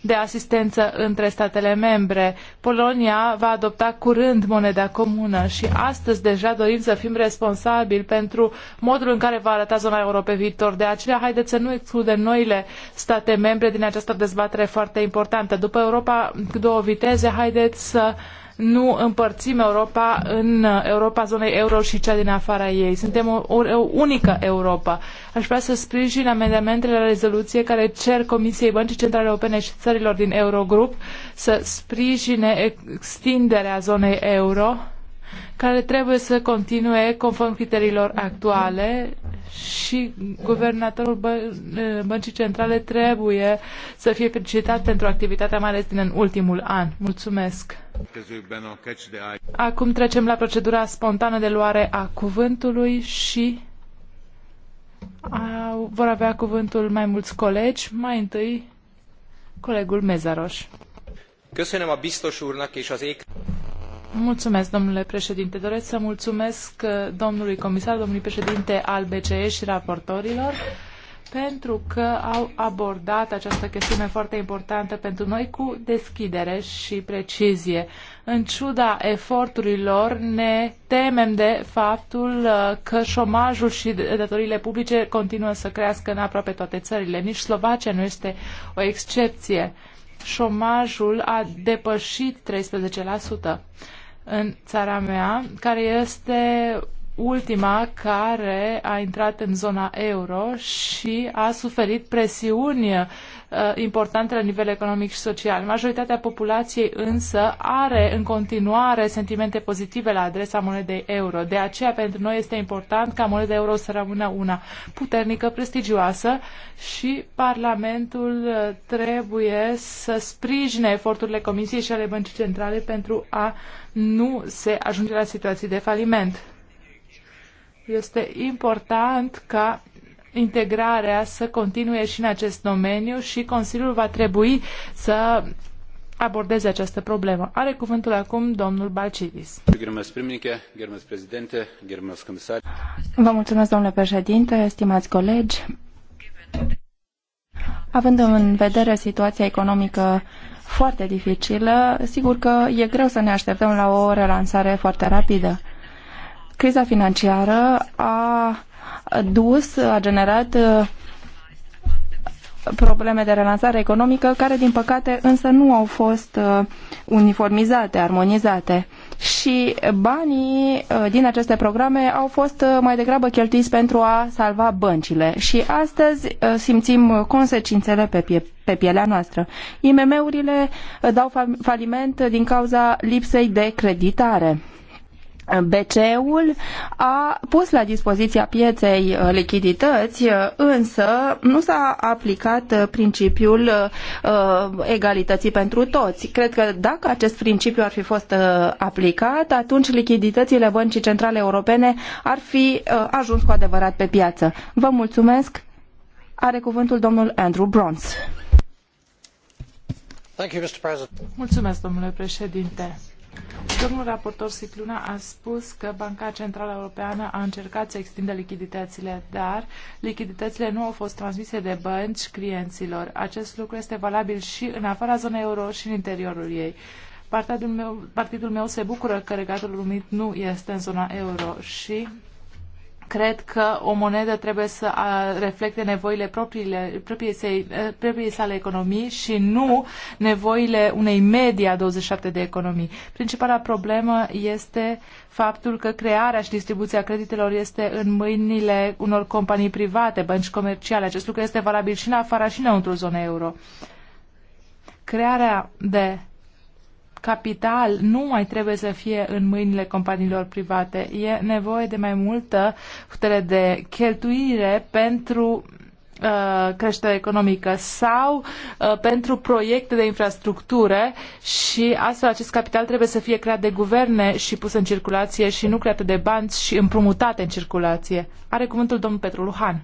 de asistență între statele membre. Polonia va adopta curând moneda comună și astăzi deja dorim să fim responsabili pentru modul în care va arăta zona euro pe viitor. De aceea, haideți să nu excludem noile state membre din această dezbatere foarte importantă. După Europa cu două viteze, haideți să nu împărțim Europa în uh, Europa zonei euro și cea din afara ei. Suntem o, o unică Europa. Aș vrea să sprijin amendamentele la rezoluție care cer Comisiei Băncii Centrale Europene și țărilor din Eurogrup să sprijine extinderea zonei euro care trebuie să continue conform criteriilor actuale și guvernatorul Băncii Centrale trebuie să fie felicitat pentru activitatea, mai ales din ultimul an. Mulțumesc! Acum trecem la procedura spontană de luare a cuvântului și au, vor avea cuvântul mai mulți colegi. Mai întâi, colegul Mezaros. Mulțumesc, domnule președinte. Doresc să mulțumesc uh, domnului comisar, domnului președinte al BCE și raportorilor pentru că au abordat această chestiune foarte importantă pentru noi cu deschidere și precizie. În ciuda eforturilor, ne temem de faptul uh, că șomajul și datoriile publice continuă să crească în aproape toate țările. Nici Slovacia nu este o excepție. Șomajul a depășit 13% în țara mea, care este ultima care a intrat în zona euro și a suferit presiuni uh, importante la nivel economic și social. Majoritatea populației însă are în continuare sentimente pozitive la adresa monedei euro. De aceea pentru noi este important ca moneda euro să rămână una puternică, prestigioasă și Parlamentul uh, trebuie să sprijine eforturile Comisiei și ale Băncii Centrale pentru a nu se ajunge la situații de faliment. Este important ca integrarea să continue și în acest domeniu și Consiliul va trebui să abordeze această problemă. Are cuvântul acum domnul Balcivis. Vă mulțumesc, domnule președinte, stimați colegi. Având în vedere situația economică foarte dificilă. Sigur că e greu să ne așteptăm la o relansare foarte rapidă. Criza financiară a dus, a generat uh, probleme de relansare economică, care, din păcate, însă nu au fost uh, uniformizate, armonizate. Și banii uh, din aceste programe au fost uh, mai degrabă cheltuiți pentru a salva băncile. Și astăzi simțim consecințele pe, pie- pe pielea noastră. IMM-urile dau faliment din cauza lipsei de creditare. BCE-ul a pus la dispoziția pieței uh, lichidități, uh, însă nu s-a aplicat uh, principiul egalității pentru toți. Cred că dacă acest principiu ar fi fost aplicat, atunci lichiditățile băncii centrale europene ar fi ajuns cu adevărat pe piață. Vă mulțumesc. Are cuvântul domnul Andrew Brons. Mulțumesc, domnule președinte. Domnul raportor Sicluna a spus că Banca Centrală Europeană a încercat să extindă lichiditățile, dar lichiditățile nu au fost transmise de bănci clienților. Acest lucru este valabil și în afara zonei euro și în interiorul ei. Partidul meu, partidul meu se bucură că Regatul Unit nu este în zona euro și cred că o monedă trebuie să reflecte nevoile propriile, propriei, sale, eh, propriei sale economii și nu nevoile unei medii a 27 de economii. Principala problemă este faptul că crearea și distribuția creditelor este în mâinile unor companii private, bănci comerciale. Acest lucru este valabil și în afara și înăuntru zonei euro. Crearea de capital nu mai trebuie să fie în mâinile companiilor private. E nevoie de mai multă putere de cheltuire pentru uh, creștere economică sau uh, pentru proiecte de infrastructură și astfel acest capital trebuie să fie creat de guverne și pus în circulație și nu creat de bani și împrumutate în circulație. Are cuvântul domnul Petru Luhan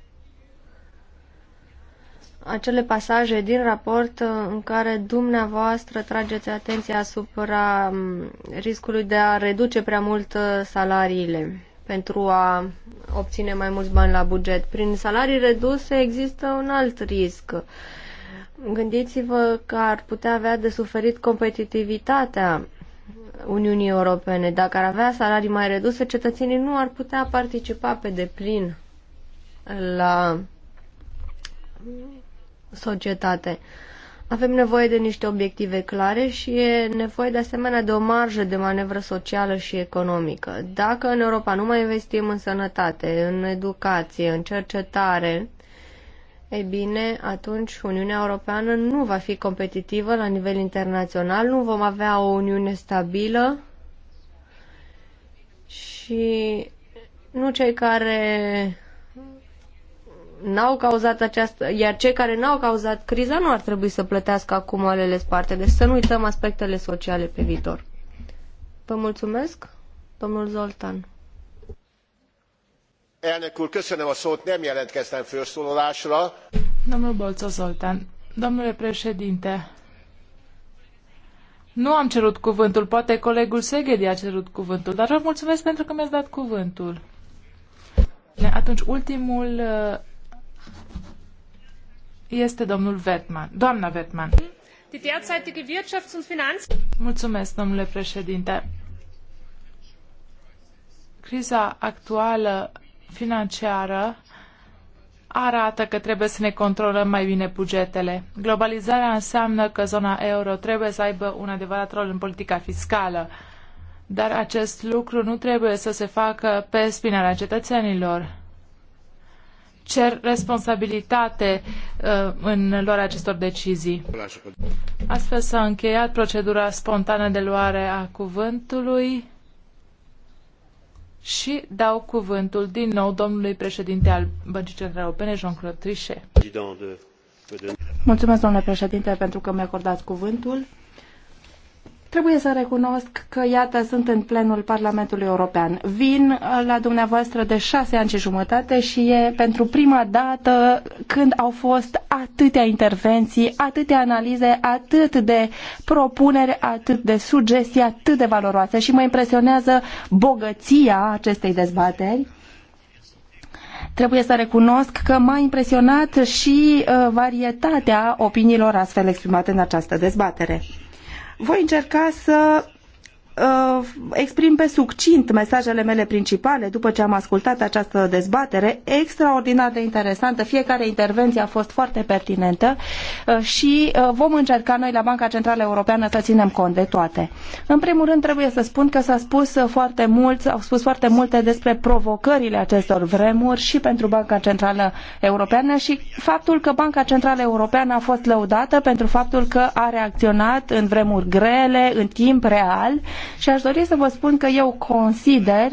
acele pasaje din raport uh, în care dumneavoastră trageți atenția asupra um, riscului de a reduce prea mult uh, salariile pentru a obține mai mulți bani la buget. Prin salarii reduse există un alt risc. Gândiți-vă că ar putea avea de suferit competitivitatea Uniunii Europene. Dacă ar avea salarii mai reduse, cetățenii nu ar putea participa pe deplin la societate. Avem nevoie de niște obiective clare și e nevoie de asemenea de o marjă de manevră socială și economică. Dacă în Europa nu mai investim în sănătate, în educație, în cercetare, ei bine, atunci Uniunea Europeană nu va fi competitivă la nivel internațional, nu vom avea o Uniune stabilă și nu cei care n-au cauzat această, iar cei care n-au cauzat criza nu ar trebui să plătească acum alele sparte. Deci să nu uităm aspectele sociale pe viitor. Vă mulțumesc, domnul Zoltan. Elnök úr, köszönöm a szót, nem jelentkeztem felszólalásra. Domnul Bolțo Zoltan, domnule președinte, nu am cerut cuvântul, poate colegul Seghedi a cerut cuvântul, dar vă mulțumesc pentru că mi-ați dat cuvântul. Atunci, ultimul este domnul Vetman. Doamna Vetman. Mulțumesc, domnule președinte. Criza actuală financiară arată că trebuie să ne controlăm mai bine bugetele. Globalizarea înseamnă că zona euro trebuie să aibă un adevărat rol în politica fiscală, dar acest lucru nu trebuie să se facă pe spinarea cetățenilor cer responsabilitate uh, în luarea acestor decizii. Astfel s-a încheiat procedura spontană de luare a cuvântului și dau cuvântul din nou domnului președinte al Băncii Centrale Europene, Jean-Claude Trichet. Mulțumesc, domnule președinte, pentru că mi a acordat cuvântul. Trebuie să recunosc că, iată, sunt în plenul Parlamentului European. Vin uh, la dumneavoastră de șase ani și jumătate și e pentru prima dată când au fost atâtea intervenții, atâtea analize, atât de propuneri, atât de sugestii, atât de valoroase și mă impresionează bogăția acestei dezbateri trebuie să recunosc că m-a impresionat și uh, varietatea opiniilor astfel exprimate în această dezbatere. Voi încerca să Uh, exprim pe succint mesajele mele principale după ce am ascultat această dezbatere extraordinar de interesantă. Fiecare intervenție a fost foarte pertinentă uh, și uh, vom încerca noi la Banca Centrală Europeană să ținem cont de toate. În primul rând trebuie să spun că s-a spus foarte mult, au spus foarte multe despre provocările acestor vremuri și pentru Banca Centrală Europeană și faptul că Banca Centrală Europeană a fost lăudată pentru faptul că a reacționat în vremuri grele, în timp real, și aș dori să vă spun că eu consider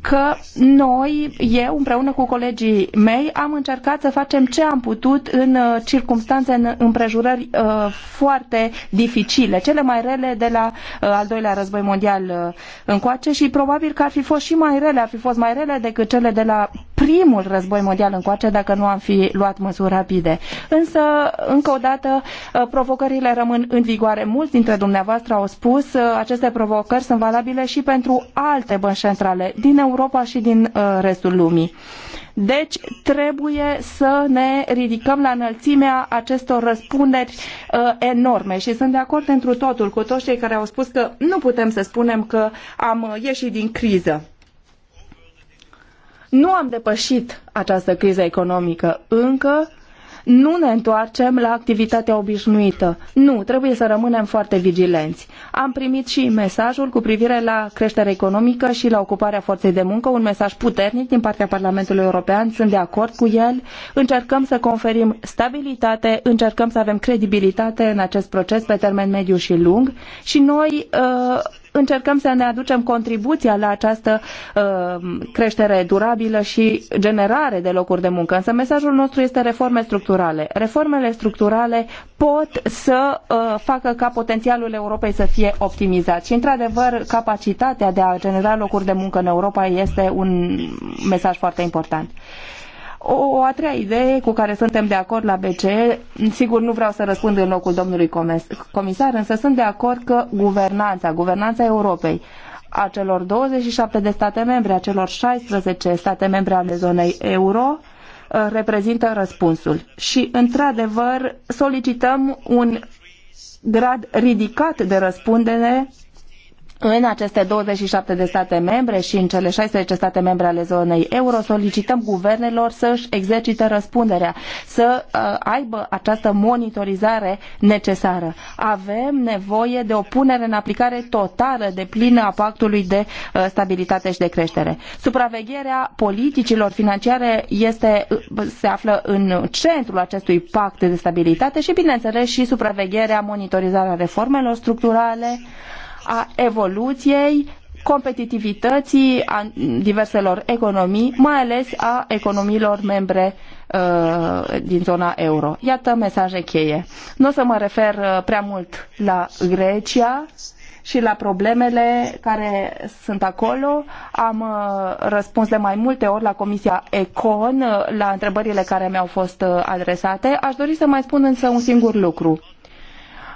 că noi, eu împreună cu colegii mei, am încercat să facem ce am putut în uh, circunstanțe, în împrejurări uh, foarte dificile, cele mai rele de la uh, al doilea război mondial uh, încoace și probabil că ar fi fost și mai rele, ar fi fost mai rele decât cele de la primul război mondial încoace dacă nu am fi luat măsuri rapide. Însă, încă o dată, uh, provocările rămân în vigoare. Mulți dintre dumneavoastră au spus, uh, aceste provocări sunt valabile și pentru alte bănci centrale din Europa și din uh, restul lumii. Deci trebuie să ne ridicăm la înălțimea acestor răspunderi uh, enorme și sunt de acord pentru totul cu toți cei care au spus că nu putem să spunem că am ieșit din criză nu am depășit această criză economică încă, nu ne întoarcem la activitatea obișnuită. Nu, trebuie să rămânem foarte vigilenți. Am primit și mesajul cu privire la creșterea economică și la ocuparea forței de muncă, un mesaj puternic din partea Parlamentului European, sunt de acord cu el. Încercăm să conferim stabilitate, încercăm să avem credibilitate în acest proces pe termen mediu și lung și noi uh, încercăm să ne aducem contribuția la această uh, creștere durabilă și generare de locuri de muncă. Însă mesajul nostru este reforme structurale. Reformele structurale pot să uh, facă ca potențialul Europei să fie optimizat. Și, într-adevăr, capacitatea de a genera locuri de muncă în Europa este un mesaj foarte important. O a treia idee cu care suntem de acord la BCE, sigur nu vreau să răspund în locul domnului comisar, însă sunt de acord că guvernanța, guvernanța Europei, a celor 27 de state membre, a celor 16 state membre ale zonei euro, uh, reprezintă răspunsul. Și, într-adevăr, solicităm un grad ridicat de răspundere în aceste 27 de state membre și în cele 16 state membre ale zonei euro solicităm guvernelor să-și exercite răspunderea, să uh, aibă această monitorizare necesară. Avem nevoie de o punere în aplicare totală de plină a pactului de uh, stabilitate și de creștere. Supravegherea politicilor financiare este, uh, se află în centrul acestui pact de stabilitate și, bineînțeles, și supravegherea, monitorizarea reformelor structurale, a evoluției, competitivității a diverselor economii, mai ales a economiilor membre uh, din zona euro. Iată mesaje cheie. Nu o să mă refer uh, prea mult la Grecia și la problemele care sunt acolo. Am uh, răspuns de mai multe ori la Comisia Econ la întrebările care mi-au fost adresate. Aș dori să mai spun însă un singur lucru.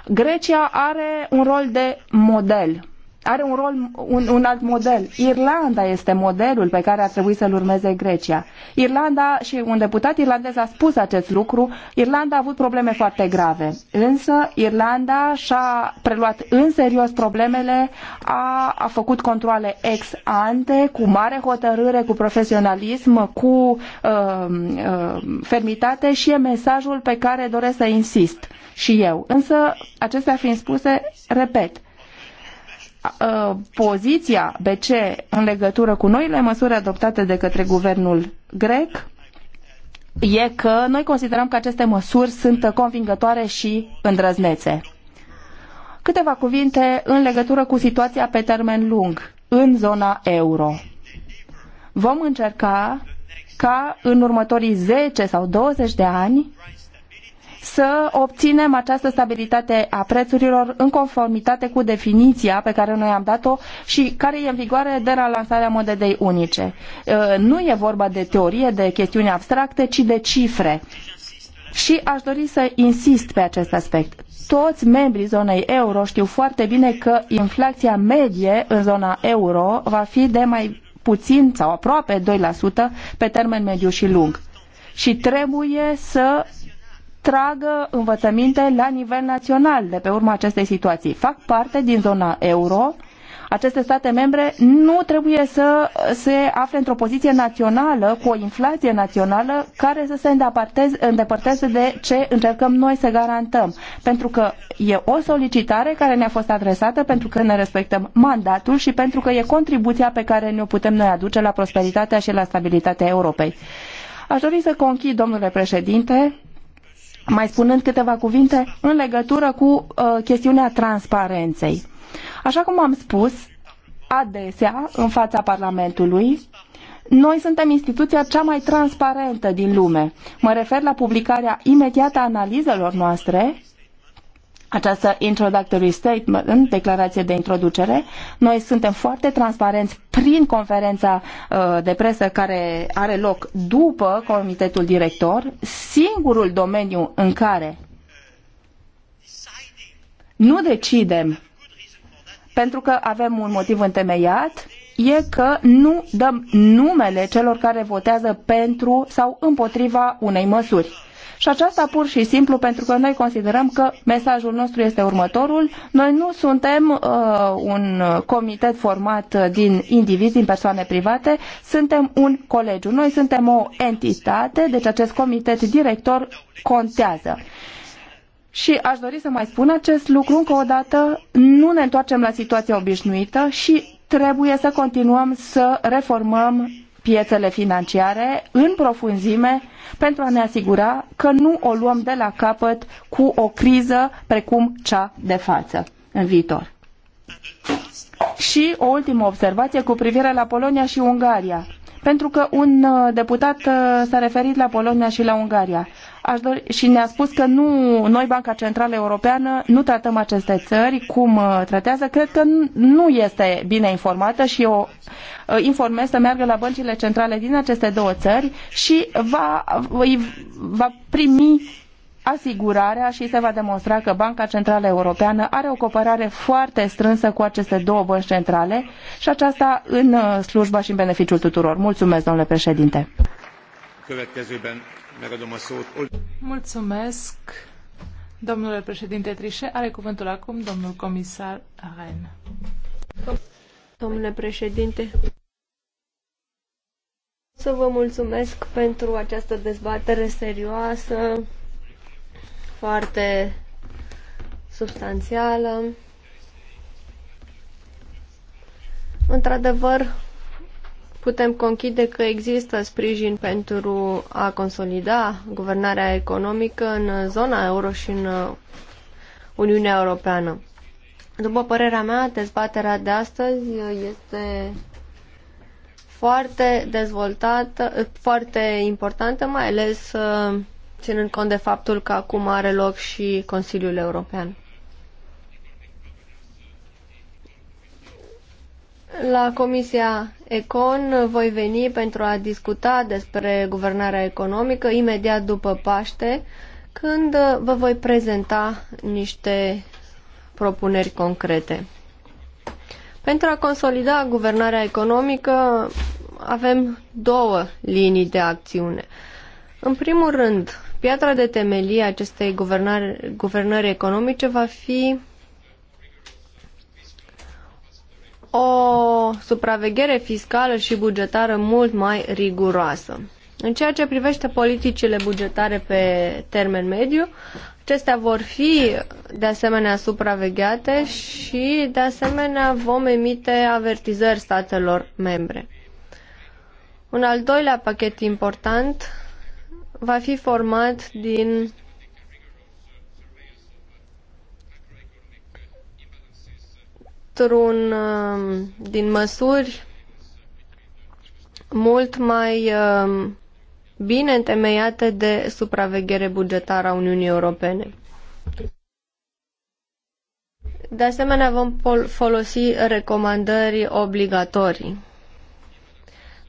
Grecia are un rol de model are un rol, un, un alt model. Irlanda este modelul pe care ar trebui să-l urmeze Grecia. Irlanda și un deputat irlandez a spus acest lucru. Irlanda a avut probleme foarte grave, însă Irlanda și-a preluat în serios problemele, a, a făcut controle ex ante, cu mare hotărâre, cu profesionalism, cu uh, uh, fermitate și e mesajul pe care doresc să insist și eu. Însă, acestea fiind spuse, repet, poziția BCE în legătură cu noile măsuri adoptate de către guvernul grec e că noi considerăm că aceste măsuri sunt convingătoare și îndrăznețe. Câteva cuvinte în legătură cu situația pe termen lung în zona euro. Vom încerca ca în următorii 10 sau 20 de ani să obținem această stabilitate a prețurilor în conformitate cu definiția pe care noi am dat-o și care e în vigoare de la lansarea monedei unice. Uh, nu e vorba de teorie, de chestiuni abstracte, ci de cifre. Și aș dori să insist pe acest aspect. Toți membrii zonei euro știu foarte bine că inflația medie în zona euro va fi de mai puțin sau aproape 2% pe termen mediu și lung. Și trebuie să tragă învățăminte la nivel național de pe urma acestei situații. Fac parte din zona euro, aceste state membre nu trebuie să se afle într-o poziție națională, cu o inflație națională, care să se îndepărteze de ce încercăm noi să garantăm. Pentru că e o solicitare care ne-a fost adresată pentru că ne respectăm mandatul și pentru că e contribuția pe care ne-o putem noi aduce la prosperitatea și la stabilitatea Europei. Aș dori să conchid, domnule președinte, mai spunând câteva cuvinte în legătură cu uh, chestiunea transparenței. Așa cum am spus, adesea, în fața Parlamentului, noi suntem instituția cea mai transparentă din lume. Mă refer la publicarea imediată a analizelor noastre această introductory statement, în declarație de introducere. Noi suntem foarte transparenți prin conferența uh, de presă care are loc după comitetul director, singurul domeniu în care nu decidem pentru că avem un motiv întemeiat e că nu dăm numele celor care votează pentru sau împotriva unei măsuri. Și aceasta pur și simplu pentru că noi considerăm că mesajul nostru este următorul. Noi nu suntem uh, un comitet format din indivizi, din persoane private, suntem un colegiu. Noi suntem o entitate, deci acest comitet director contează. Și aș dori să mai spun acest lucru încă o dată, nu ne întoarcem la situația obișnuită și trebuie să continuăm să reformăm piețele financiare în profunzime pentru a ne asigura că nu o luăm de la capăt cu o criză precum cea de față în viitor. Și o ultimă observație cu privire la Polonia și Ungaria. Pentru că un uh, deputat uh, s-a referit la Polonia și la Ungaria. Aș dori, și ne-a spus că nu, noi, Banca Centrală Europeană, nu tratăm aceste țări cum uh, tratează. Cred că nu este bine informată și o uh, informez să meargă la băncile centrale din aceste două țări și va, va primi asigurarea și se va demonstra că Banca Centrală Europeană are o cooperare foarte strânsă cu aceste două bănci centrale și aceasta în uh, slujba și în beneficiul tuturor. Mulțumesc, domnule președinte. Mulțumesc, domnule președinte Trișe. Are cuvântul acum domnul comisar Rein. Domnule președinte, să vă mulțumesc pentru această dezbatere serioasă, foarte substanțială. Într-adevăr, putem conchide că există sprijin pentru a consolida guvernarea economică în zona euro și în uh, Uniunea Europeană. După părerea mea, dezbaterea de astăzi uh, este foarte dezvoltată, uh, foarte importantă, mai ales ținând cont de faptul că acum are loc și Consiliul European. La Comisia Econ voi veni pentru a discuta despre guvernarea economică imediat după Paște, când vă voi prezenta niște propuneri concrete. Pentru a consolida guvernarea economică avem două linii de acțiune. În primul rând, piatra de temelie a acestei guvernări economice va fi o supraveghere fiscală și bugetară mult mai riguroasă. În ceea ce privește politicile bugetare pe termen mediu, acestea vor fi de asemenea supravegheate și de asemenea vom emite avertizări statelor membre. Un al doilea pachet important va fi format din într-un um, din măsuri mult mai um, bine întemeiate de supraveghere bugetară a Uniunii Europene. De asemenea, vom folosi recomandări obligatorii.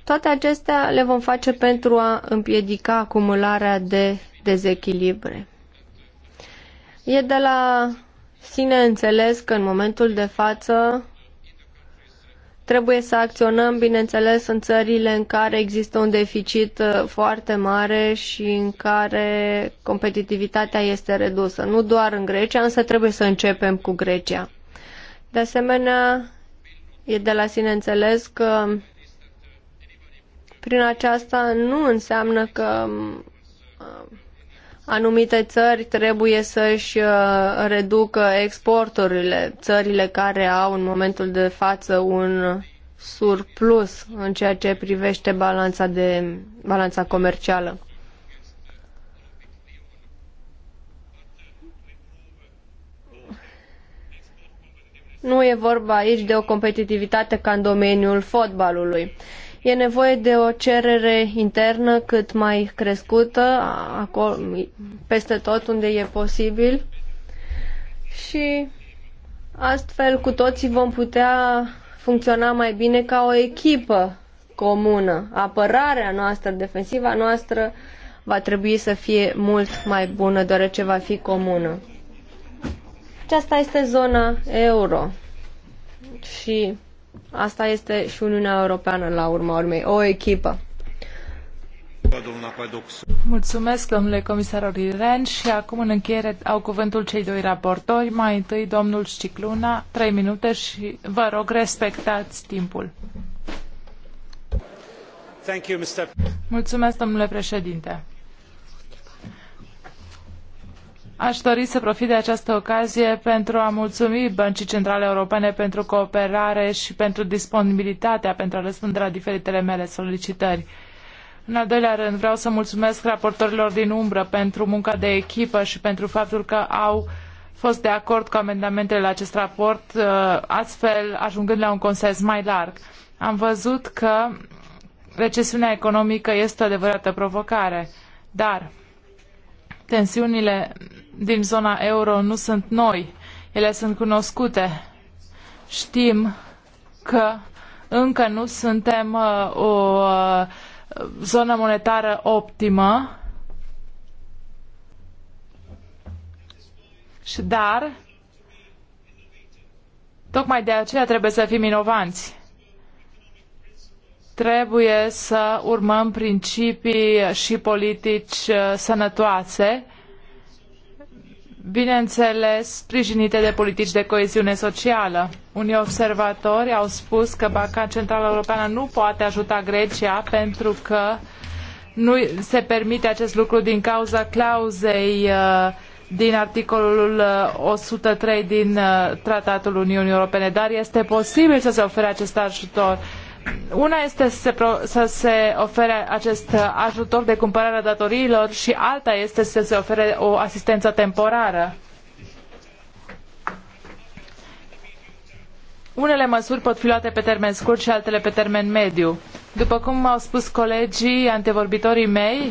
Toate acestea le vom face pentru a împiedica acumularea de dezechilibre. E de la sine înțeles că în momentul de față trebuie să acționăm, bineînțeles, în țările în care există un deficit uh, foarte mare și în care competitivitatea este redusă. Nu doar în Grecia, însă trebuie să începem cu Grecia. De asemenea, e de la sine înțeles că prin aceasta nu înseamnă că uh, anumite țări trebuie să-și uh, reducă exporturile, țările care au în momentul de față un surplus în ceea ce privește balanța, de, balanța comercială. Nu e vorba aici de o competitivitate ca în domeniul fotbalului. E nevoie de o cerere internă cât mai crescută, acolo, peste tot unde e posibil. Și astfel cu toții vom putea funcționa mai bine ca o echipă comună. Apărarea noastră, defensiva noastră va trebui să fie mult mai bună, deoarece va fi comună. Aceasta este zona euro și Asta este și Uniunea Europeană la urma urmei, o echipă. Mulțumesc, domnule comisar Oriren, și acum în încheiere au cuvântul cei doi raportori. Mai întâi, domnul Cicluna, trei minute și vă rog, respectați timpul. Mulțumesc, domnule președinte. Aș dori să profit de această ocazie pentru a mulțumi Băncii Centrale Europene pentru cooperare și pentru disponibilitatea pentru a răspunde la diferitele mele solicitări. În al doilea rând, vreau să mulțumesc raportorilor din umbră pentru munca de echipă și pentru faptul că au fost de acord cu amendamentele la acest raport, uh, astfel ajungând la un consens mai larg. Am văzut că recesiunea economică este o adevărată provocare, dar Tensiunile din zona euro nu sunt noi, ele sunt cunoscute. Știm că încă nu suntem uh, o uh, zonă monetară optimă, dar tocmai de aceea trebuie să fim inovanți trebuie să urmăm principii și politici uh, sănătoase, bineînțeles sprijinite de politici de coeziune socială. Unii observatori au spus că Banca Centrală Europeană nu poate ajuta Grecia pentru că nu se permite acest lucru din cauza clauzei uh, din articolul 103 uh, din Tratatul Uniunii Europene, dar este posibil să se ofere acest ajutor una este să se, pro, să se ofere acest ajutor de cumpărare a datoriilor și alta este să se ofere o asistență temporară. Unele măsuri pot fi luate pe termen scurt și altele pe termen mediu. După cum au spus colegii, antevorbitorii mei,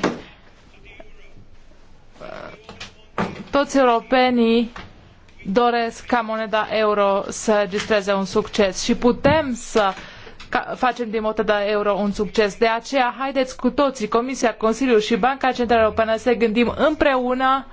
toți europenii doresc ca moneda euro să registreze un succes și putem să facem din moneda euro un succes. De aceea, haideți cu toții, Comisia, Consiliul și Banca Centrală Europeană să gândim împreună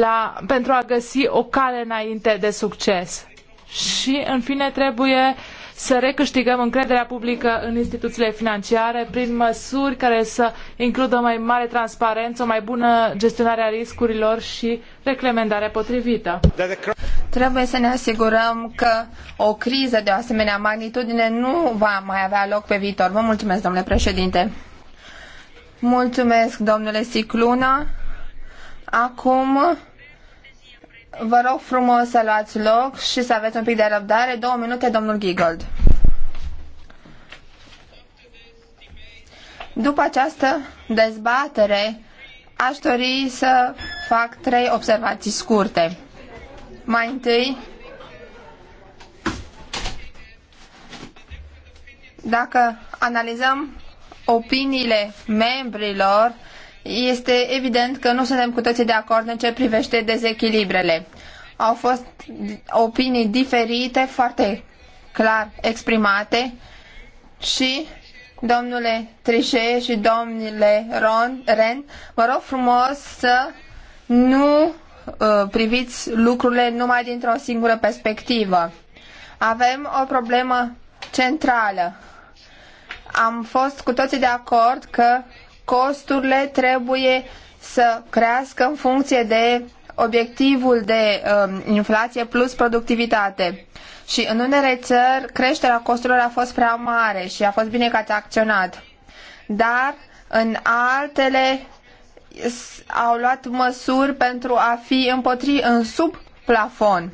la, pentru a găsi o cale înainte de succes. Și, în fine, trebuie uh, să recâștigăm încrederea publică în instituțiile financiare prin măsuri care să includă mai mare transparență, o mai bună gestionare a riscurilor și reclementare potrivită. Trebuie să ne asigurăm că o criză de o asemenea magnitudine nu va mai avea loc pe viitor. Vă mulțumesc, domnule președinte. Mulțumesc, domnule Sicluna. Acum Vă rog frumos să luați loc și să aveți un pic de răbdare. Două minute, domnul Gigold. După această dezbatere, aș dori să fac trei observații scurte. Mai întâi, dacă analizăm opiniile membrilor este evident că nu suntem cu toții de acord în ce privește dezechilibrele. Au fost opinii diferite, foarte clar exprimate și domnule Trichet și domnule Ron, Ren, vă rog frumos să nu uh, priviți lucrurile numai dintr-o singură perspectivă. Avem o problemă centrală. Am fost cu toții de acord că costurile trebuie să crească în funcție de obiectivul de um, inflație plus productivitate. Și în unele țări creșterea costurilor a fost prea mare și a fost bine că ați acționat. Dar în altele au luat măsuri pentru a fi împotri în sub plafon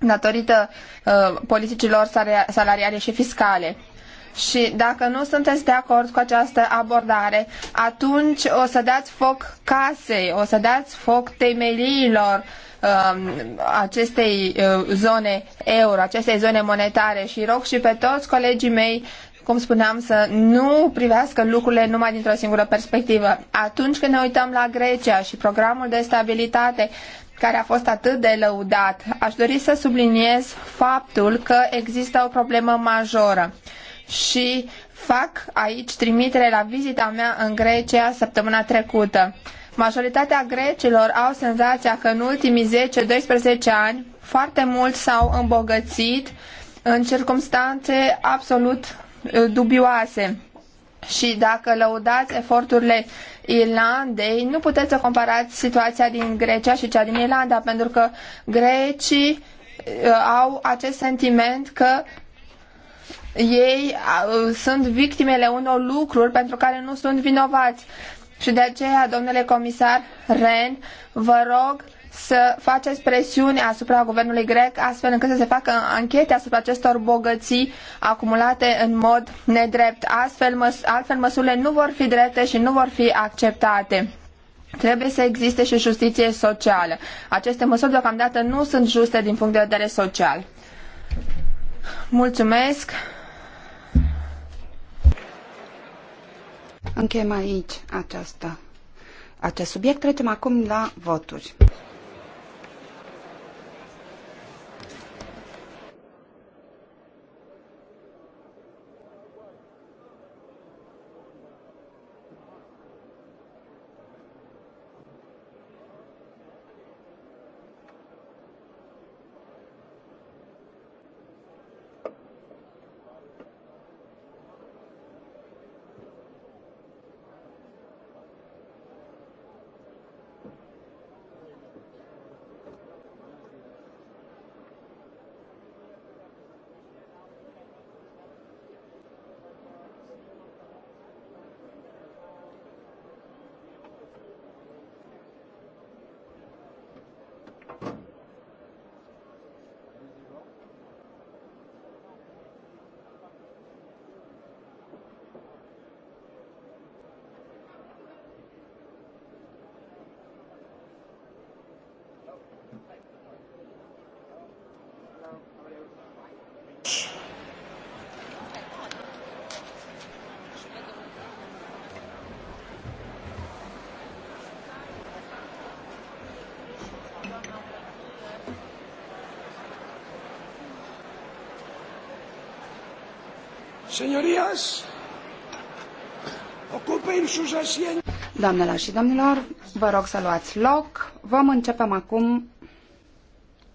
datorită uh, politicilor salariale și fiscale și dacă nu sunteți de acord cu această abordare, atunci o să dați foc casei, o să dați foc temeliilor um, acestei uh, zone euro, acestei zone monetare și rog și pe toți colegii mei cum spuneam, să nu privească lucrurile numai dintr-o singură perspectivă. Atunci când ne uităm la Grecia și programul de stabilitate care a fost atât de lăudat, aș dori să subliniez faptul că există o problemă majoră și fac aici trimitere la vizita mea în Grecia săptămâna trecută. Majoritatea grecilor au senzația că în ultimii 10-12 ani foarte mult s-au îmbogățit în circumstanțe absolut uh, dubioase. Și dacă lăudați eforturile Irlandei, nu puteți să comparați situația din Grecia și cea din Irlanda, pentru că grecii uh, au acest sentiment că ei sunt victimele unor lucruri pentru care nu sunt vinovați. Și de aceea, domnule comisar Ren, vă rog să faceți presiune asupra guvernului grec astfel încât să se facă anchete asupra acestor bogății acumulate în mod nedrept. Astfel, măs- altfel măsurile nu vor fi drepte și nu vor fi acceptate. Trebuie să existe și justiție socială. Aceste măsuri deocamdată nu sunt juste din punct de vedere social. Mulțumesc! Încheiem aici această, acest subiect. Trecem acum la voturi. Señorías, ocupen sus asientos. Doamnelor și domnilor, vă rog să luați loc. Vom începe acum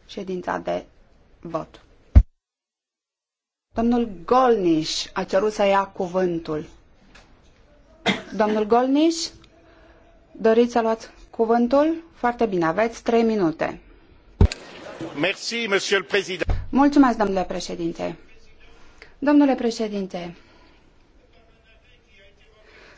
ședința de vot. Domnul Golniș a cerut să ia cuvântul. Domnul Golniș, doriți să luați cuvântul? Foarte bine, aveți trei minute. Merci, Mulțumesc, domnule președinte. Domnule președinte,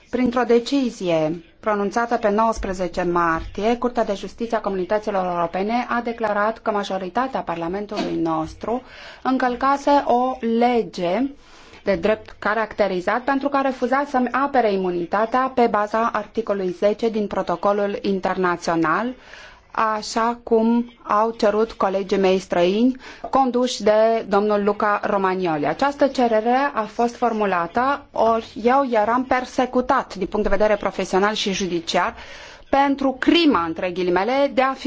printr-o decizie pronunțată pe 19 martie, Curtea de Justiție a Comunităților Europene a declarat că majoritatea Parlamentului nostru încălcase o lege de drept caracterizat pentru că a refuzat să-mi apere imunitatea pe baza articolului 10 din protocolul internațional așa cum au cerut colegii mei străini, conduși de domnul Luca Romagnoli. Această cerere a fost formulată, ori eu eram persecutat din punct de vedere profesional și judiciar pentru crima, între ghilimele, de a fi